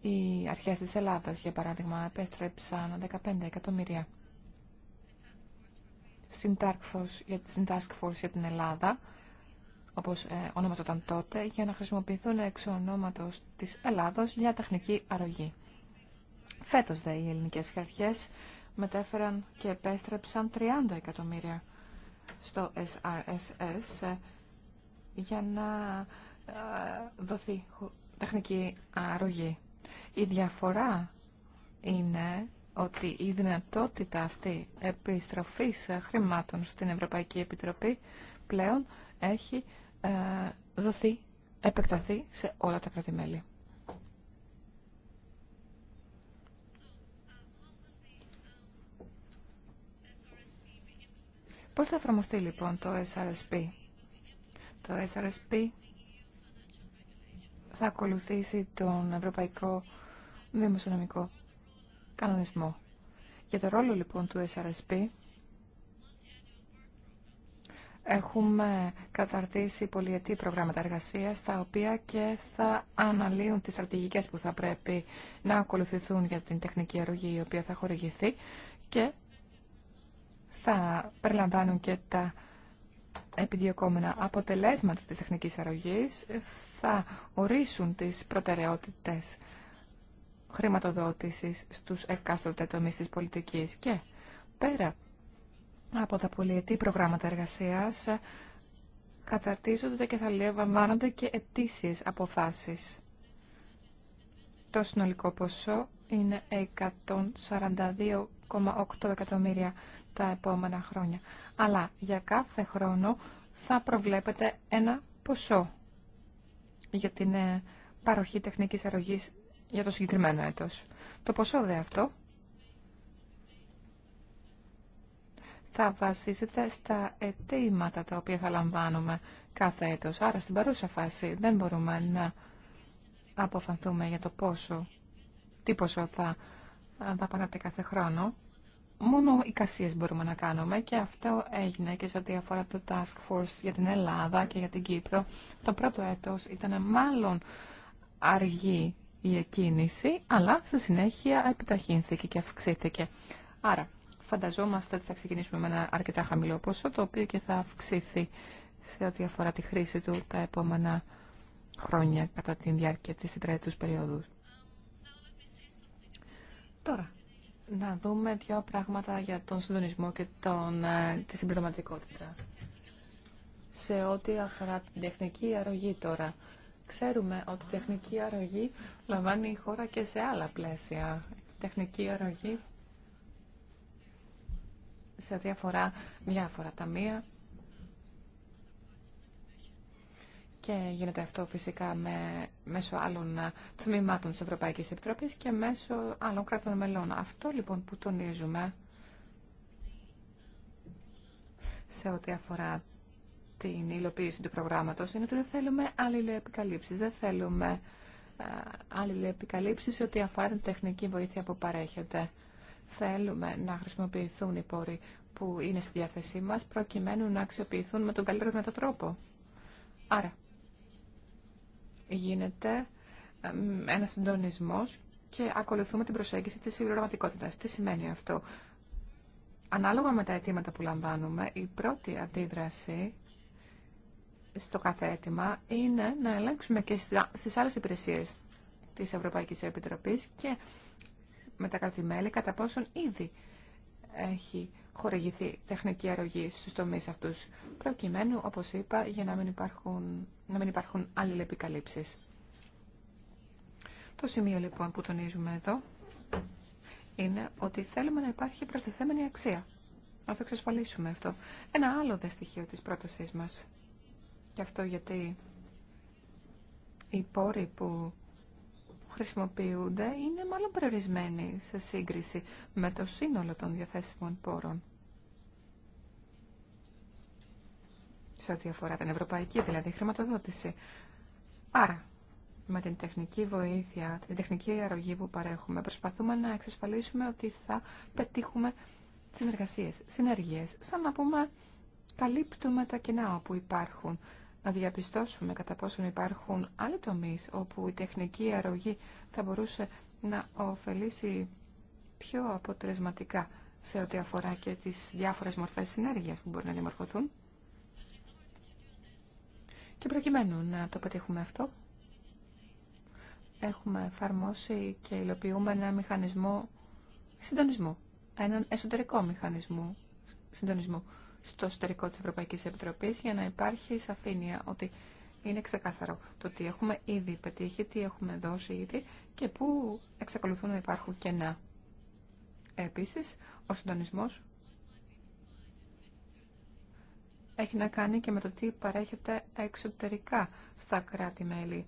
Speaker 2: Οι αρχές της Ελλάδας, για παράδειγμα, επέστρεψαν 15 εκατομμύρια στην Task Force για την Ελλάδα όπως ε, ονομαζόταν τότε, για να χρησιμοποιηθούν εξ ονόματος της Ελλάδος για τεχνική αρρωγή. Φέτος, δε, οι ελληνικές χαρχές μετέφεραν και επέστρεψαν 30 εκατομμύρια στο SRSS ε, για να ε, δοθεί τεχνική αρρωγή. Η διαφορά είναι ότι η δυνατότητα αυτή επιστροφής χρημάτων στην Ευρωπαϊκή Επιτροπή πλέον έχει ε, δοθεί, επεκταθεί σε όλα τα κράτη-μέλη. Πώς θα εφαρμοστεί λοιπόν το SRSP. Το SRSP θα ακολουθήσει τον Ευρωπαϊκό Δημοσιονομικό Κανονισμό. Για το ρόλο λοιπόν του SRSP Έχουμε καταρτήσει πολυετή προγράμματα εργασία, τα οποία και θα αναλύουν τις στρατηγικές που θα πρέπει να ακολουθηθούν για την τεχνική αρρωγή, η οποία θα χορηγηθεί και θα περιλαμβάνουν και τα επιδιωκόμενα αποτελέσματα της τεχνικής αρρωγής, θα ορίσουν τις προτεραιότητες χρηματοδότησης στους εκάστοτε τομείς της πολιτικής και πέρα από τα πολυετή προγράμματα εργασίας καταρτίζονται και θα λαμβάνονται και αιτήσει αποφάσεις. Το συνολικό ποσό είναι 142,8 εκατομμύρια τα επόμενα χρόνια. Αλλά για κάθε χρόνο θα προβλέπετε ένα ποσό για την ε, παροχή τεχνικής αρρωγής για το συγκεκριμένο έτος. Το ποσό δε αυτό θα βασίζεται στα αιτήματα τα οποία θα λαμβάνουμε κάθε έτος. Άρα στην παρούσα φάση δεν μπορούμε να αποφανθούμε για το πόσο, τι ποσό θα δαπανάτε κάθε χρόνο. Μόνο εικασίες μπορούμε να κάνουμε και αυτό έγινε και σε ό,τι αφορά το Task Force για την Ελλάδα και για την Κύπρο. Το πρώτο έτος ήταν μάλλον αργή η εκκίνηση, αλλά στη συνέχεια επιταχύνθηκε και αυξήθηκε. Άρα, φανταζόμαστε ότι θα ξεκινήσουμε με ένα αρκετά χαμηλό ποσό, το οποίο και θα αυξηθεί σε ό,τι αφορά τη χρήση του τα επόμενα χρόνια κατά τη διάρκεια της τετραετούς περίοδου. Τώρα, να δούμε δύο πράγματα για τον συντονισμό και τον, ε, τη συμπληρωματικότητα. Σε ό,τι αφορά την τεχνική αρρωγή τώρα, ξέρουμε ότι η τεχνική αρρωγή λαμβάνει η χώρα και σε άλλα πλαίσια. τεχνική αρρωγή σε διάφορα διάφορα ταμεία. Και γίνεται αυτό φυσικά με, μέσω άλλων τμήματων της Ευρωπαϊκής Επιτροπής και μέσω άλλων κρατών μελών. Αυτό λοιπόν που τονίζουμε σε ό,τι αφορά την υλοποίηση του προγράμματος είναι ότι δεν θέλουμε αλληλεπικαλύψεις, δεν θέλουμε ε, αλληλεπικαλύψεις σε ό,τι αφορά την τεχνική βοήθεια που παρέχεται. Θέλουμε να χρησιμοποιηθούν οι πόροι που είναι στη διάθεσή μας προκειμένου να αξιοποιηθούν με τον καλύτερο δυνατό τρόπο. Άρα, γίνεται ένας συντονισμός και ακολουθούμε την προσέγγιση της φιλογραμματικότητας. Τι σημαίνει αυτό. Ανάλογα με τα αιτήματα που λαμβάνουμε, η πρώτη αντίδραση στο κάθε αίτημα είναι να ελέγξουμε και στις άλλες υπηρεσίες της Ευρωπαϊκής Επιτροπής και με τα κρατημέλη κατά πόσον ήδη έχει χορηγηθεί τεχνική αρρωγή στους τομεί αυτούς, προκειμένου, όπως είπα, για να μην υπάρχουν, να μην υπάρχουν Το σημείο λοιπόν που τονίζουμε εδώ είναι ότι θέλουμε να υπάρχει προστιθέμενη αξία. Να το εξασφαλίσουμε αυτό. Ένα άλλο δε στοιχείο της πρότασής μας. Και αυτό γιατί οι πόροι που που χρησιμοποιούνται είναι μάλλον περιορισμένοι σε σύγκριση με το σύνολο των διαθέσιμων πόρων. Σε ό,τι αφορά την ευρωπαϊκή δηλαδή χρηματοδότηση. Άρα, με την τεχνική βοήθεια, την τεχνική αρρωγή που παρέχουμε, προσπαθούμε να εξασφαλίσουμε ότι θα πετύχουμε συνεργασίες, συνεργίες, σαν να πούμε καλύπτουμε τα κενά όπου υπάρχουν να διαπιστώσουμε κατά πόσον υπάρχουν άλλοι τομείς όπου η τεχνική αρρωγή θα μπορούσε να ωφελήσει πιο αποτελεσματικά σε ό,τι αφορά και τις διάφορες μορφές συνέργειας που μπορεί να διαμορφωθούν. Και προκειμένου να το πετύχουμε αυτό, έχουμε εφαρμόσει και υλοποιούμε ένα μηχανισμό συντονισμού, έναν εσωτερικό μηχανισμό συντονισμού στο εσωτερικό της Ευρωπαϊκής Επιτροπής για να υπάρχει σαφήνεια ότι είναι ξεκάθαρο το τι έχουμε ήδη πετύχει, τι έχουμε δώσει ήδη και πού εξακολουθούν να υπάρχουν κενά. Επίσης, ο συντονισμός έχει να κάνει και με το τι παρέχεται εξωτερικά στα κράτη-μέλη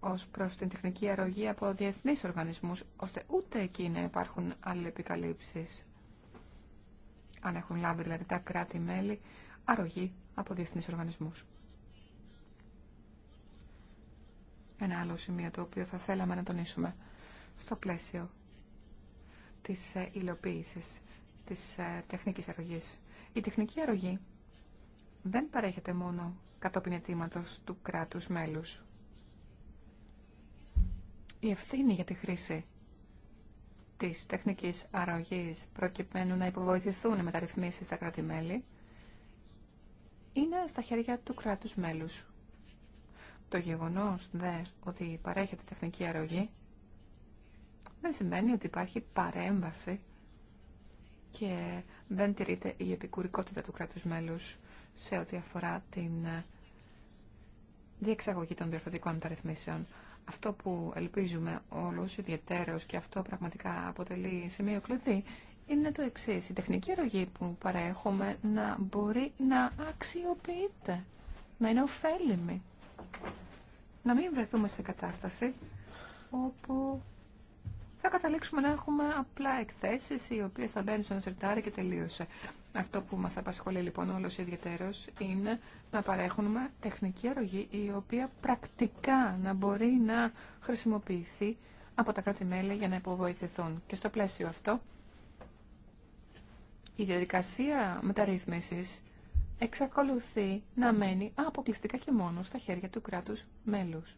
Speaker 2: ως προς την τεχνική αρρωγή από διεθνείς οργανισμούς, ώστε ούτε εκεί να υπάρχουν επικαλύψεις αν έχουν λάβει δηλαδή τα κράτη-μέλη αρρωγή από διεθνεί οργανισμού. Ένα άλλο σημείο το οποίο θα θέλαμε να τονίσουμε στο πλαίσιο της ε, υλοποίησης της ε, τεχνικής αρρωγής. Η τεχνική αρρωγή δεν παρέχεται μόνο κατόπιν αιτήματος του κράτους μέλους. Η ευθύνη για τη χρήση της τεχνικής αραγής προκειμένου να υποβοηθηθούν οι μεταρρυθμίσεις στα κράτη-μέλη είναι στα χέρια του κράτους μέλους. Το γεγονός δε ότι παρέχεται τεχνική αρρωγή δεν σημαίνει ότι υπάρχει παρέμβαση και δεν τηρείται η επικουρικότητα του κράτους μέλους σε ό,τι αφορά την διεξαγωγή των διορθωτικών μεταρρυθμίσεων αυτό που ελπίζουμε όλους ιδιαιτέρως, και αυτό πραγματικά αποτελεί σημείο κλειδί είναι το εξή. Η τεχνική ρογή που παρέχουμε να μπορεί να αξιοποιείται, να είναι ωφέλιμη. Να μην βρεθούμε σε κατάσταση όπου θα καταλήξουμε να έχουμε απλά εκθέσεις οι οποίες θα μπαίνουν σε ένα και τελείωσε. Αυτό που μας απασχολεί λοιπόν όλος ιδιαίτερος είναι να παρέχουμε τεχνική αρρωγή η οποία πρακτικά να μπορεί να χρησιμοποιηθεί από τα κράτη-μέλη για να υποβοηθηθούν. Και στο πλαίσιο αυτό η διαδικασία μεταρρύθμισης εξακολουθεί να μένει αποκλειστικά και μόνο στα χέρια του κράτους μέλους.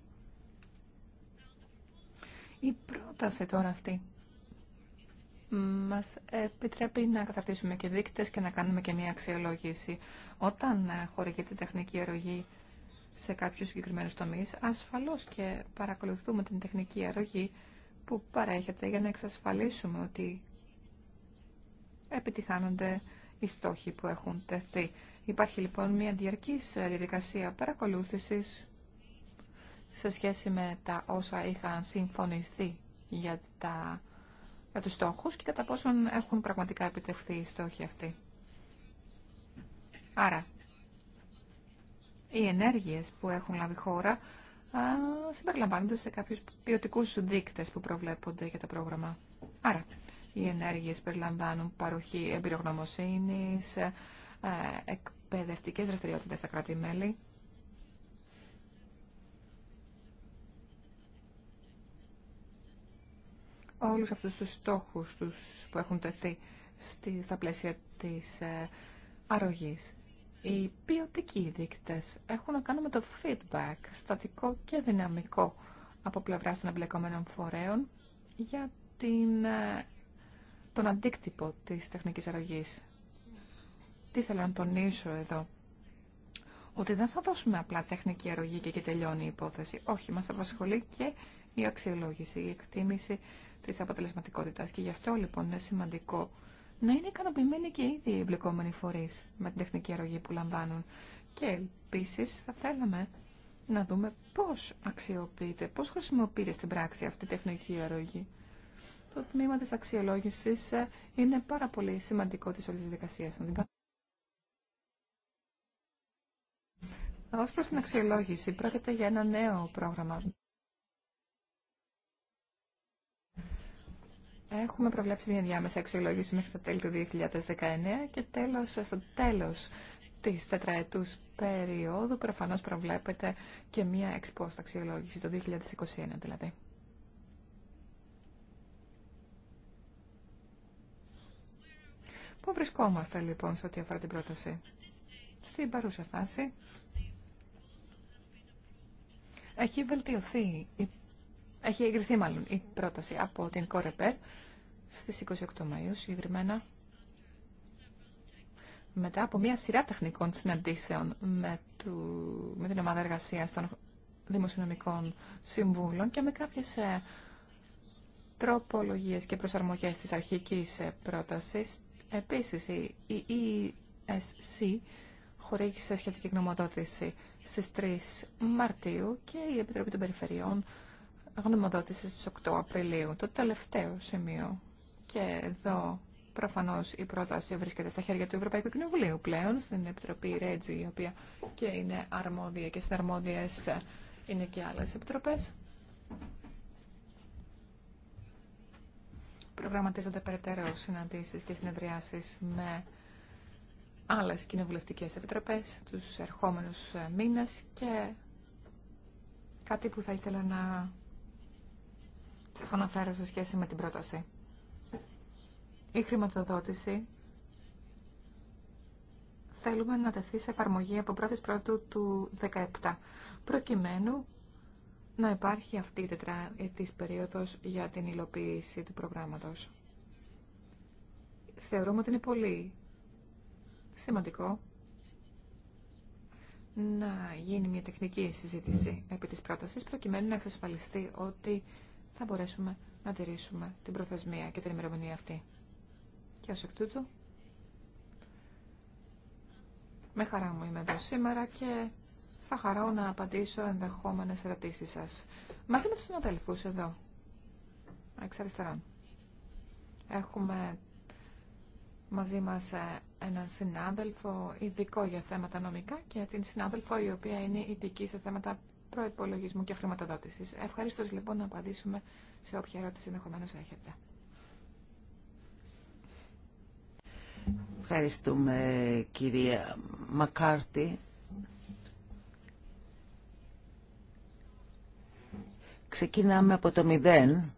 Speaker 2: Η πρόταση τώρα αυτή μας επιτρέπει να καταρτήσουμε και δείκτες και να κάνουμε και μια αξιολόγηση. Όταν χορηγείται τεχνική αρρωγή σε κάποιους συγκεκριμένους τομείς, ασφαλώς και παρακολουθούμε την τεχνική αρρωγή που παρέχεται για να εξασφαλίσουμε ότι επιτυχάνονται οι στόχοι που έχουν τεθεί. Υπάρχει λοιπόν μια διαρκής διαδικασία παρακολούθησης σε σχέση με τα όσα είχαν συμφωνηθεί για τα για τους στόχους και κατά πόσον έχουν πραγματικά επιτευχθεί οι στόχοι αυτοί. Άρα, οι ενέργειες που έχουν λάβει χώρα συμπεριλαμβάνονται σε κάποιους ποιοτικού δείκτες που προβλέπονται για το πρόγραμμα. Άρα, οι ενέργειες περιλαμβάνουν παροχή εμπειρογνωμοσύνης, ε, εκπαιδευτικές δραστηριότητες στα κράτη-μέλη, όλους αυτούς τους στόχους τους που έχουν τεθεί στη, στα πλαίσια της ε, αρρωγής. Οι ποιοτικοί δείκτες έχουν να κάνουν με το feedback, στατικό και δυναμικό από πλευράς των εμπλεκόμενων φορέων για την, ε, τον αντίκτυπο της τεχνικής αρρωγής. Τι θέλω να τονίσω εδώ. Ότι δεν θα δώσουμε απλά τεχνική αρρωγή και, και τελειώνει η υπόθεση. Όχι, μας απασχολεί και η αξιολόγηση, η εκτίμηση της αποτελεσματικότητας. Και γι' αυτό λοιπόν είναι σημαντικό να είναι ικανοποιημένοι και ήδη οι εμπλεκόμενοι φορείς με την τεχνική αρρωγή που λαμβάνουν. Και επίση θα θέλαμε να δούμε πώς αξιοποιείται, πώς χρησιμοποιείται στην πράξη αυτή η τεχνική αρρωγή. Το τμήμα της αξιολόγησης ε, είναι πάρα πολύ σημαντικό της όλης διαδικασίας. Ως προς την αξιολόγηση, πρόκειται για ένα νέο πρόγραμμα Έχουμε προβλέψει μια διάμεσα αξιολόγηση μέχρι το τέλη του 2019 και τέλος, στο τέλος της τετραετούς περίοδου προφανώς προβλέπεται και μια εξπόστα αξιολόγηση το 2021 δηλαδή. Πού βρισκόμαστε λοιπόν σε ό,τι αφορά την πρόταση. Στην παρούσα φάση έχει βελτιωθεί η έχει εγκριθεί μάλλον η πρόταση από την Κορεπέρ στις 28 Μαΐου συγκεκριμένα μετά από μια σειρά τεχνικών συναντήσεων με, του, με την ομάδα εργασία των δημοσιονομικών συμβούλων και με κάποιες ε, τροπολογίες και προσαρμογές της αρχικής ε, πρότασης. Επίσης, η, η ESC χορήγησε σχετική γνωμοδότηση στις 3 Μαρτίου και η Επιτροπή των Περιφερειών γνωμοδότηση στις 8 Απριλίου, το τελευταίο σημείο. Και εδώ προφανώς η πρόταση βρίσκεται στα χέρια του Ευρωπαϊκού Κοινοβουλίου πλέον, στην Επιτροπή Ρέτζη, η οποία και είναι αρμόδια και συναρμόδιες είναι και άλλες επιτροπές. Προγραμματίζονται περαιτέρω συναντήσεις και συνεδριάσεις με άλλες κοινοβουλευτικές επιτροπές τους ερχόμενους ε, μήνες και κάτι που θα ήθελα να θα αναφέρω σε σχέση με την πρόταση. Η χρηματοδότηση θέλουμε να τεθεί σε εφαρμογή από 1η Πρώτου του 2017, προκειμένου να υπάρχει αυτή η τετραετής περίοδος για την υλοποίηση του προγράμματος. Θεωρούμε ότι είναι πολύ σημαντικό να γίνει μια τεχνική συζήτηση επί της πρότασης, προκειμένου να εξασφαλιστεί ότι θα μπορέσουμε να τηρήσουμε την προθεσμία και την ημερομηνία αυτή. Και ως εκ τούτου, με χαρά μου είμαι εδώ σήμερα και θα χαρώ να απαντήσω ενδεχόμενες ερωτήσεις σας. Μαζί με τους συναδέλφους εδώ, εξ αριστερών. Έχουμε μαζί μας ε, έναν συνάδελφο ειδικό για θέματα νομικά και την συνάδελφο η οποία είναι ειδική σε θέματα προπολογισμού και χρηματοδότηση. Ευχαρίστω λοιπόν να απαντήσουμε σε όποια ερώτηση ενδεχομένω έχετε.
Speaker 1: Ευχαριστούμε κυρία Μακάρτη. Ξεκινάμε από το μηδέν.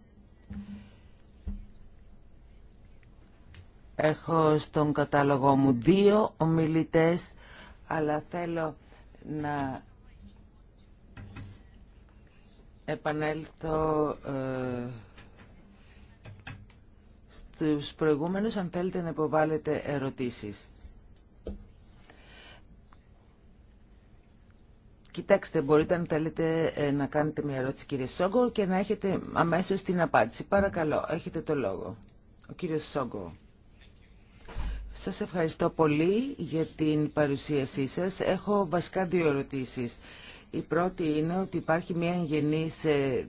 Speaker 1: Έχω στον κατάλογο μου δύο ομιλητές, αλλά θέλω να επανέλθω ε, στους προηγούμενους αν θέλετε να υποβάλλετε ερωτήσεις. Κοιτάξτε, μπορείτε αν θέλετε ε, να κάνετε μια ερώτηση κύριε Σόγκο και να έχετε αμέσως την απάντηση. Παρακαλώ, έχετε το λόγο. Ο κύριος Σόγκο. Σας ευχαριστώ πολύ για την παρουσίασή σας. Έχω βασικά δύο ερωτήσεις. Η πρώτη είναι ότι υπάρχει μια σε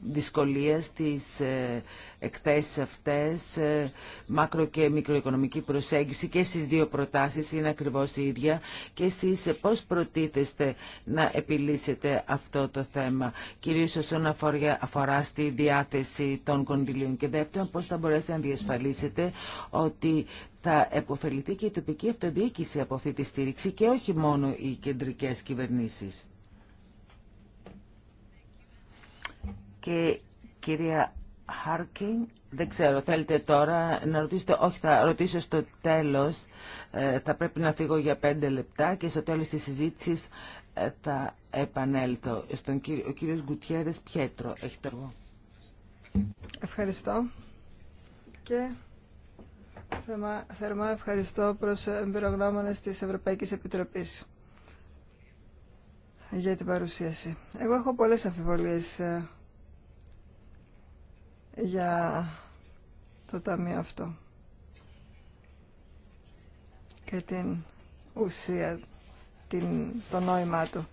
Speaker 1: δυσκολία στις ε, εκθέσεις αυτές, ε, μάκρο και μικροοικονομική προσέγγιση και στις δύο προτάσεις είναι ακριβώς η ίδια και εσείς ε, πώς προτίθεστε να επιλύσετε αυτό το θέμα, κυρίως όσον αφορά στη διάθεση των κονδυλίων και δεύτερον πώς θα μπορέσετε να διασφαλίσετε ότι θα επωφεληθεί και η τοπική αυτοδιοίκηση από αυτή τη στήριξη και όχι μόνο οι κεντρικές κυβερνήσεις. και κυρία Χάρκινγκ, δεν ξέρω, θέλετε τώρα να ρωτήσετε, όχι θα ρωτήσω στο τέλος, ε, θα πρέπει να φύγω για πέντε λεπτά και στο τέλος της συζήτησης ε, θα επανέλθω. Στον κύριο, ο κύριος Γκουτιέρες Πιέτρο, έχει το Ευχαριστώ
Speaker 3: και θερμά, θερμά ευχαριστώ προς εμπειρογνώμονες της Ευρωπαϊκής Επιτροπής για την παρουσίαση. Εγώ έχω πολλές αμφιβολίες ε, για το ταμείο αυτό και την ουσία, την, το νόημά του.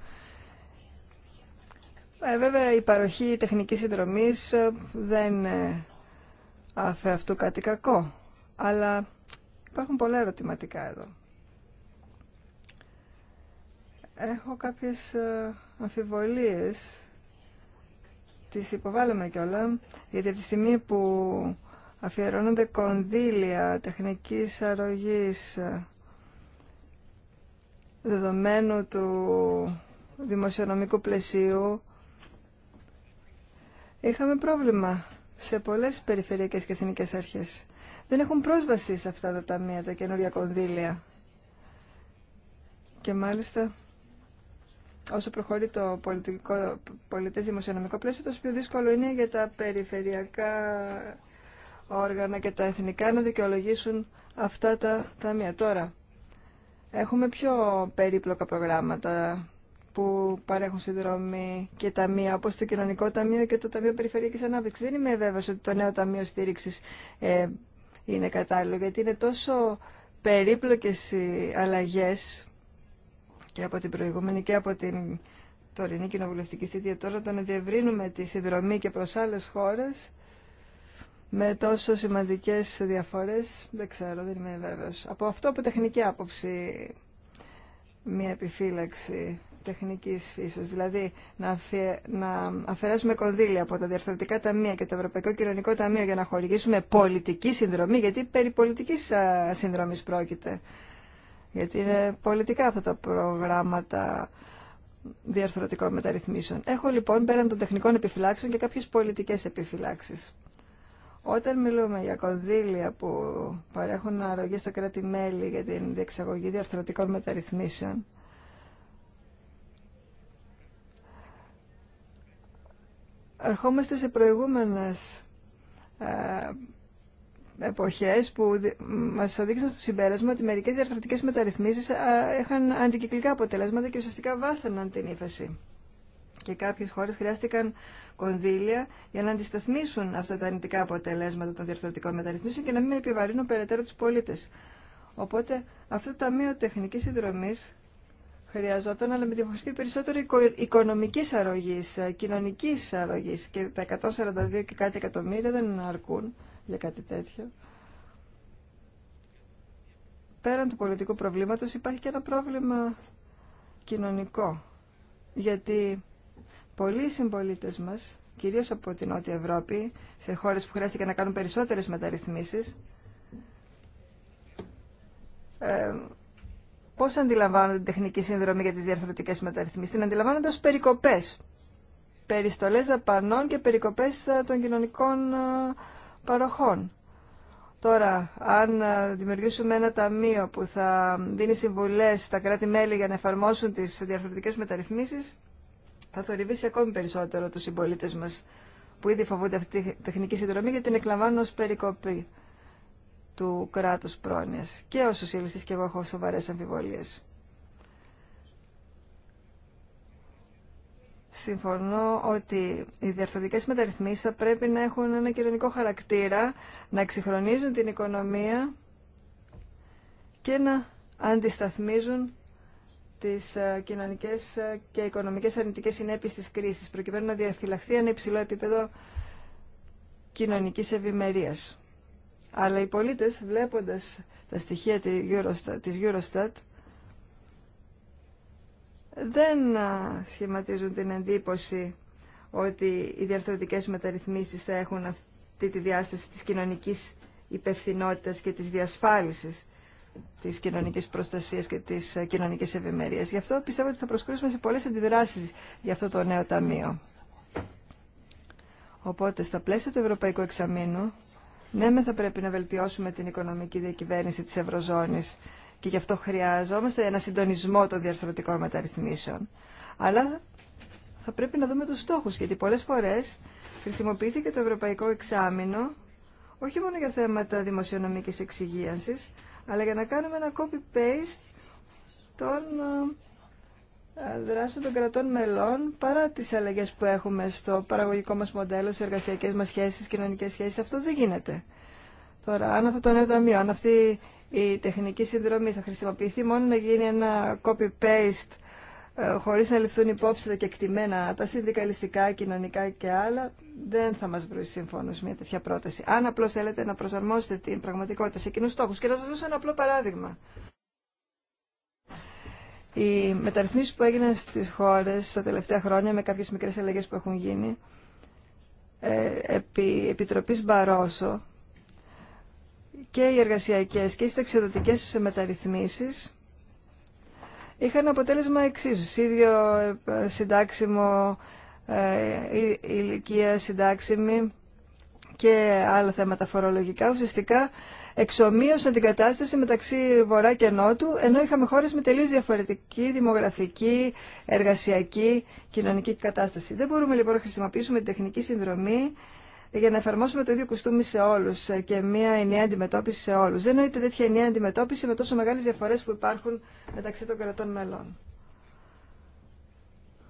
Speaker 3: Ε, βέβαια η παροχή τεχνικής συνδρομής ε, δεν είναι αφ' κάτι κακό, αλλά υπάρχουν πολλά ερωτηματικά εδώ. Έχω κάποιες ε, αμφιβολίες τις υποβάλλουμε κιόλα, γιατί από τη στιγμή που αφιερώνονται κονδύλια τεχνικής αρρωγής ε, δεδομένου του δημοσιονομικού πλαισίου, είχαμε πρόβλημα σε πολλές περιφερειακές και εθνικές αρχές. Δεν έχουν πρόσβαση σε αυτά τα ταμεία, τα καινούρια κονδύλια. Και μάλιστα όσο προχωρεί το πολιτικό, πολιτές δημοσιονομικό πλαίσιο, τόσο πιο δύσκολο είναι για τα περιφερειακά όργανα και τα εθνικά να δικαιολογήσουν αυτά τα ταμεία. Τώρα, έχουμε πιο περίπλοκα προγράμματα που παρέχουν συνδρομή και ταμεία, όπως το Κοινωνικό Ταμείο και το Ταμείο Περιφερειακής Ανάπτυξης. Δεν είμαι βέβαιος ότι το νέο Ταμείο Στήριξης ε, είναι κατάλληλο, γιατί είναι τόσο περίπλοκες οι αλλαγές και από την προηγούμενη και από την τωρινή κοινοβουλευτική θητεία τώρα το να διευρύνουμε τη συνδρομή και προς άλλες χώρες με τόσο σημαντικές διαφορές δεν ξέρω, δεν είμαι βέβαιος. Από αυτό που τεχνική άποψη μια επιφύλαξη τεχνικής φύσεως, δηλαδή να, να αφαιρέσουμε κονδύλια από τα διαρθρωτικά ταμεία και το Ευρωπαϊκό Κοινωνικό Ταμείο για να χορηγήσουμε πολιτική συνδρομή, γιατί περί πολιτικής συνδρομής πρόκειται γιατί είναι πολιτικά αυτά τα προγράμματα διαρθρωτικών μεταρρυθμίσεων. Έχω λοιπόν πέραν των τεχνικών επιφυλάξεων και κάποιες πολιτικές επιφυλάξεις. Όταν μιλούμε για κονδύλια που παρέχουν αρρωγή στα κράτη-μέλη για την διεξαγωγή διαρθρωτικών μεταρρυθμίσεων, ερχόμαστε σε προηγούμενες ε, εποχέ που μας οδήγησαν στο συμπέρασμα ότι μερικέ διαρθρωτικέ μεταρρυθμίσεις είχαν αντικυκλικά αποτελέσματα και ουσιαστικά βάθαιναν την ύφεση. Και κάποιε χώρε χρειάστηκαν κονδύλια για να αντισταθμίσουν αυτά τα αρνητικά αποτελέσματα των διαρθρωτικών μεταρρυθμίσεων και να μην επιβαρύνουν περαιτέρω του πολίτε. Οπότε αυτό το Ταμείο τεχνική συνδρομή χρειαζόταν, αλλά με τη μορφή περισσότερο οικονομική αρρωγή, ε, κοινωνική αρρωγή. και τα 142 και κάτι εκατομμύρια δεν αρκούν για κάτι τέτοιο. Πέραν του πολιτικού προβλήματος υπάρχει και ένα πρόβλημα κοινωνικό. Γιατί πολλοί συμπολίτε μας, κυρίως από την Νότια Ευρώπη, σε χώρες που χρειάστηκε να κάνουν περισσότερες μεταρρυθμίσεις, ε, πώς αντιλαμβάνονται την τεχνική σύνδρομη για τις διαρθρωτικές μεταρρυθμίσεις. Την αντιλαμβάνονται ως περικοπές. Περιστολές δαπανών και περικοπές ε, των κοινωνικών ε, παροχών. Τώρα, αν ε, δημιουργήσουμε ένα ταμείο που θα δίνει συμβουλές στα κράτη-μέλη για να εφαρμόσουν τις διαφορετικές μεταρρυθμίσεις, θα θορυβήσει ακόμη περισσότερο του συμπολίτε μας που ήδη φοβούνται αυτή τη τεχνική συνδρομή γιατί την εκλαμβάνουν ως περικοπή του κράτους πρόνοιας. Και ο σοσιαλιστής και εγώ έχω σοβαρές αμφιβολίες. συμφωνώ ότι οι διαρθρωτικές μεταρρυθμίσεις θα πρέπει να έχουν ένα κοινωνικό χαρακτήρα, να εξυγχρονίζουν την οικονομία και να αντισταθμίζουν τις ε, κοινωνικές ε, και οικονομικές αρνητικές συνέπειες της κρίσης, προκειμένου να διαφυλαχθεί ένα υψηλό επίπεδο κοινωνικής ευημερία. Αλλά οι πολίτες, βλέποντας τα στοιχεία της Eurostat, δεν σχηματίζουν την εντύπωση ότι οι διαρθρωτικές μεταρρυθμίσεις θα έχουν αυτή τη διάσταση της κοινωνικής υπευθυνότητας και της διασφάλισης της κοινωνικής προστασίας και της ε, κοινωνικής ευημερίας. Γι' αυτό πιστεύω ότι θα προσκρούσουμε σε πολλές αντιδράσεις για αυτό το νέο ταμείο. Οπότε, στα πλαίσια του Ευρωπαϊκού Εξαμήνου, ναι, θα πρέπει να βελτιώσουμε την οικονομική διακυβέρνηση της Ευρωζώνης και γι' αυτό χρειαζόμαστε ένα συντονισμό των διαρθρωτικών μεταρρυθμίσεων. Αλλά θα πρέπει να δούμε τους στόχους, γιατί πολλές φορές χρησιμοποιήθηκε το ευρωπαϊκό εξάμεινο όχι μόνο για θέματα δημοσιονομικής εξυγίανσης, αλλά για να κάνουμε ένα copy-paste των ε, δράσεων των κρατών μελών παρά τις αλλαγές που έχουμε στο παραγωγικό μας μοντέλο, στις εργασιακές μας σχέσεις, στις κοινωνικές σχέσεις. Αυτό δεν γίνεται. Τώρα, αν αυτό το νέο ταμείο, αν αυτή η τεχνική συνδρομή θα χρησιμοποιηθεί μόνο να γίνει ένα copy-paste ε, χωρίς να ληφθούν υπόψη τα κεκτημένα, τα συνδικαλιστικά, κοινωνικά και άλλα, δεν θα μας βρει σύμφωνος μια τέτοια πρόταση. Αν απλώς θέλετε να προσαρμόσετε την πραγματικότητα σε κοινούς στόχους και να σας δώσω ένα απλό παράδειγμα. Οι μεταρρυθμίσεις που έγιναν στις χώρες τα τελευταία χρόνια με κάποιες μικρές αλλαγές που έχουν γίνει, ε, επί Επιτροπής Μπαρόσο, και οι εργασιακές και οι ταξιδοτικές μεταρρυθμίσεις είχαν αποτέλεσμα εξίσου. Ίδιο ε, συντάξιμο, ε, ηλικία συντάξιμη και άλλα θέματα φορολογικά ουσιαστικά εξομοίωσαν την κατάσταση μεταξύ Βορρά και Νότου, ενώ είχαμε χώρες με τελείως διαφορετική δημογραφική, εργασιακή, κοινωνική κατάσταση. Δεν μπορούμε λοιπόν να χρησιμοποιήσουμε την τεχνική συνδρομή για να εφαρμόσουμε το ίδιο κουστούμι σε όλους ε, και μια ενιαία αντιμετώπιση σε όλους. Δεν νοείται τέτοια ενιαία αντιμετώπιση με τόσο μεγάλες διαφορές που υπάρχουν μεταξύ των κρατών μελών.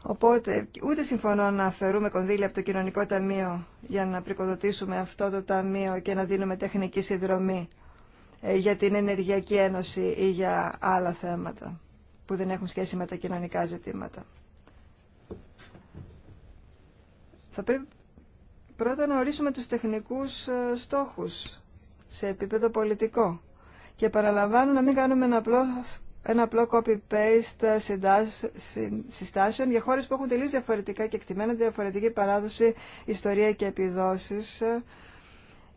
Speaker 3: Οπότε ούτε συμφωνώ να αφαιρούμε κονδύλια από το κοινωνικό ταμείο για να πρικοδοτήσουμε αυτό το ταμείο και να δίνουμε τεχνική συνδρομή ε, για την Ενεργειακή Ένωση ή για άλλα θέματα που δεν έχουν σχέση με τα κοινωνικά ζητήματα πρώτα να ορίσουμε τους τεχνικούς ε, στόχους σε επίπεδο πολιτικό. Και παραλαμβάνω να μην κάνουμε ένα απλό, ένα απλό copy-paste ε, συστάσεων για χώρες που έχουν τελείως διαφορετικά και εκτιμένα διαφορετική παράδοση, ιστορία και επιδόσεις ε,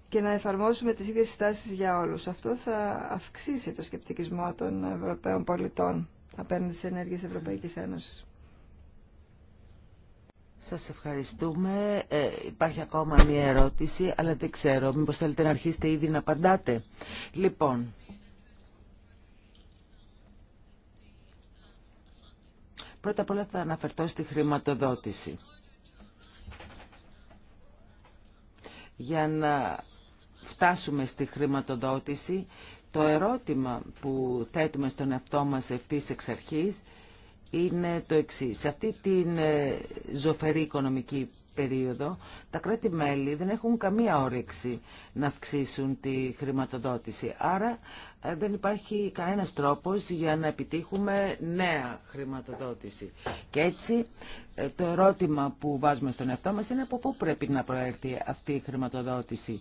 Speaker 3: και να εφαρμόσουμε τις ίδιες συστάσεις για όλους. Αυτό θα αυξήσει το σκεπτικισμό των Ευρωπαίων πολιτών απέναντι στις ενέργειες Ευρωπαϊκής Ένωσης.
Speaker 1: Σας ευχαριστούμε. Ε, υπάρχει ακόμα μία ερώτηση, αλλά δεν ξέρω. Μήπως θέλετε να αρχίσετε ήδη να απαντάτε. Λοιπόν, πρώτα απ' όλα θα αναφερθώ στη χρηματοδότηση. Για να φτάσουμε στη χρηματοδότηση, το ερώτημα που θέτουμε στον εαυτό μας ευθύς εξ αρχής είναι το εξή. Σε αυτή την ε, ζωφερή οικονομική περίοδο, τα κράτη-μέλη δεν έχουν καμία όρεξη να αυξήσουν τη χρηματοδότηση. Άρα ε, δεν υπάρχει κανένας τρόπος για να επιτύχουμε νέα χρηματοδότηση. Και έτσι ε, το ερώτημα που βάζουμε στον εαυτό μας είναι από πού πρέπει να προέρθει αυτή η χρηματοδότηση.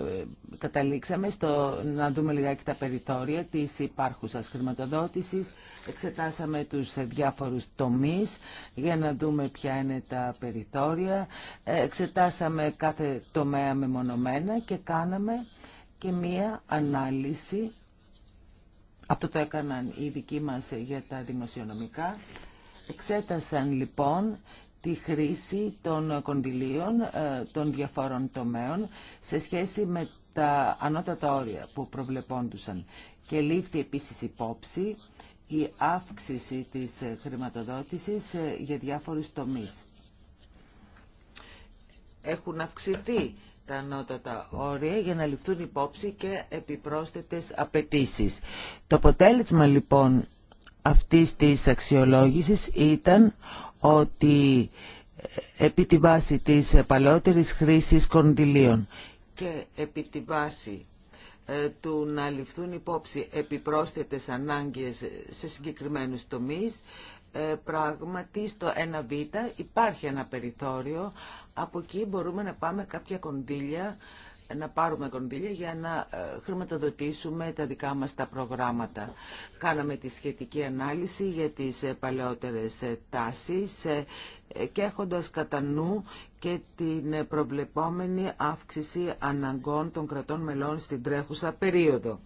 Speaker 1: Ε, καταλήξαμε στο να δούμε λιγάκι τα περιθώρια της υπάρχουσας χρηματοδότησης. Εξετάσαμε τους διάφορους τομείς για να δούμε ποια είναι τα περιθώρια. Ε, εξετάσαμε κάθε τομέα μεμονωμένα και κάναμε και μία ανάλυση. Αυτό το έκαναν οι δικοί μας για τα δημοσιονομικά. Εξέτασαν λοιπόν τη χρήση των κονδυλίων ε, των διαφόρων τομέων σε σχέση με τα ανώτατα όρια που προβλεπόντουσαν. Και λήφθη επίσης υπόψη η αύξηση της χρηματοδότησης ε, για διάφορους τομείς. Έχουν αυξηθεί τα ανώτατα όρια για να ληφθούν υπόψη και επιπρόσθετες απαιτήσεις. Το αποτέλεσμα λοιπόν αυτής της αξιολόγησης ήταν ότι ε, επί τη βάση της ε, παλαιότερης χρήσης κονδυλίων και επί τη βάση ε, του να ληφθούν υπόψη επιπρόσθετες ανάγκες σε συγκεκριμένους τομείς, πράγματι στο 1β υπάρχει ένα περιθώριο, από εκεί μπορούμε να πάμε κάποια κονδύλια να πάρουμε κονδύλια για να ε, χρηματοδοτήσουμε τα δικά μας τα προγράμματα. Κάναμε τη σχετική ανάλυση για τις ε, παλαιότερες ε, τάσεις και έχοντας κατά νου και την προβλεπόμενη αύξηση αναγκών των κρατών μελών στην τρέχουσα περίοδο.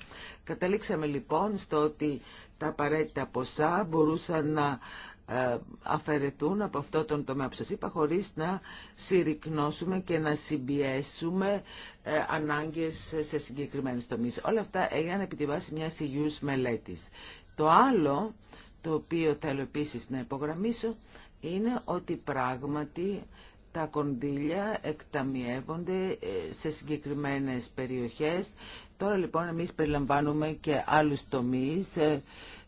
Speaker 1: Καταλήξαμε λοιπόν στο ότι τα απαραίτητα ποσά μπορούσαν να ε, αφαιρετούν από αυτό τον τομέα που σας είπα χωρίς να συρρυκνώσουμε και να συμπιέσουμε ε, ανάγκες σε συγκεκριμένες τομείς. Όλα αυτά έγιναν επί τη βάση μιας υγιούς μελέτης. Το άλλο το οποίο θέλω επίσης να υπογραμμίσω είναι ότι πράγματι τα κονδύλια εκταμιεύονται ε, σε συγκεκριμένες περιοχές. Τώρα λοιπόν εμείς περιλαμβάνουμε και άλλους τομείς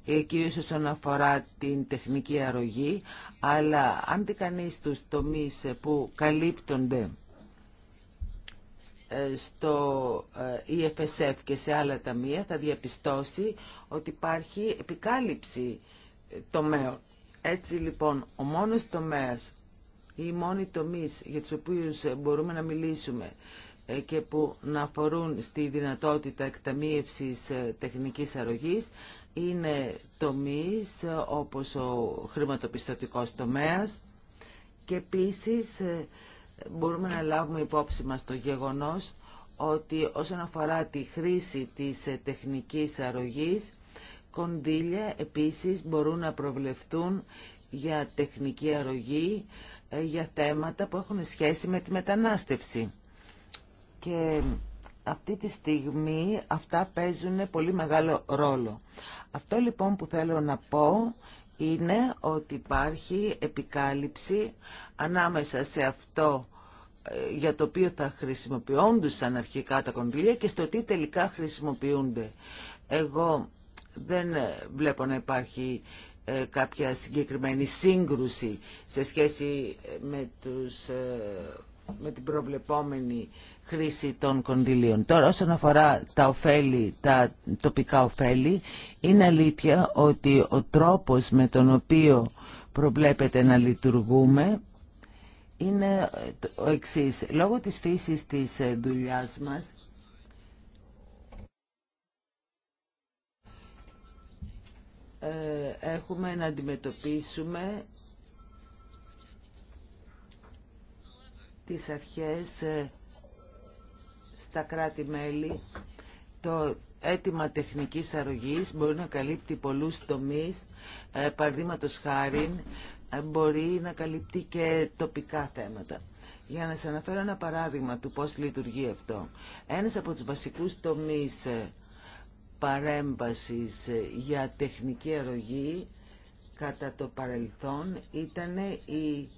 Speaker 1: ε, κυρίως όσον αφορά την τεχνική αρρωγή, αλλά αν δει κανείς τους τομείς που καλύπτονται ε, στο ε, EFSF και σε άλλα ταμεία, θα διαπιστώσει ότι υπάρχει επικάλυψη τομέων. Έτσι λοιπόν, ο μόνος τομέας ή οι μόνοι τομείς για τους οποίους μπορούμε να μιλήσουμε και που να αφορούν στη δυνατότητα εκταμίευσης τεχνικής αρρωγής είναι τομείς όπως ο χρηματοπιστωτικός τομέας και επίσης ε, μπορούμε να λάβουμε υπόψη μας το γεγονός ότι όσον αφορά τη χρήση της ε, τεχνικής αρρωγής, κονδύλια επίσης μπορούν να προβλεφθούν για τεχνική αρρωγή ε, για θέματα που έχουν σχέση με τη μετανάστευση. Και αυτή τη στιγμή αυτά παίζουν πολύ μεγάλο ρόλο. Αυτό λοιπόν που θέλω να πω είναι ότι υπάρχει επικάλυψη ανάμεσα σε αυτό ε, για το οποίο θα χρησιμοποιούνταν αρχικά τα κονδύλια και στο τι τελικά χρησιμοποιούνται. Εγώ δεν ε, βλέπω να υπάρχει ε, κάποια συγκεκριμένη σύγκρουση σε σχέση με, τους, με την προβλεπόμενη χρήση των κονδυλίων. Τώρα όσον αφορά τα ωφέλη, τα τοπικά ωφέλη, είναι αλήθεια ότι ο τρόπος με τον οποίο προβλέπεται να λειτουργούμε είναι ο εξής. Λόγω της φύσης της ε, δουλειάς μας, ε, έχουμε να αντιμετωπίσουμε τις αρχές ε, τα κράτη-μέλη το αίτημα τεχνικής αρρωγής μπορεί να καλύπτει πολλούς τομείς, ε, παραδείγματος χάρη ε, μπορεί να καλύπτει και τοπικά θέματα. Για να σας αναφέρω ένα παράδειγμα του πώς λειτουργεί αυτό. Ένας από τους βασικούς τομείς ε, παρέμβασης ε, για τεχνική αρρωγή κατά το παρελθόν ήταν η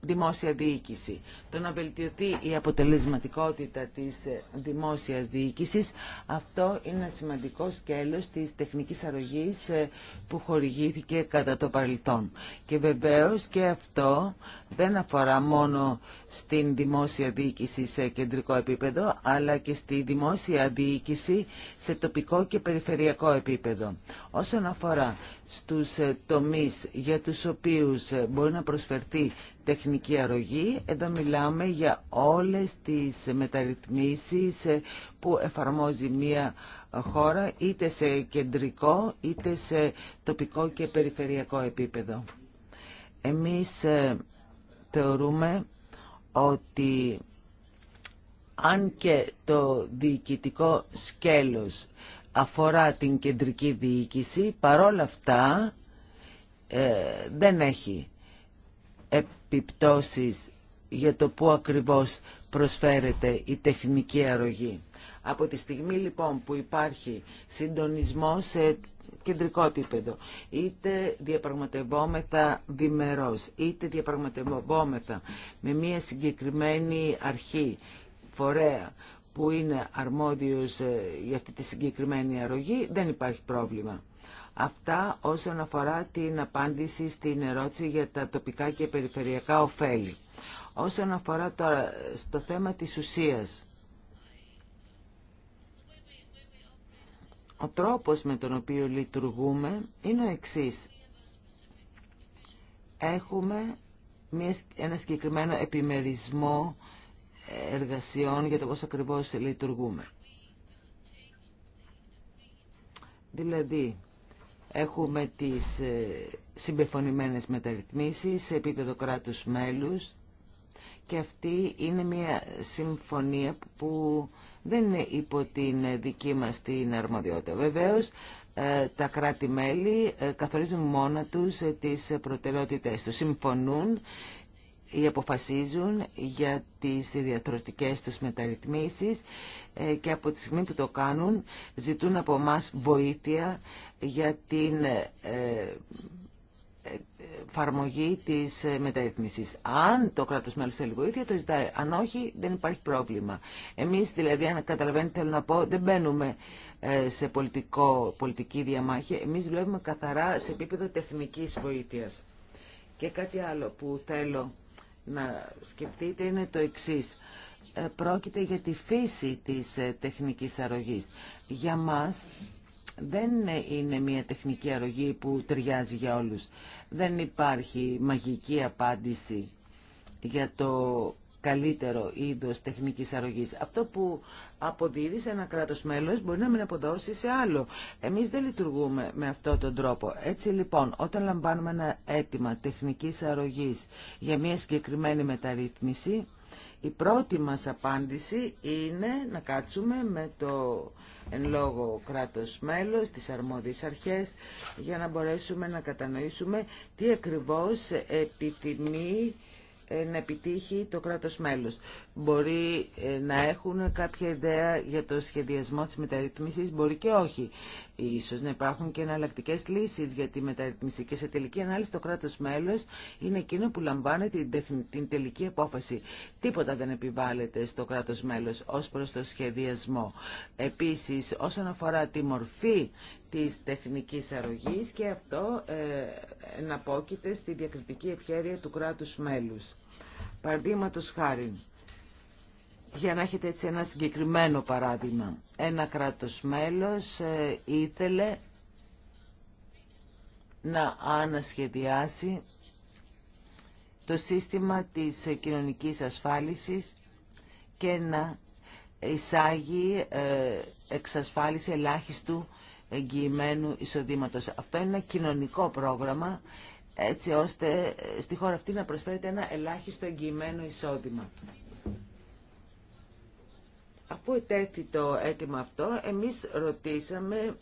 Speaker 1: δημόσια διοίκηση. Το να βελτιωθεί η αποτελεσματικότητα της ε, δημόσιας διοίκησης, αυτό είναι ένα σημαντικό σκέλος της τεχνικής αρρωγής ε, που χορηγήθηκε κατά το παρελθόν. Και βεβαίως και αυτό δεν αφορά μόνο στην δημόσια διοίκηση σε κεντρικό επίπεδο, αλλά και στη δημόσια διοίκηση σε τοπικό και περιφερειακό επίπεδο. Όσον αφορά στους ε, τομείς για τους οποίους μπορεί να προσφερθεί τεχνική αρρωγή. Εδώ μιλάμε για όλες τις μεταρρυθμίσεις που εφαρμόζει μία χώρα είτε σε κεντρικό είτε σε τοπικό και περιφερειακό επίπεδο. Εμείς ε, θεωρούμε ότι αν και το διοικητικό σκέλος αφορά την κεντρική διοίκηση, παρόλα αυτά ε, δεν έχει επιπτώσεις για το πού ακριβώς προσφέρεται η τεχνική αρρωγή. Από τη στιγμή λοιπόν που υπάρχει συντονισμό σε κεντρικό επίπεδο, είτε διαπραγματευόμεθα διμερός, είτε διαπραγματευόμεθα με μια συγκεκριμένη αρχή, φορέα, που είναι αρμόδιος ε, για αυτή τη συγκεκριμένη αρρωγή, δεν υπάρχει πρόβλημα. Αυτά όσον αφορά την απάντηση στην ερώτηση για τα τοπικά και περιφερειακά ωφέλη. Όσον αφορά τώρα στο θέμα της ουσίας, ο τρόπος με τον οποίο λειτουργούμε είναι ο εξής. Έχουμε ένα συγκεκριμένο επιμερισμό εργασιών για το πώς ακριβώς λειτουργούμε. Δηλαδή, Έχουμε τις ε, συμπεφωνημένες μεταρρυθμίσεις σε επίπεδο κράτους μέλους και αυτή είναι μια συμφωνία που δεν είναι υπό την δική μας την αρμοδιότητα. Βεβαίως, ε, τα κράτη-μέλη ε, καθορίζουν μόνα τους τις προτεραιότητες τους. Συμφωνούν ή αποφασίζουν για τις διατροτικές τους μεταρρυθμίσεις ε, και από τη στιγμή που το κάνουν ζητούν από μας βοήθεια για την ε, ε, εφαρμογή της μεταρρύθμισης. Αν το κράτος μέλος θέλει βοήθεια, το ζητάει. Αν όχι, δεν υπάρχει πρόβλημα. Εμείς, δηλαδή, αν καταλαβαίνετε, θέλω να πω, δεν μπαίνουμε σε πολιτικό, πολιτική διαμάχη. Εμείς δουλεύουμε καθαρά σε επίπεδο τεχνικής βοήθειας. Και κάτι άλλο που θέλω να σκεφτείτε είναι το εξής. Ε, πρόκειται για τη φύση της ε, τεχνικής αρρωγής. Για μας δεν είναι μια τεχνική αρρωγή που ταιριάζει για όλους. Δεν υπάρχει μαγική απάντηση για το καλύτερο είδος τεχνικής αρρωγής. Αυτό που αποδίδει σε ένα κράτο μέλος μπορεί να μην αποδώσει σε άλλο. Εμείς δεν λειτουργούμε με αυτόν τον τρόπο. Έτσι λοιπόν, όταν λαμβάνουμε ένα αίτημα τεχνική αρρωγής για μια συγκεκριμένη μεταρρύθμιση, η πρώτη μας απάντηση είναι να κάτσουμε με το εν λόγω κράτος μέλος, τις αρμόδιες αρχές, για να μπορέσουμε να κατανοήσουμε τι ακριβώς επιθυμεί ε, να επιτύχει το κράτος μέλος. Μπορεί ε, να έχουν κάποια ιδέα για το σχεδιασμό της μεταρρύθμισης, μπορεί και όχι. Ίσως να υπάρχουν και εναλλακτικέ λύσεις για τη μεταρρυθμίση και σε τελική ανάλυση το κράτο μέλο είναι εκείνο που λαμβάνει την τελική απόφαση. Τίποτα δεν επιβάλλεται στο κράτο μέλο ως προς το σχεδιασμό. Επίσης, όσον αφορά τη μορφή της τεχνικής αρρωγή και αυτό ε, εναπόκειται στη διακριτική ευχέρεια του κράτους μέλους. Παραδείγματο χάρη, για να έχετε έτσι ένα συγκεκριμένο παράδειγμα. Ένα κράτος μέλος ε, ήθελε να ανασχεδιάσει το σύστημα της ε, κοινωνικής ασφάλισης και να εισάγει ε, εξασφάλιση ελάχιστου εγγυημένου εισοδήματος. Αυτό είναι ένα κοινωνικό πρόγραμμα έτσι ώστε στη χώρα αυτή να προσφέρεται ένα ελάχιστο εγγυημένο εισόδημα. Αφού ετέθη το αίτημα αυτό, εμείς ρωτήσαμε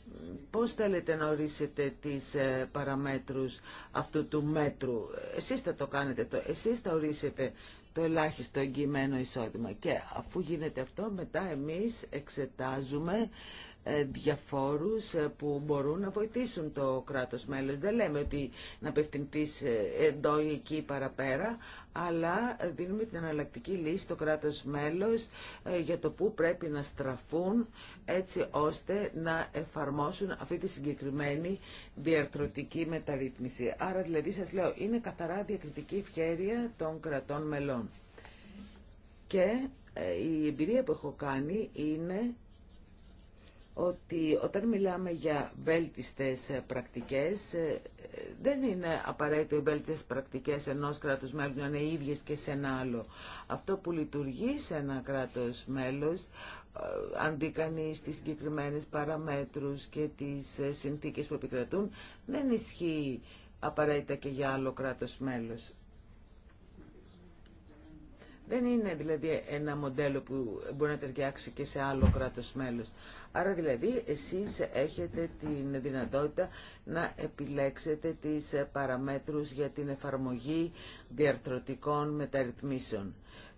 Speaker 1: πώς θέλετε να ορίσετε τις ε, παραμέτρους αυτού του μέτρου. Εσείς θα το κάνετε, το, εσείς θα ορίσετε το ελάχιστο εγγυημένο εισόδημα. Και αφού γίνεται αυτό, μετά εμείς εξετάζουμε ε, διαφόρους ε, που μπορούν να βοηθήσουν το κράτος μέλος. Δεν λέμε ότι να απευθυνθείς ε, εδώ ή εκεί παραπέρα, αλλά δίνουμε την αναλλακτική λύση στο κράτος μέλος για το που πρέπει να στραφούν έτσι ώστε να εφαρμόσουν αυτή τη συγκεκριμένη διαρθρωτική μεταρρύθμιση. Άρα δηλαδή σας λέω είναι καθαρά διακριτική ευχέρεια των κρατών μελών. Και η εμπειρία που έχω κάνει είναι ότι όταν μιλάμε για βέλτιστες πρακτικές, ε, δεν είναι απαραίτητο οι βέλτιστες πρακτικές ενός κράτους μέλους να είναι ίδιες και σε ένα άλλο. Αυτό που λειτουργεί σε ένα κράτος μέλος, ε, αν δει κανεί τις συγκεκριμένες παραμέτρους και τις ε, συνθήκες που επικρατούν, δεν ισχύει απαραίτητα και για άλλο κράτος μέλος. Δεν είναι δηλαδή ένα μοντέλο που μπορεί να ταιριάξει και σε άλλο κράτος μέλος. Άρα δηλαδή εσείς έχετε την δυνατότητα να επιλέξετε τις ε, παραμέτρους για την εφαρμογή διαρθρωτικών μεταρρυθμίσεων.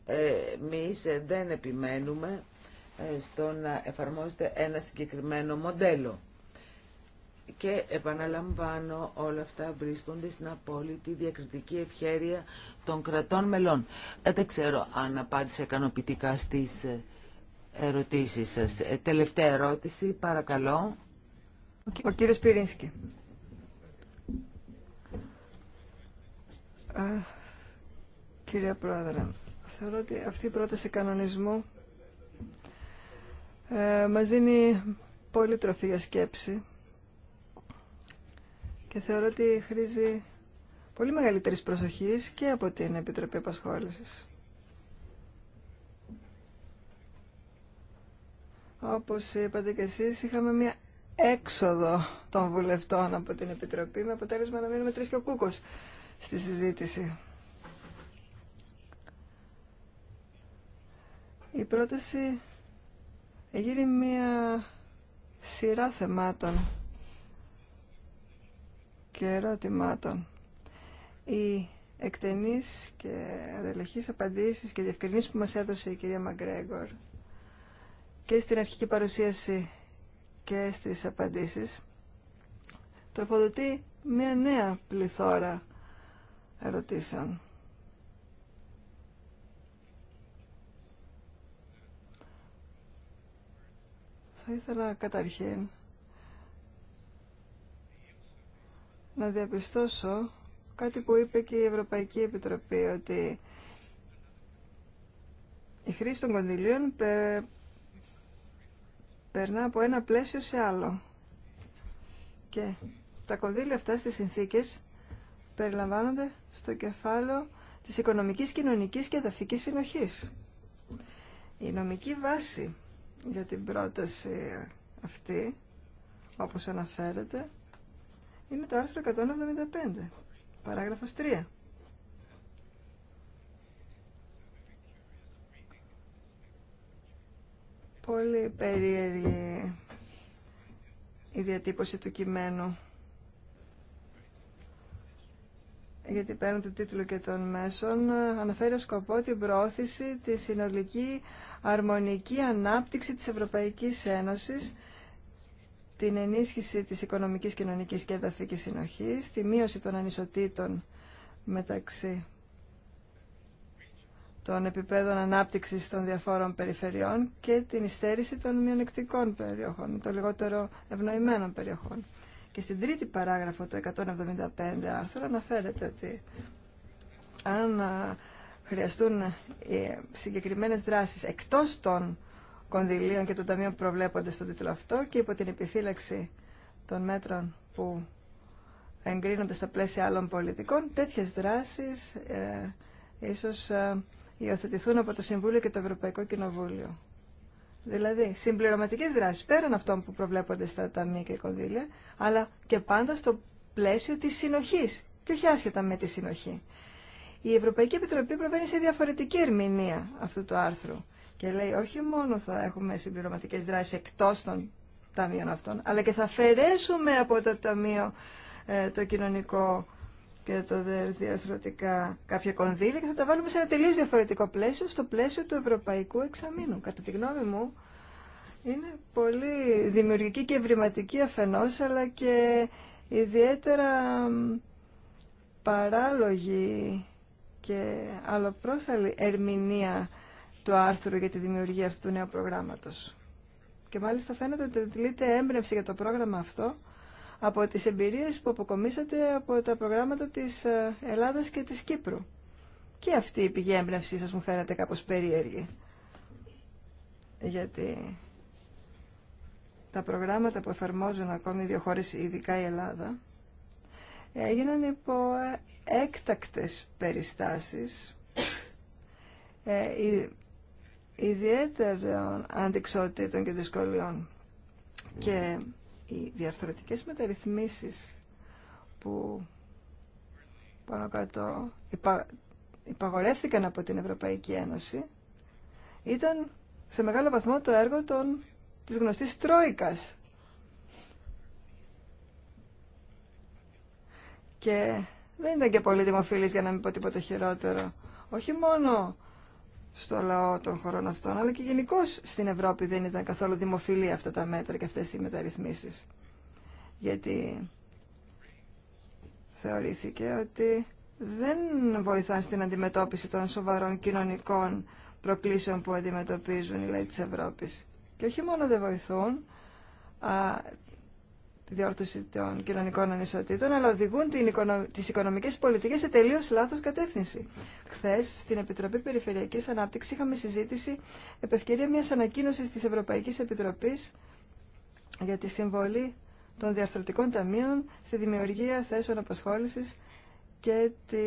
Speaker 1: Ε, εμείς ε, δεν επιμένουμε στο να εφαρμόζεται ένα συγκεκριμένο μοντέλο. Και επαναλαμβάνω, όλα αυτά βρίσκονται στην απόλυτη διακριτική ευχέρεια των κρατών μελών. Δεν ξέρω αν απάντησα ικανοποιητικά στις ερωτήσεις σας. Ε, τελευταία ερώτηση, παρακαλώ.
Speaker 3: Ο κύριος Πυρίνσκι. Κύριε Πρόεδρε, θεωρώ ότι αυτή η πρόταση κανονισμού ε, μας δίνει πολύ τροφή για σκέψη και θεωρώ ότι χρήζει πολύ μεγαλύτερης προσοχής και από την Επιτροπή Απασχόλησης. Όπως είπατε και εσείς, είχαμε μια έξοδο των βουλευτών από την Επιτροπή με αποτέλεσμα να μείνουμε τρεις και ο κούκος στη συζήτηση. Η πρόταση έγινε μια σειρά θεμάτων και ερώτημάτων. Οι εκτενείς και αδελεχείς απαντήσεις και διευκρινήσεις που μας έδωσε η κυρία Μαγκρέγκορ και στην αρχική παρουσίαση και στις απαντήσεις τροφοδοτεί μια νέα πληθώρα ερωτήσεων. Θα ήθελα καταρχήν να διαπιστώσω κάτι που είπε και η Ευρωπαϊκή Επιτροπή ότι η χρήση των κονδυλίων περνά από ένα πλαίσιο σε άλλο. Και τα κονδύλια αυτά στις συνθήκες περιλαμβάνονται στο κεφάλαιο της οικονομικής, κοινωνικής και εδαφικής συνοχής. Η νομική βάση για την πρόταση αυτή, όπως αναφέρεται, είναι το άρθρο 175, παράγραφος 3 Πολύ περίεργη η διατύπωση του κειμένου. Γιατί παίρνουν το τίτλο και των μέσων, αναφέρει ως σκοπό την προώθηση τη συνολική αρμονική ανάπτυξη της Ευρωπαϊκής Ένωσης, την ενίσχυση της οικονομικής, κοινωνικής και εδαφικής συνοχής, τη μείωση των ανισοτήτων μεταξύ των επιπέδων ανάπτυξης των διαφόρων περιφερειών και την υστέρηση των μειονεκτικών περιοχών, των λιγότερο ευνοημένων περιοχών. Και στην τρίτη παράγραφο του 175 άρθρου αναφέρεται ότι αν χρειαστούν ε, συγκεκριμένες δράσεις εκτός των κονδυλίων και των ταμείων που προβλέπονται στον τίτλο αυτό και υπό την επιφύλαξη των μέτρων που εγκρίνονται στα πλαίσια άλλων πολιτικών, τέτοιες δράσεις ε, ίσως ε, υιοθετηθούν από το Συμβούλιο και το Ευρωπαϊκό Κοινοβούλιο. Δηλαδή, συμπληρωματικέ δράσει πέραν αυτών που προβλέπονται στα ταμεία και κονδύλια, αλλά και πάντα στο πλαίσιο τη συνοχή και όχι άσχετα με τη συνοχή. Η Ευρωπαϊκή Επιτροπή προβαίνει σε διαφορετική ερμηνεία αυτού του άρθρου και λέει όχι μόνο θα έχουμε συμπληρωματικέ δράσει εκτό των ταμείων αυτών, αλλά και θα αφαιρέσουμε από το ταμείο ε, το κοινωνικό θα τα διαθροτικά, κάποια κονδύλια και θα τα βάλουμε σε ένα τελείως διαφορετικό πλαίσιο, στο πλαίσιο του Ευρωπαϊκού Εξαμήνου. Κατά τη γνώμη μου, είναι πολύ δημιουργική και ευρηματική αφενός, αλλά και ιδιαίτερα παράλογη και αλλοπρόσαλη ερμηνεία του άρθρου για τη δημιουργία αυτού του νέου προγράμματος. Και μάλιστα φαίνεται ότι δηλείται έμπνευση για το πρόγραμμα αυτό από τις εμπειρίες που αποκομίσατε από τα προγράμματα της ε, Ελλάδας και της Κύπρου. Και αυτή η πηγή έμπνευσή σας μου φαίνεται κάπως περίεργη. Γιατί τα προγράμματα που εφαρμόζουν ακόμη δύο χώρες, ειδικά η Ελλάδα, έγιναν υπό ε, έκτακτες περιστάσεις, ε, ιδιαίτερων αντικσότητων και δυσκολιών. Και οι διαρθρωτικές μεταρρυθμίσεις που πάνω κάτω υπαγορεύτηκαν από την Ευρωπαϊκή Ένωση ήταν σε μεγάλο βαθμό το έργο των, της γνωστής Τρόικας. Και δεν ήταν και πολύ δημοφιλής για να μην πω τίποτα χειρότερο. Όχι μόνο στο λαό των χωρών αυτών, αλλά και γενικώ στην Ευρώπη δεν ήταν καθόλου δημοφιλή αυτά τα μέτρα και αυτές οι μεταρρυθμίσεις. Γιατί θεωρήθηκε ότι δεν βοηθάνε στην αντιμετώπιση των σοβαρών κοινωνικών προκλήσεων που αντιμετωπίζουν οι λαοί της Ευρώπης. Και όχι μόνο δεν βοηθούν, διόρθωση των κοινωνικών ανισοτήτων, αλλά οδηγούν οικονο... τις οικονομικές πολιτικές σε τελείω λάθος κατεύθυνση. Χθε στην Επιτροπή Περιφερειακής Ανάπτυξη είχαμε συζήτηση επ' ευκαιρία μιας ανακοίνωσης της Ευρωπαϊκής Επιτροπής για τη συμβολή των διαρθρωτικών ταμείων στη δημιουργία θέσεων απασχόληση και τη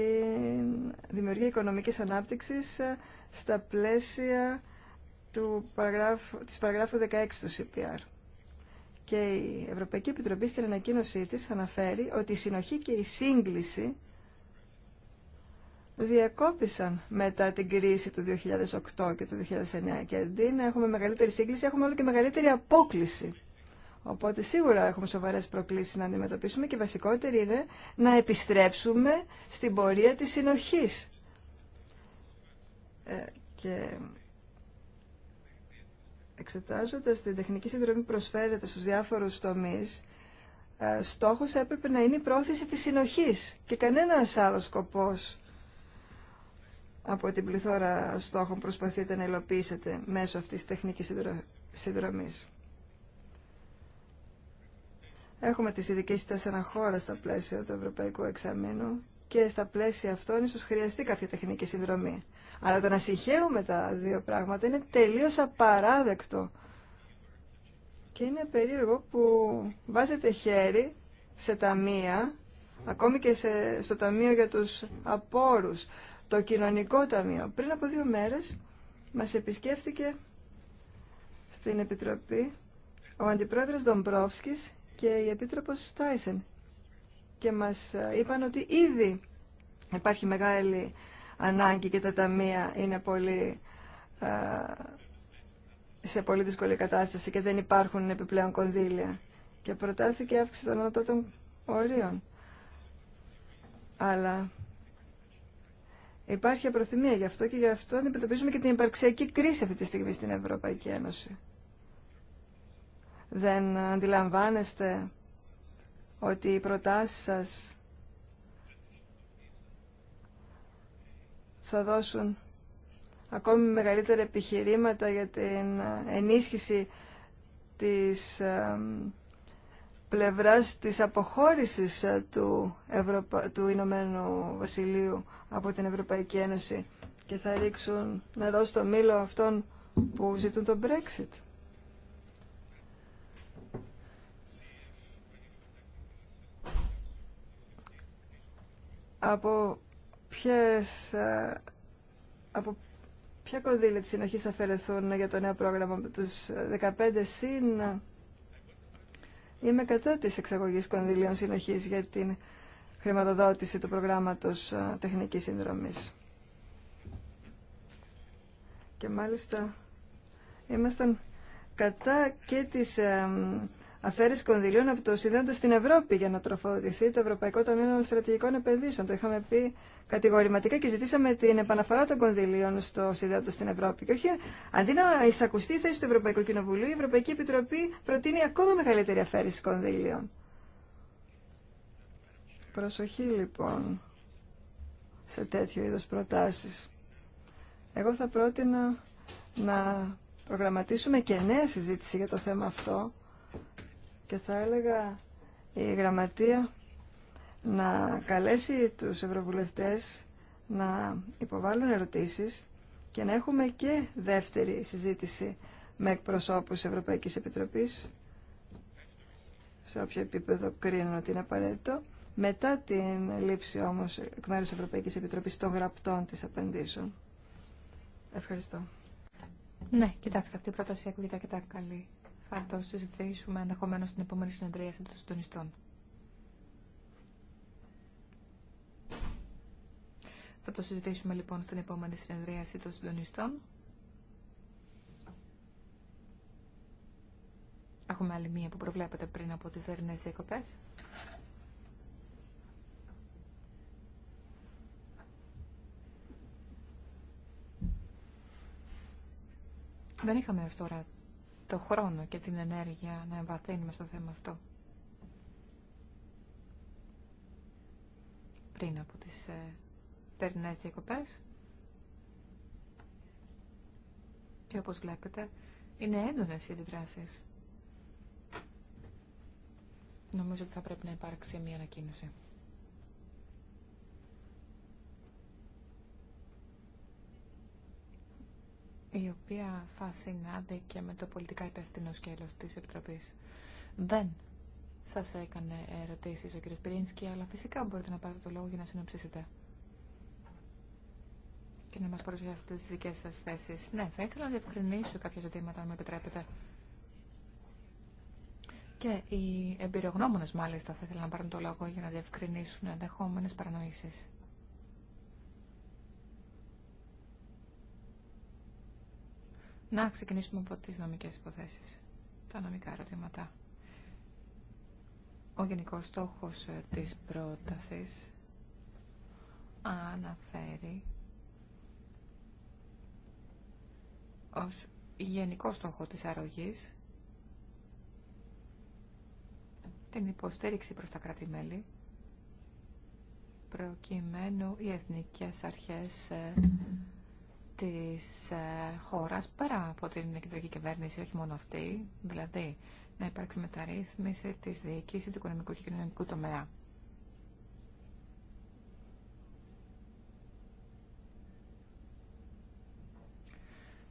Speaker 3: δημιουργία οικονομική ανάπτυξη ε, στα πλαίσια του παραγράφου, της παραγράφου 16 του CPR. Και η Ευρωπαϊκή Επιτροπή στην ανακοίνωσή της αναφέρει ότι η συνοχή και η σύγκληση διακόπησαν μετά την κρίση του 2008 και του 2009 και αντί να έχουμε μεγαλύτερη σύγκληση έχουμε όλο και μεγαλύτερη απόκληση. Οπότε σίγουρα έχουμε σοβαρές προκλήσεις να αντιμετωπίσουμε και βασικότερη είναι να επιστρέψουμε στην πορεία της συνοχή. Ε, και Εξετάζοντας την τεχνική συνδρομή που προσφέρεται στους διάφορους τομείς, ε, στόχος έπρεπε να είναι η πρόθεση της συνοχής και κανένας άλλος σκοπός από την πληθώρα στόχων προσπαθείτε να υλοποιήσετε μέσω αυτής της τεχνικής συνδρομής. Έχουμε τις ειδικές τέσσερα χώρα στα πλαίσια του Ευρωπαϊκού Εξαμήνου και στα πλαίσια αυτών ίσως χρειαστεί κάποια τεχνική συνδρομή. Αλλά το να συγχαίουμε τα δύο πράγματα είναι τελείως απαράδεκτο. Και είναι περίεργο που βάζετε χέρι σε ταμεία, ακόμη και σε, στο ταμείο για τους απόρους, το κοινωνικό ταμείο. Πριν από δύο μέρες μας επισκέφθηκε στην Επιτροπή ο Αντιπρόεδρος Ντομπρόφσκης και η Επίτροπος Στάισεν και μας είπαν ότι ήδη υπάρχει μεγάλη ανάγκη και τα ταμεία είναι πολύ, ε, σε πολύ δύσκολη κατάσταση και δεν υπάρχουν επιπλέον κονδύλια. Και προτάθηκε αύξηση των ανώτατων ορίων. Αλλά υπάρχει απροθυμία γι' αυτό και γι' αυτό αντιμετωπίζουμε και την υπαρξιακή κρίση αυτή τη στιγμή στην Ευρωπαϊκή Ένωση. Δεν αντιλαμβάνεστε ότι οι προτάσεις σας θα δώσουν ακόμη μεγαλύτερα επιχειρήματα για την ε, ενίσχυση της ε, πλευράς της αποχώρησης ε, του, Ευρωπα... του Ηνωμένου Βασιλείου από την Ευρωπαϊκή Ένωση και θα ρίξουν νερό στο μήλο αυτών που ζητούν τον Brexit. από ποιες, ε, από ποια κονδύλια της συνοχής θα αφαιρεθούν για το νέο πρόγραμμα από τους 15 ε, συν είμαι κατά της εξαγωγής κονδυλίων συνοχής για την χρηματοδότηση του προγράμματος ε, τεχνικής συνδρομής. Και μάλιστα ήμασταν κατά και της αφαίρεση κονδυλίων από το συνδέοντα στην Ευρώπη για να τροφοδοτηθεί το Ευρωπαϊκό Ταμείο Στρατηγικών Επενδύσεων. Το είχαμε πει κατηγορηματικά και ζητήσαμε την επαναφορά των κονδυλίων στο συνδέοντα στην Ευρώπη. Και όχι, αντί να εισακουστεί η θέση του Ευρωπαϊκού Κοινοβουλίου, η Ευρωπαϊκή Επιτροπή προτείνει ακόμα μεγαλύτερη αφαίρεση κονδυλίων. Προσοχή λοιπόν σε τέτοιο είδου προτάσει. Εγώ θα πρότεινα να προγραμματίσουμε και νέα συζήτηση για το θέμα αυτό και θα έλεγα η Γραμματεία να καλέσει τους Ευρωβουλευτές να υποβάλουν ερωτήσεις και να έχουμε και δεύτερη συζήτηση με εκπροσώπους Ευρωπαϊκής Επιτροπής σε όποιο επίπεδο κρίνουν ότι είναι απαραίτητο μετά την λήψη όμως εκ μέρους της Ευρωπαϊκής Επιτροπής των γραπτών της απαντήσεων. Ευχαριστώ.
Speaker 2: Ναι, κοιτάξτε, αυτή η πρόταση ακούγεται καλή. Θα το συζητήσουμε ενδεχομένω στην επόμενη συνεδρίαση των συντονιστών. Θα το συζητήσουμε λοιπόν στην επόμενη συνεδρίαση των συντονιστών. Έχουμε άλλη μία που προβλέπετε πριν από τις θερινές διακοπές. Δεν είχαμε ως τώρα το χρόνο και την ενέργεια να εμβαθύνουμε στο θέμα αυτό. Πριν από τις ε, θερινές Και όπως βλέπετε, είναι έντονες οι αντιδράσεις. Νομίζω ότι θα πρέπει να υπάρξει μια ανακοίνωση. η οποία θα συνάδει και με το πολιτικά υπεύθυνο σκέλο τη επιτροπή. Δεν σα έκανε ερωτήσει ο κ. Πυρίνσκι, αλλά φυσικά μπορείτε να πάρετε το λόγο για να συνοψίσετε και να μα παρουσιάσετε τι δικέ σα θέσει. Ναι, θα ήθελα να διευκρινίσω κάποια ζητήματα, αν με επιτρέπετε. Και οι εμπειρογνώμονε, μάλιστα, θα ήθελα να πάρουν το λόγο για να διευκρινίσουν ενδεχόμενε παρανοήσει. Να ξεκινήσουμε από τις νομικές υποθέσεις, τα νομικά ερωτήματα. Ο γενικός στόχος ε, της πρότασης αναφέρει ως γενικό στόχο της αρρωγής την υποστήριξη προς τα κράτη-μέλη προκειμένου οι εθνικές αρχές ε, της ε, χώρας πέρα από την κεντρική κυβέρνηση, όχι μόνο αυτή, δηλαδή να υπάρξει μεταρρύθμιση της διοίκησης του οικονομικού και κοινωνικού τομέα.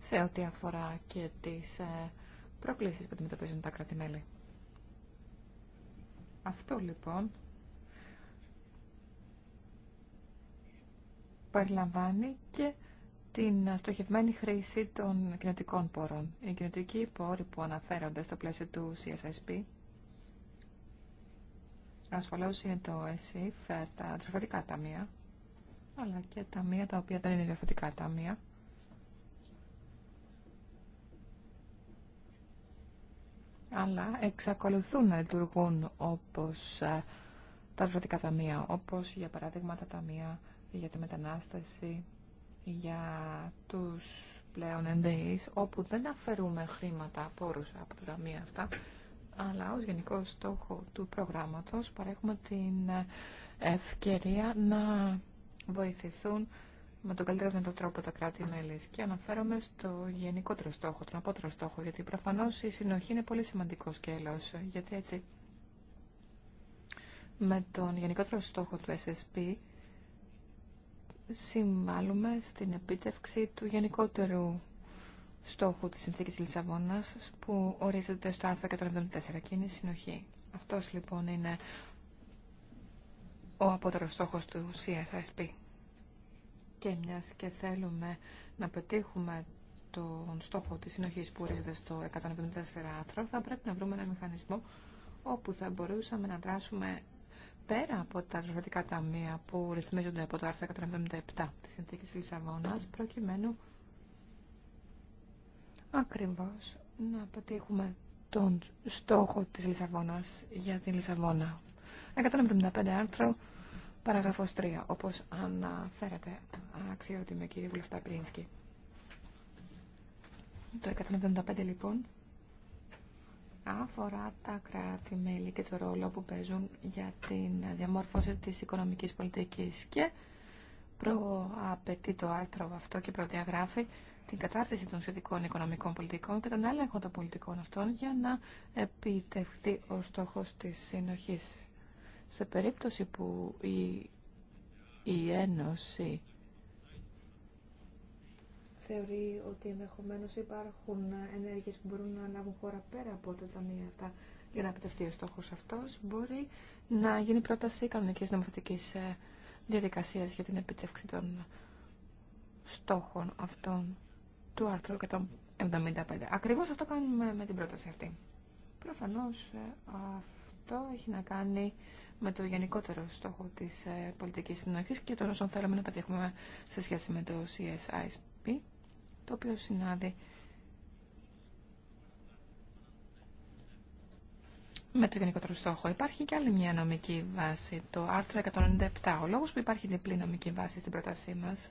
Speaker 2: σε ό,τι αφορά και τις ε, προκλήσεις που αντιμετωπίζουν τα κράτη-μέλη. Αυτό λοιπόν περιλαμβάνει και την στοχευμένη χρήση των κοινωτικών πόρων. Οι κοινωτικοί πόροι που αναφέρονται στο πλαίσιο του CSSP ασφαλώς είναι το ΕΣΥΦ, τα τροφωτικά ταμεία, αλλά και ταμεία τα οποία δεν είναι διαφορετικά ταμεία. αλλά εξακολουθούν να λειτουργούν όπως ε, τα ταμεία, όπως για παράδειγμα τα ταμεία για τη μετανάστευση, για τους πλέον ενδεείς, όπου δεν αφαιρούμε χρήματα πόρους από τα ταμεία αυτά, αλλά ως γενικό στόχο του προγράμματος παρέχουμε την ευκαιρία να βοηθηθούν με τον καλύτερο δυνατό τρόπο τα κράτη-μέλη. Και αναφέρομαι στο γενικότερο στόχο, τον απότερο στόχο, γιατί προφανώ η συνοχή είναι πολύ σημαντικό σκέλο. Γιατί έτσι, με τον γενικότερο στόχο του SSP, συμβάλλουμε στην επίτευξη του γενικότερου στόχου της Συνθήκης Λισαβόνας που ορίζεται στο άρθρο 174 και είναι η συνοχή. Αυτός λοιπόν είναι ο απότερος στόχος του CSSP. Και μιας και θέλουμε να πετύχουμε τον στόχο της συνοχής που ορίζεται στο 174 άρθρο, θα πρέπει να βρούμε ένα μηχανισμό όπου θα μπορούσαμε να δράσουμε πέρα από τα τα ταμεία που ρυθμίζονται από το άρθρο 177 της συνθήκης της Λισαβόνας προκειμένου ακριβώς να πετύχουμε τον στόχο της Λισαβόνας για την Λισαβόνα. 175 άρθρο, παραγραφός 3, όπως αναφέρατε αξιότιμη κύριε Βουλευτά Πρίνσκι. Το 175 λοιπόν αφορά τα κράτη-μέλη και το ρόλο που παίζουν για την διαμόρφωση της οικονομικής πολιτικής και προαπαιτεί το άρθρο αυτό και προδιαγράφει την κατάρτιση των σχετικών οικονομικών πολιτικών και τον έλεγχο των πολιτικών αυτών για να επιτευχθεί ο στόχος της συνοχής. Σε περίπτωση που η, η Ένωση θεωρεί ότι ενδεχομένω υπάρχουν ενέργειες που μπορούν να λάβουν χώρα πέρα από τα ταμεία αυτά για να επιτευχθεί ο στόχος αυτός, μπορεί να γίνει πρόταση κανονικής νομοθετικής ε, διαδικασίας για την επιτεύξη των στόχων αυτών του άρθρου 175. Ακριβώς αυτό κάνουμε με την πρόταση αυτή. Προφανώς ε, αυτό έχει να κάνει με το γενικότερο στόχο της ε, πολιτικής συνοχής και των όσων θέλουμε να πετύχουμε σε σχέση με το CSISP το οποίο συνάδει με το γενικότερο στόχο. Υπάρχει και άλλη μια νομική βάση, το άρθρο 197. Ο λόγος που υπάρχει διπλή νομική βάση στην πρότασή μας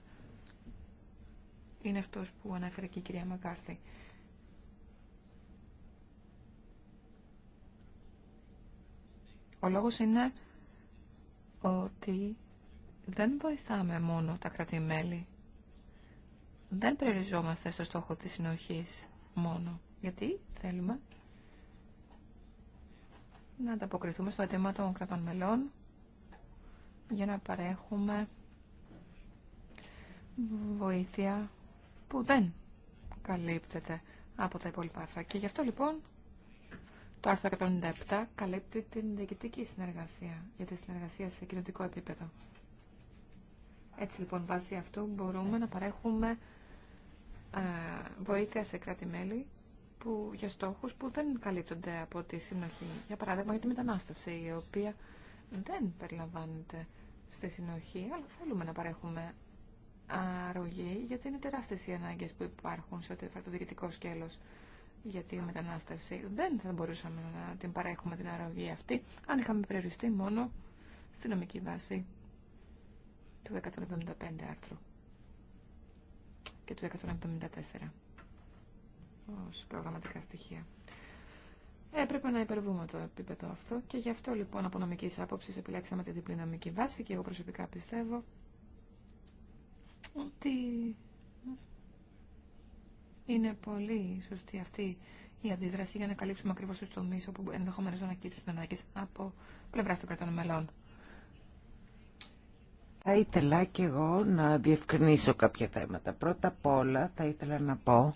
Speaker 2: είναι αυτός που ανέφερε και η κυρία Μακάρθη. Ο λόγος είναι ότι δεν βοηθάμε μόνο τα κρατημέλη δεν περιοριζόμαστε στο στόχο της συνοχής μόνο, γιατί θέλουμε να ανταποκριθούμε στο αιτήμα των κρατών μελών για να παρέχουμε βοήθεια που δεν καλύπτεται από τα υπόλοιπα άρθρα. Και γι' αυτό λοιπόν το άρθρο 197 καλύπτει την διοικητική συνεργασία για τη συνεργασία σε κοινωτικό επίπεδο. Έτσι λοιπόν βάσει αυτού μπορούμε να παρέχουμε βοήθεια σε κράτη-μέλη που, για στόχους που δεν καλύπτονται από τη συνοχή. Για παράδειγμα, για τη μετανάστευση, η οποία δεν περιλαμβάνεται στη συνοχή, αλλά θέλουμε να παρέχουμε αρρωγή, γιατί είναι τεράστιε οι ανάγκες που υπάρχουν σε ό,τι αφορά το διοικητικό σκέλος για τη μετανάστευση. Δεν θα μπορούσαμε να την παρέχουμε την αρρωγή αυτή, αν είχαμε περιοριστεί μόνο στη νομική βάση του 175 άρθρου και του 174 ως προγραμματικά στοιχεία. Ε, έπρεπε να υπερβούμε το επίπεδο αυτό και γι' αυτό λοιπόν από νομική άποψη επιλέξαμε τη διπλή νομική βάση και εγώ προσωπικά πιστεύω ότι είναι πολύ σωστή αυτή η αντίδραση για να καλύψουμε ακριβώ του τομεί όπου ενδεχομένω να ανακύψουν ανάγκε από πλευρά των κρατών μελών.
Speaker 1: Θα ήθελα και εγώ να διευκρινίσω κάποια θέματα. Πρώτα απ' όλα θα ήθελα να πω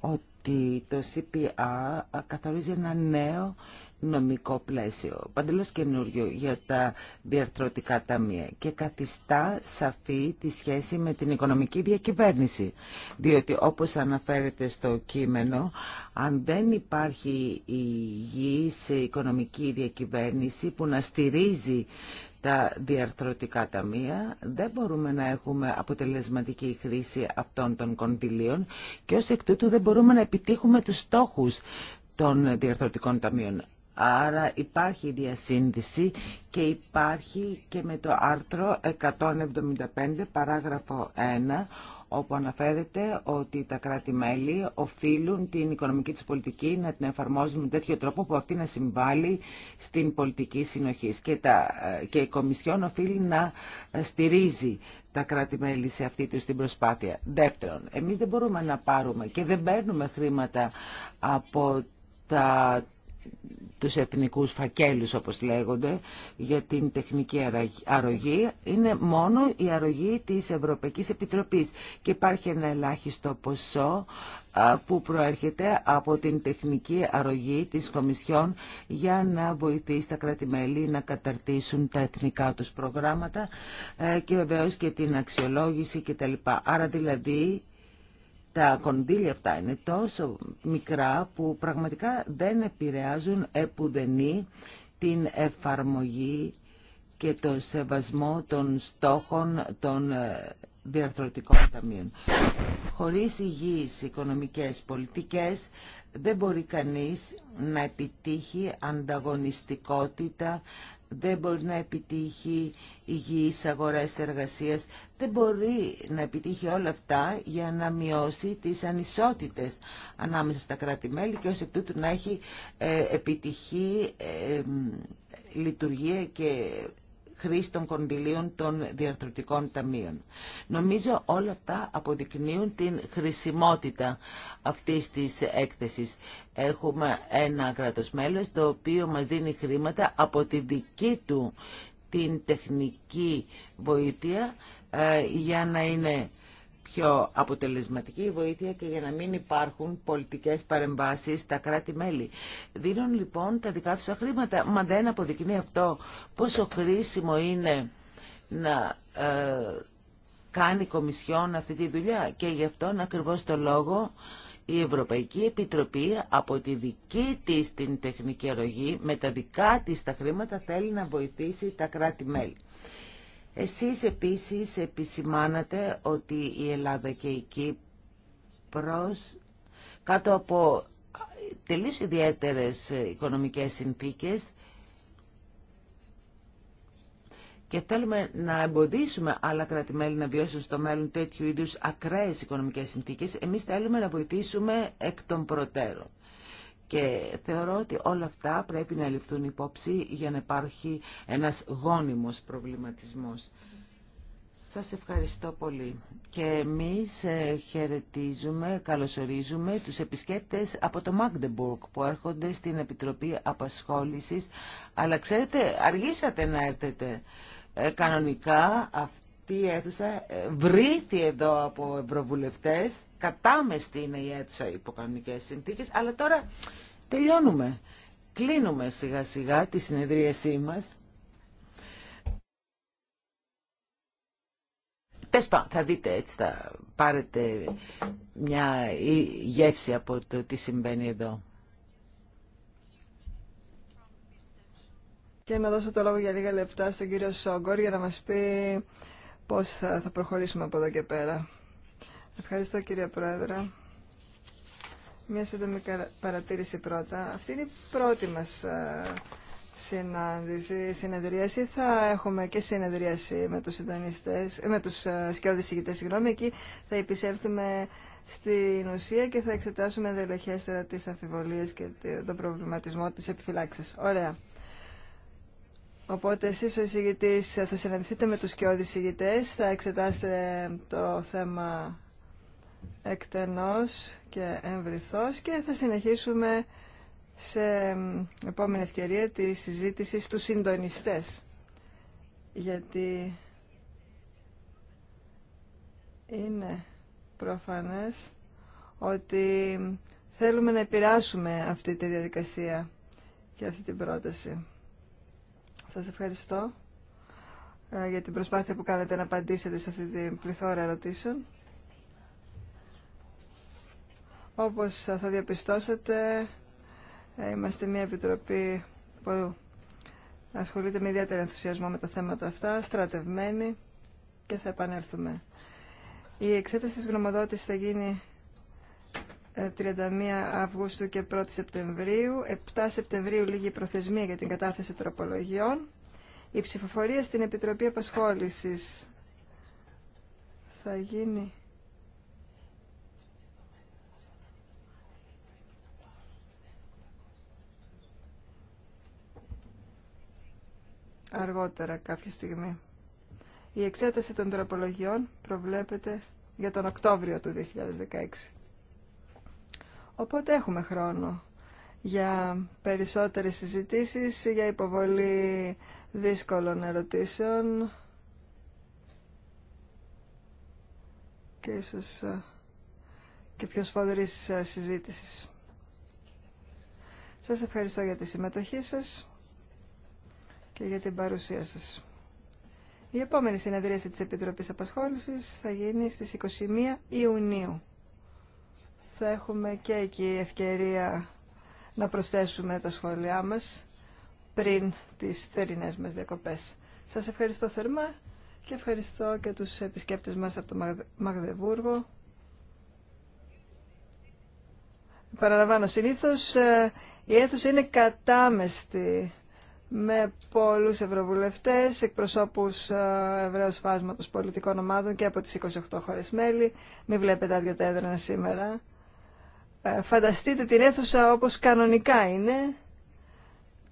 Speaker 1: ότι το CPA καθορίζει ένα νέο νομικό πλαίσιο, παντελώς καινούριο για τα διαρθρωτικά ταμεία και καθιστά σαφή τη σχέση με την οικονομική διακυβέρνηση. Διότι όπως αναφέρεται στο κείμενο, αν δεν υπάρχει σε οικονομική διακυβέρνηση που να στηρίζει τα διαρθρωτικά ταμεία, δεν μπορούμε να έχουμε αποτελεσματική χρήση αυτών των κοντιλίων και ως εκ τούτου δεν μπορούμε να επιτύχουμε τους στόχους των διαρθρωτικών ταμείων. Άρα υπάρχει διασύνδεση και υπάρχει και με το άρθρο 175 παράγραφο 1 όπου αναφέρεται ότι τα κράτη-μέλη οφείλουν την οικονομική τους πολιτική να την εφαρμόζουν με τέτοιο τρόπο που αυτή να συμβάλλει στην πολιτική συνοχή. Και, τα, και η Κομισιόν οφείλει να στηρίζει τα κράτη-μέλη σε αυτή τους την προσπάθεια. Δεύτερον, εμείς δεν μπορούμε να πάρουμε και δεν παίρνουμε χρήματα από τα τους εθνικούς φακέλους όπως λέγονται για την τεχνική αρρωγή είναι μόνο η αρρωγή της Ευρωπαϊκής Επιτροπής και υπάρχει ένα ελάχιστο ποσό που προέρχεται από την τεχνική αρρωγή της Κομισιόν για να βοηθήσει τα κράτη-μέλη να καταρτήσουν τα εθνικά τους προγράμματα ε, και βεβαίως και την αξιολόγηση κτλ. Άρα δηλαδή τα κονδύλια αυτά είναι τόσο μικρά που πραγματικά δεν επηρεάζουν επουδενή την εφαρμογή και το σεβασμό των στόχων των ε, διαρθρωτικών ταμείων. Χωρίς υγιείς οικονομικές πολιτικές δεν μπορεί κανείς να επιτύχει ανταγωνιστικότητα δεν μπορεί να επιτύχει υγιείς αγορές εργασίας, δεν μπορεί να επιτύχει όλα αυτά για να μειώσει τις ανισότητες ανάμεσα στα κράτη-μέλη και ως εκ τούτου να έχει ε, επιτυχή ε, λειτουργία και χρήση των κονδυλίων των διαρθρωτικών ταμείων. Νομίζω όλα αυτά αποδεικνύουν την χρησιμότητα αυτής της έκθεσης. Έχουμε ένα κράτος μέλος το οποίο μας δίνει χρήματα από τη δική του την τεχνική βοήθεια ε, για να είναι πιο αποτελεσματική βοήθεια και για να μην υπάρχουν πολιτικές παρεμβάσεις στα κράτη-μέλη. Δίνουν λοιπόν τα δικά τους χρήματα, μα δεν αποδεικνύει αυτό πόσο χρήσιμο είναι να ε, κάνει η Κομισιόν αυτή τη δουλειά και γι' αυτόν ακριβώς το λόγο η Ευρωπαϊκή Επιτροπή από τη δική της την τεχνική αρρωγή με τα δικά της τα χρήματα θέλει να βοηθήσει τα κράτη-μέλη. Εσείς επίσης επισημάνατε ότι η Ελλάδα και η Κύπρος κάτω από τελείως ιδιαίτερες οικονομικές συνθήκες και θέλουμε να εμποδίσουμε άλλα να βιώσουν στο μέλλον τέτοιου είδους ακραίες οικονομικές συνθήκες, εμείς θέλουμε να βοηθήσουμε εκ των προτέρων. Και θεωρώ ότι όλα αυτά πρέπει να ληφθούν υπόψη για να υπάρχει ένας γόνιμος προβληματισμός. Σας ευχαριστώ πολύ. Και εμείς ε, χαιρετίζουμε, καλωσορίζουμε τους επισκέπτες από το Magdeburg που έρχονται στην Επιτροπή Απασχόλησης. Αλλά ξέρετε, αργήσατε να έρθετε. Ε, κανονικά αυτή η αίθουσα ε, βρήθη εδώ από ευρωβουλευτές κατάμεστη είναι η αίθουσα υπό συνθήκες, αλλά τώρα τελειώνουμε. Κλείνουμε σιγά σιγά τη συνεδρίασή μας. θα δείτε έτσι, θα πάρετε μια γεύση από το τι συμβαίνει εδώ.
Speaker 3: Και να δώσω το λόγο για λίγα λεπτά στον κύριο Σόγκορ για να μας πει πώς θα, θα προχωρήσουμε από εδώ και πέρα. Ευχαριστώ κύριε Πρόεδρε. Μια σύντομη παρατήρηση πρώτα. Αυτή είναι η πρώτη μας ε, συνάντηση, συνεδρίαση. Θα έχουμε και συνεδρίαση με τους συντονιστές, ε, με τους ε, σκιώδης ηγητές, συγγνώμη. Εκεί θα επισέλθουμε στην ουσία και θα εξετάσουμε δελεχέστερα τις αμφιβολίες και τον προβληματισμό της επιφυλάξης. Ωραία. Οπότε εσείς ο εισηγητής θα συναντηθείτε με τους σκιώδεις ηγητές, θα εξετάσετε το θέμα εκτενός και εμβριθός και θα συνεχίσουμε σε επόμενη ευκαιρία τη συζήτηση στους συντονιστές γιατί είναι προφανές ότι θέλουμε να επηρεάσουμε αυτή τη διαδικασία και αυτή την πρόταση. Σας ευχαριστώ ε, για την προσπάθεια που κάνετε να απαντήσετε σε αυτή την πληθώρα ερωτήσεων. Όπως θα διαπιστώσετε ε, είμαστε μια επιτροπή που ασχολείται με ιδιαίτερο ενθουσιασμό με τα θέματα αυτά, στρατευμένη και θα επανέλθουμε. Η εξέταση της γνωμοδότησης θα γίνει 31 ε, Αυγούστου και 1 Σεπτεμβρίου. 7 Σεπτεμβρίου λίγη προθεσμία για την κατάθεση τροπολογιών. Η ψηφοφορία στην Επιτροπή Απασχόλησης θα γίνει αργότερα κάποια στιγμή. Η εξέταση των τροπολογιών προβλέπεται για τον Οκτώβριο του 2016. Οπότε έχουμε χρόνο για περισσότερες συζητήσεις, για υποβολή δύσκολων ερωτήσεων και ίσως ε, και πιο σφοδρής ε, συζήτησης. Σας ευχαριστώ για τη συμμετοχή σας και για την παρουσία σας. Η επόμενη συνεδρίαση της Επιτροπής Απασχόλησης θα γίνει στις 21 Ιουνίου. Θα έχουμε και εκεί ευκαιρία να προσθέσουμε τα σχόλιά μας πριν τις θερινέ μας διακοπές. Σας ευχαριστώ θερμά και ευχαριστώ και τους επισκέπτες μας από το Μαγδεβούργο. Παραλαμβάνω, συνήθως ε, η αίθουσα είναι κατάμεστη με πολλούς ευρωβουλευτές, εκπροσώπους ε, ευρέω φάσματος πολιτικών ομάδων και από τις 28 χώρες μέλη. Μην βλέπετε άδεια τα έδρανα σήμερα. Ε, φανταστείτε την αίθουσα όπως κανονικά είναι,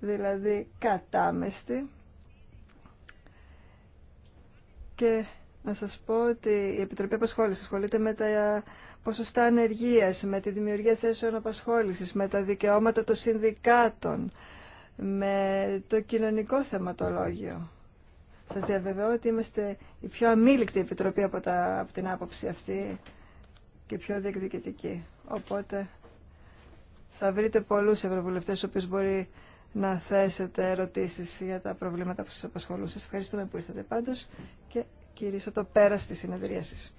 Speaker 3: δηλαδή κατάμεστη. Και να σας πω ότι η Επιτροπή Απασχόλησης ασχολείται με τα ποσοστά ανεργίας, με τη δημιουργία θέσεων απασχόλησης, με τα δικαιώματα των συνδικάτων, με το κοινωνικό θεματολόγιο. Σας διαβεβαιώ ότι είμαστε η πιο αμήλικτη επιτροπή από, τα, από την άποψη αυτή και πιο διεκδικητική. Οπότε θα βρείτε πολλούς ευρωβουλευτές, όπως μπορεί να θέσετε ερωτήσεις για τα προβλήματα που σας απασχολούν. Σας ευχαριστούμε που ήρθατε πάντως και κυρίσω το πέρα της συνεδρίασης.